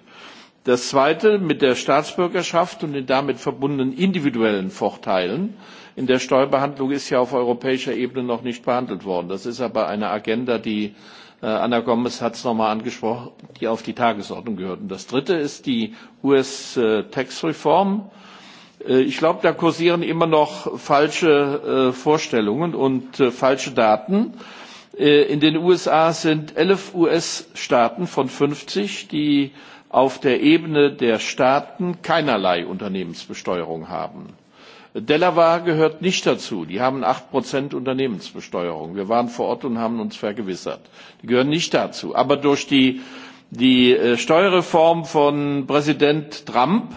N: Das Zweite mit der Staatsbürgerschaft und den damit verbundenen individuellen Vorteilen. Äh, in der Steuerbehandlung ist ja auf europäischer Ebene noch nicht behandelt worden. Das ist aber eine Agenda, die äh, Anna Gomez hat es nochmal angesprochen, die auf die Tagesordnung gehört. Und das Dritte ist die US-Tax-Reform. Äh, äh, ich glaube, da kursieren immer noch falsche Vorstellungen und falsche Daten. In den USA sind elf US-Staaten von 50, die auf der Ebene der Staaten keinerlei Unternehmensbesteuerung haben. Delaware gehört nicht dazu. Die haben 8% Unternehmensbesteuerung. Wir waren vor Ort und haben uns vergewissert. Die gehören nicht dazu. Aber durch die, die äh, Steuerreform von Präsident Trump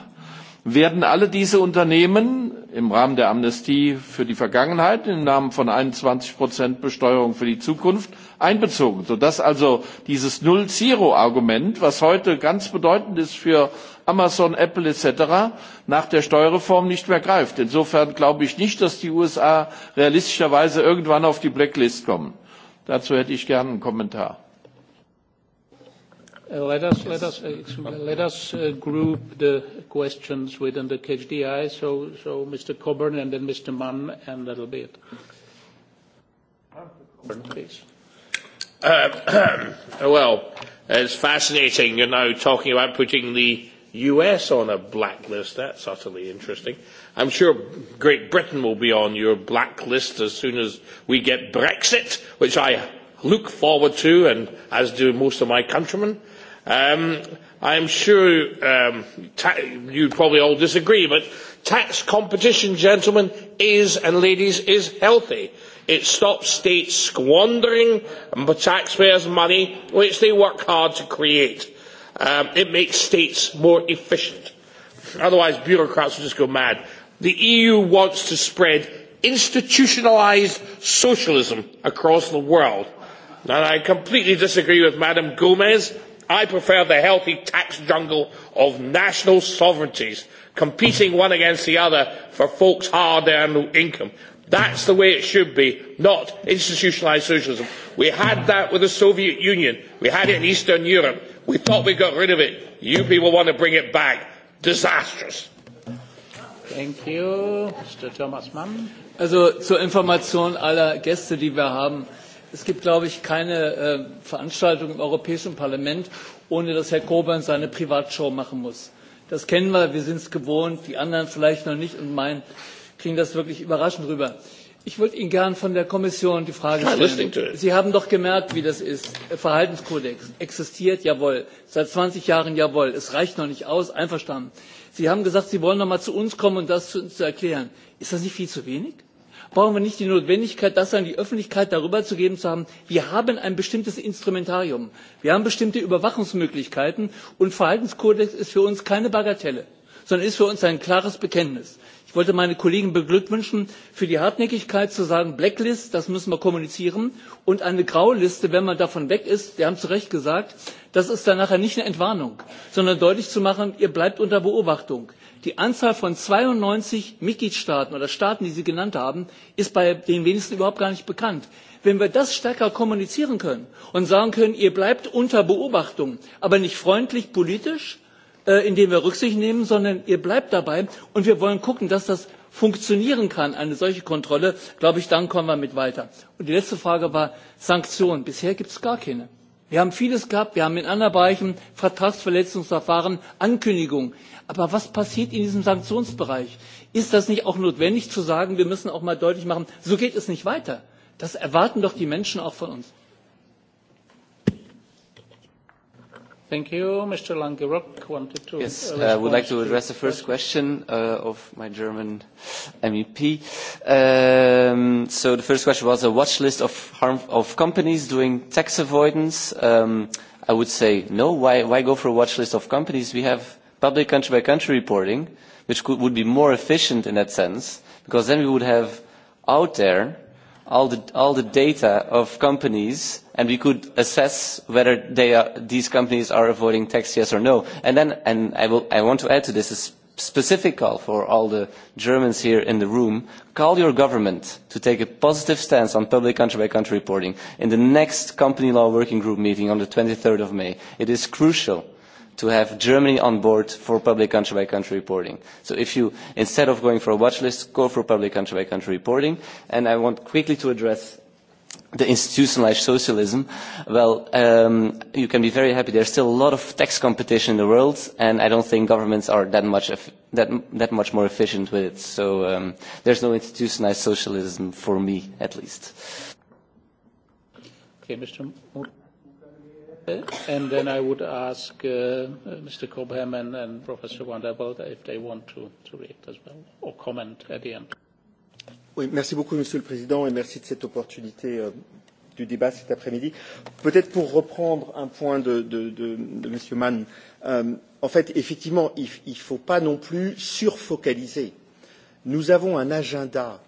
N: werden alle diese Unternehmen im Rahmen der Amnestie für die Vergangenheit im Namen von 21 Prozent Besteuerung für die Zukunft einbezogen, sodass also dieses Null-Zero-Argument, was heute ganz bedeutend ist für Amazon, Apple etc., nach der Steuerreform nicht mehr greift. Insofern glaube ich nicht, dass die USA realistischerweise irgendwann auf die Blacklist kommen. Dazu hätte ich gern einen Kommentar
A: let us let us uh, let us uh, group the questions within the KHDI. So so Mr. Coburn and then Mr. Mann, and that'll be it. Coburn, please.
X: Uh, well, it's fascinating. You're now talking about putting the US on a blacklist. That's utterly interesting. I'm sure Great Britain will be on your blacklist as soon as we get Brexit, which I look forward to, and as do most of my countrymen Um, I'm sure um, you probably all disagree, but tax competition, gentlemen, is and ladies, is healthy. It stops states squandering taxpayers' money, which they work hard to create. Um, it makes states more efficient. Otherwise, bureaucrats will just go mad. The EU wants to spread institutionalised socialism across the world. And I completely disagree with Madam Gomez I prefer the healthy tax jungle of national sovereignties competing one against the other for folks' hard-earned income. That's the way it should be, not institutionalised socialism. We had that with the Soviet Union. We had it in Eastern Europe. We thought we got rid of it. You people want to bring it
A: back. Disastrous. Thank you. Mr. Thomas Mann.
Y: Also zur Information aller Gäste, die wir haben es gibt glaube ich keine äh, veranstaltung im europäischen parlament ohne dass herr coburn seine privatshow machen muss. das kennen wir wir sind es gewohnt die anderen vielleicht noch nicht und meinen kriegen das wirklich überraschend rüber. ich würde ihnen gern von der kommission die frage stellen sie haben doch gemerkt wie das ist verhaltenskodex existiert jawohl seit zwanzig jahren jawohl es reicht noch nicht aus einverstanden. sie haben gesagt sie wollen noch mal zu uns kommen um das zu erklären. ist das nicht viel zu wenig? brauchen wir nicht die notwendigkeit das an die öffentlichkeit darüberzugeben zu haben wir haben ein bestimmtes instrumentarium wir haben bestimmte überwachungsmöglichkeiten und verhaltenskodex ist für uns keine bagatelle sondern ist für uns ein klares bekenntnis. ich wollte meine kollegen beglückwünschen für die hartnäckigkeit zu sagen blacklist das müssen wir kommunizieren und eine grauliste wenn man davon weg ist sie haben zu recht gesagt das ist dann nachher nicht eine entwarnung sondern deutlich zu machen ihr bleibt unter beobachtung die anzahl von zweiundneunzig mitgliedstaaten oder staaten die sie genannt haben ist bei den wenigsten überhaupt gar nicht bekannt. wenn wir das stärker kommunizieren können und sagen können ihr bleibt unter beobachtung aber nicht freundlich politisch äh, indem wir rücksicht nehmen sondern ihr bleibt dabei und wir wollen gucken dass das funktionieren kann eine solche kontrolle glaube ich dann kommen wir mit weiter. und die letzte frage war sanktionen bisher gibt es gar keine. Wir haben vieles gehabt. Wir haben in anderen Bereichen Vertragsverletzungsverfahren, Ankündigungen. Aber was passiert in diesem Sanktionsbereich? Ist das nicht auch notwendig zu sagen, wir müssen auch mal deutlich machen, so geht es nicht weiter? Das erwarten doch die Menschen auch von uns.
A: Thank you. Mr. Langerock wanted to... Yes, uh, uh,
R: I uh, would like to address the first question uh, of my German MEP. Um, so the first question was a watch list of, harm, of companies doing tax avoidance. Um, I would say no. Why, why go for a watch list of companies? We have public country-by-country -country reporting, which could, would be more efficient in that sense, because then we would have out there all the, all the data of companies and we could assess whether they are, these companies are avoiding tax, yes or no. And then, and I, will, I want to add to this a specific call for all the Germans here in the room, call your government to take a positive stance on public country-by-country -country reporting in the next company law working group meeting on the 23rd of May. It is crucial to have Germany on board for public country by country reporting. So if you, instead of going for a watch list, go for public country by country reporting. And I want quickly to address the institutionalized socialism, well, um, you can be very happy. There's still a lot of tax competition in the world, and I don't think governments are that much, that, that much more efficient with it. So um, there's no institutionalized socialism for me, at least.
A: Okay, Mr. Moore and then I would ask uh, Mr. Cobham and, and Professor Wanderbilt if they want to, to react as well or comment at the end.
O: Oui, merci beaucoup, Monsieur le Président, et merci de cette opportunité euh, du débat cet après-midi. Peut-être pour reprendre un point de, de, de, de M. Mann, euh, en fait, effectivement, il ne faut pas non plus surfocaliser. Nous avons un agenda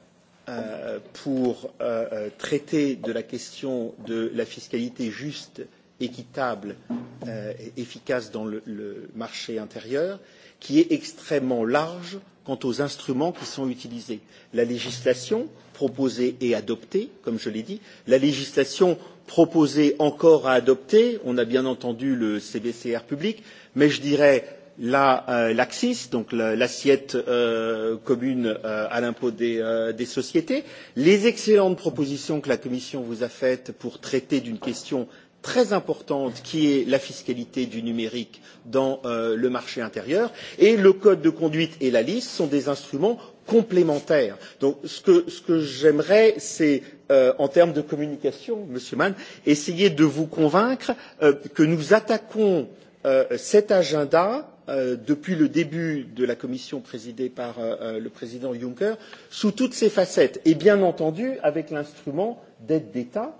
O: euh, pour euh, euh traiter de la question de la fiscalité juste équitable, et euh, efficace dans le, le marché intérieur, qui est extrêmement large quant aux instruments qui sont utilisés. La législation proposée et adoptée, comme je l'ai dit, la législation proposée encore à adopter, on a bien entendu le CBCR public, mais je dirais l'AXIS, la, euh, donc l'assiette euh, commune euh, à l'impôt des, euh, des sociétés, les excellentes propositions que la Commission vous a faites pour traiter d'une question très importante qui est la fiscalité du numérique dans euh, le marché intérieur et le code de conduite et la liste sont des instruments complémentaires. Donc ce que, ce que j'aimerais, c'est euh, en termes de communication, Monsieur Mann, essayer de vous convaincre euh, que nous attaquons euh, cet agenda euh, depuis le début de la commission présidée par euh, euh le président Juncker sous toutes ses facettes et bien entendu avec l'instrument d'aide d'État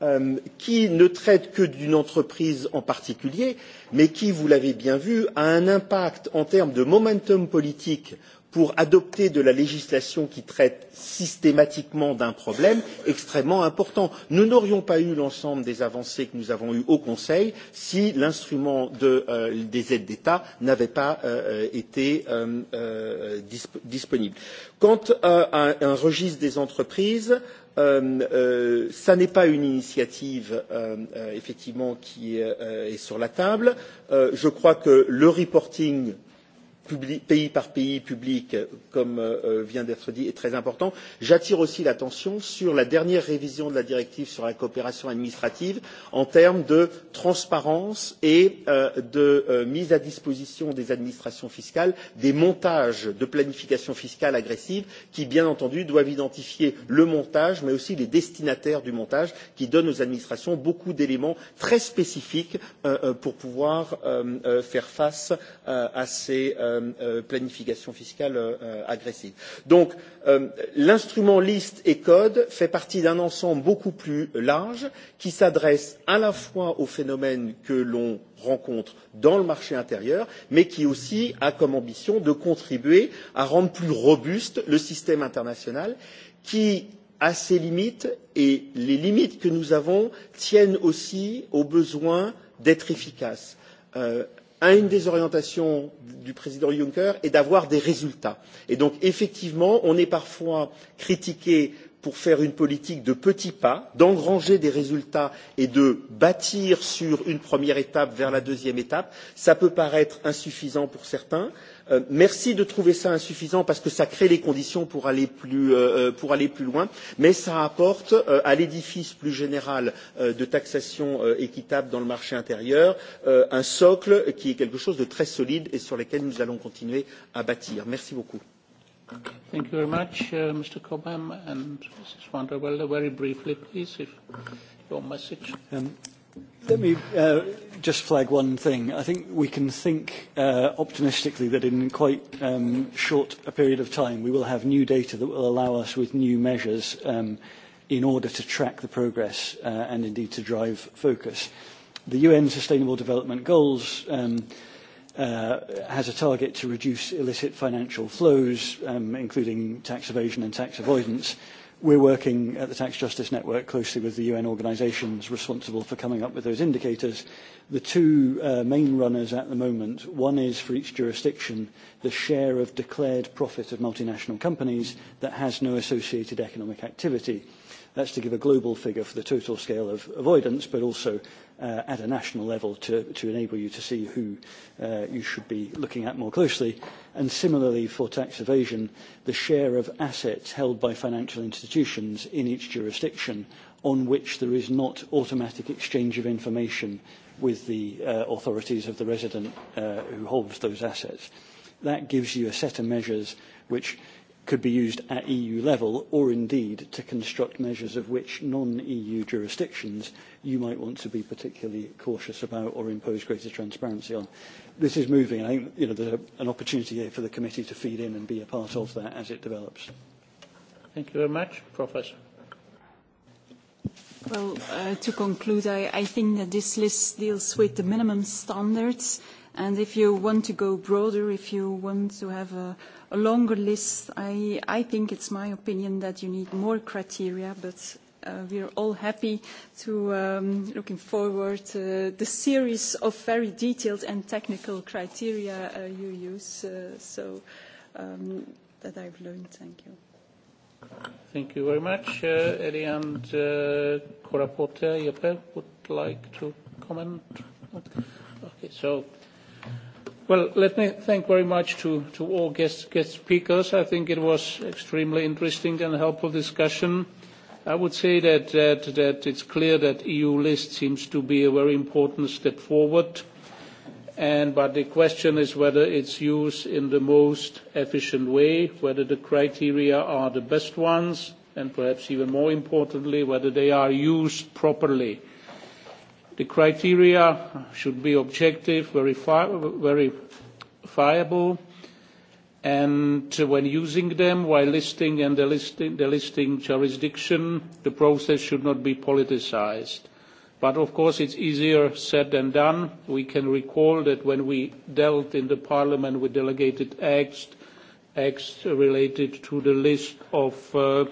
O: Euh, qui ne traite que d'une entreprise en particulier mais qui vous l'avez bien vu a un impact en termes de momentum politique au sein de l'union européenne pour adopter de la législation qui traite systématiquement d'un problème extrêmement important. nous n'aurions pas eu l'ensemble des avancées que nous avons eues au conseil si l'instrument euh, des aides d'état n'avait pas euh, euh, été disponible. quant à un registre des entreprises ce n'est pas une initiative effectivement qui est sur la table. je crois que le reporting pays par pays public, euh, comme euh, euh, vient d'être dit, est très important. J'attire aussi l'attention sur la dernière révision de la directive sur la coopération administrative en termes de transparence et euh, de mise à disposition des administrations fiscales des montages de planification fiscale agressive qui, bien entendu, doivent identifier le montage, mais aussi les destinataires du montage, qui donnent aux administrations beaucoup d'éléments très spécifiques pour pouvoir faire face à ces Euh, euh, planification fiscale euh, agressive. donc l'instrument list et code fait partie d'un ensemble beaucoup plus large qui s'adresse à la fois aux phénomènes que l'on rencontre dans le marché intérieur mais qui aussi a comme ambition de contribuer à rendre plus robuste le système international qui a ses limites et les limites que nous avons tiennent aussi au besoin d'être efficaces à une des orientations du président juncker est d'avoir des résultats et donc effectivement on est parfois critiqué pour faire une politique de petits pas d'engranger des résultats et de bâtir sur une première étape vers la deuxième étape cela peut paraître insuffisant pour certains mais Euh, merci de trouver ça insuffisant parce que ça crée les conditions pour aller plus, euh, euh, pour aller plus loin, mais ça apporte euh, à l'édifice plus général euh, de taxation euh, équitable dans le marché intérieur euh, un socle qui est quelque chose de très solide et sur lequel nous allons continuer à bâtir. Merci beaucoup.
A: Thank you very much, uh, Mr. Cobham and Mrs. Vanderwelde. Very briefly, please, if your message.
Q: Um, Let me uh, just flag one thing. I think we can think uh, optimistically that in quite um, short a period of time we will have new data that will allow us with new measures um, in order to track the progress uh, and indeed to drive focus. The UN Sustainable Development Goals um, uh, has a target to reduce illicit financial flows, um, including tax evasion and tax avoidance. We're working at the Tax Justice Network closely with the UN organisations responsible for coming up with those indicators. The two uh, main runners at the moment, one is for each jurisdiction, the share of declared profit of multinational companies that has no associated economic activity. That's to give a global figure for the total scale of avoidance, but also uh, at a national level to, to enable you to see who uh, you should be looking at more closely. And similarly, for tax evasion, the share of assets held by financial institutions in each jurisdiction on which there is not automatic exchange of information with the uh, authorities of the resident uh, who holds those assets. That gives you a set of measures which could be used at EU level or indeed to construct measures of which non-EU jurisdictions you might want to be particularly cautious about or impose greater transparency on. This is moving. I think you know, there's a, an opportunity here for the committee to feed in and be a part of that as it develops. Thank you very much. Professor.
P: Well, uh, to conclude, I, I think that this list deals with the minimum standards. And if you want to go broader, if you want to have a, a longer list. I, I think it's my opinion that you need more criteria, but uh, we are all happy to um, looking forward to uh, the series of very detailed and technical criteria uh, you use. Uh, so um, that I've learned. Thank you.
A: Thank you very much. Uh, Eddie and uh, Cora Porter, Jeppe would like to comment. Okay, so Well, let me thank very much to, to all guest, guest speakers. I think it was extremely interesting and helpful discussion. I would say that, that, that it's clear that EU list seems to be a very important step forward. And, but the question is whether it's used in the most efficient way, whether the criteria are the best ones, and perhaps even more importantly, whether they are used properly The criteria should be objective, verifi verifiable, and when using them while listing and delisting, the listing jurisdiction, the process should not be politicized. But of course, it's easier said than done. We can recall that when we dealt in the parliament with delegated acts, acts related to the list of uh,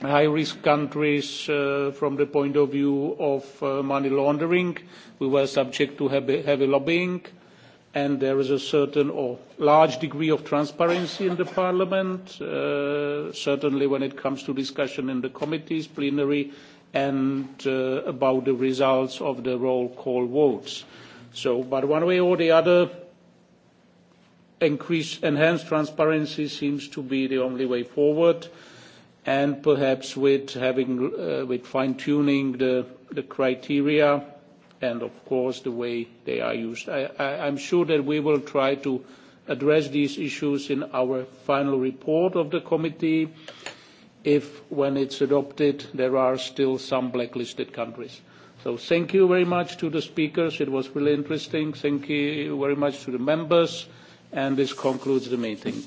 A: high-risk countries uh, from the point of view of uh, money laundering. We were subject to heavy, lobbying, and there is a certain or large degree of transparency in the parliament, uh, certainly when it comes to discussion in the committees, plenary, and about the results of the roll call votes. So, but one way or the other, enhanced transparency seems to be the only way forward and perhaps with uh, fine-tuning the, criteria and of course the way they are used. I, I, I'm sure that we will try to address these issues in our final report of the committee if when it's adopted there are still some blacklisted countries. So thank you very much to the speakers. It was really interesting. Thank you very much to the members. And this concludes the meeting.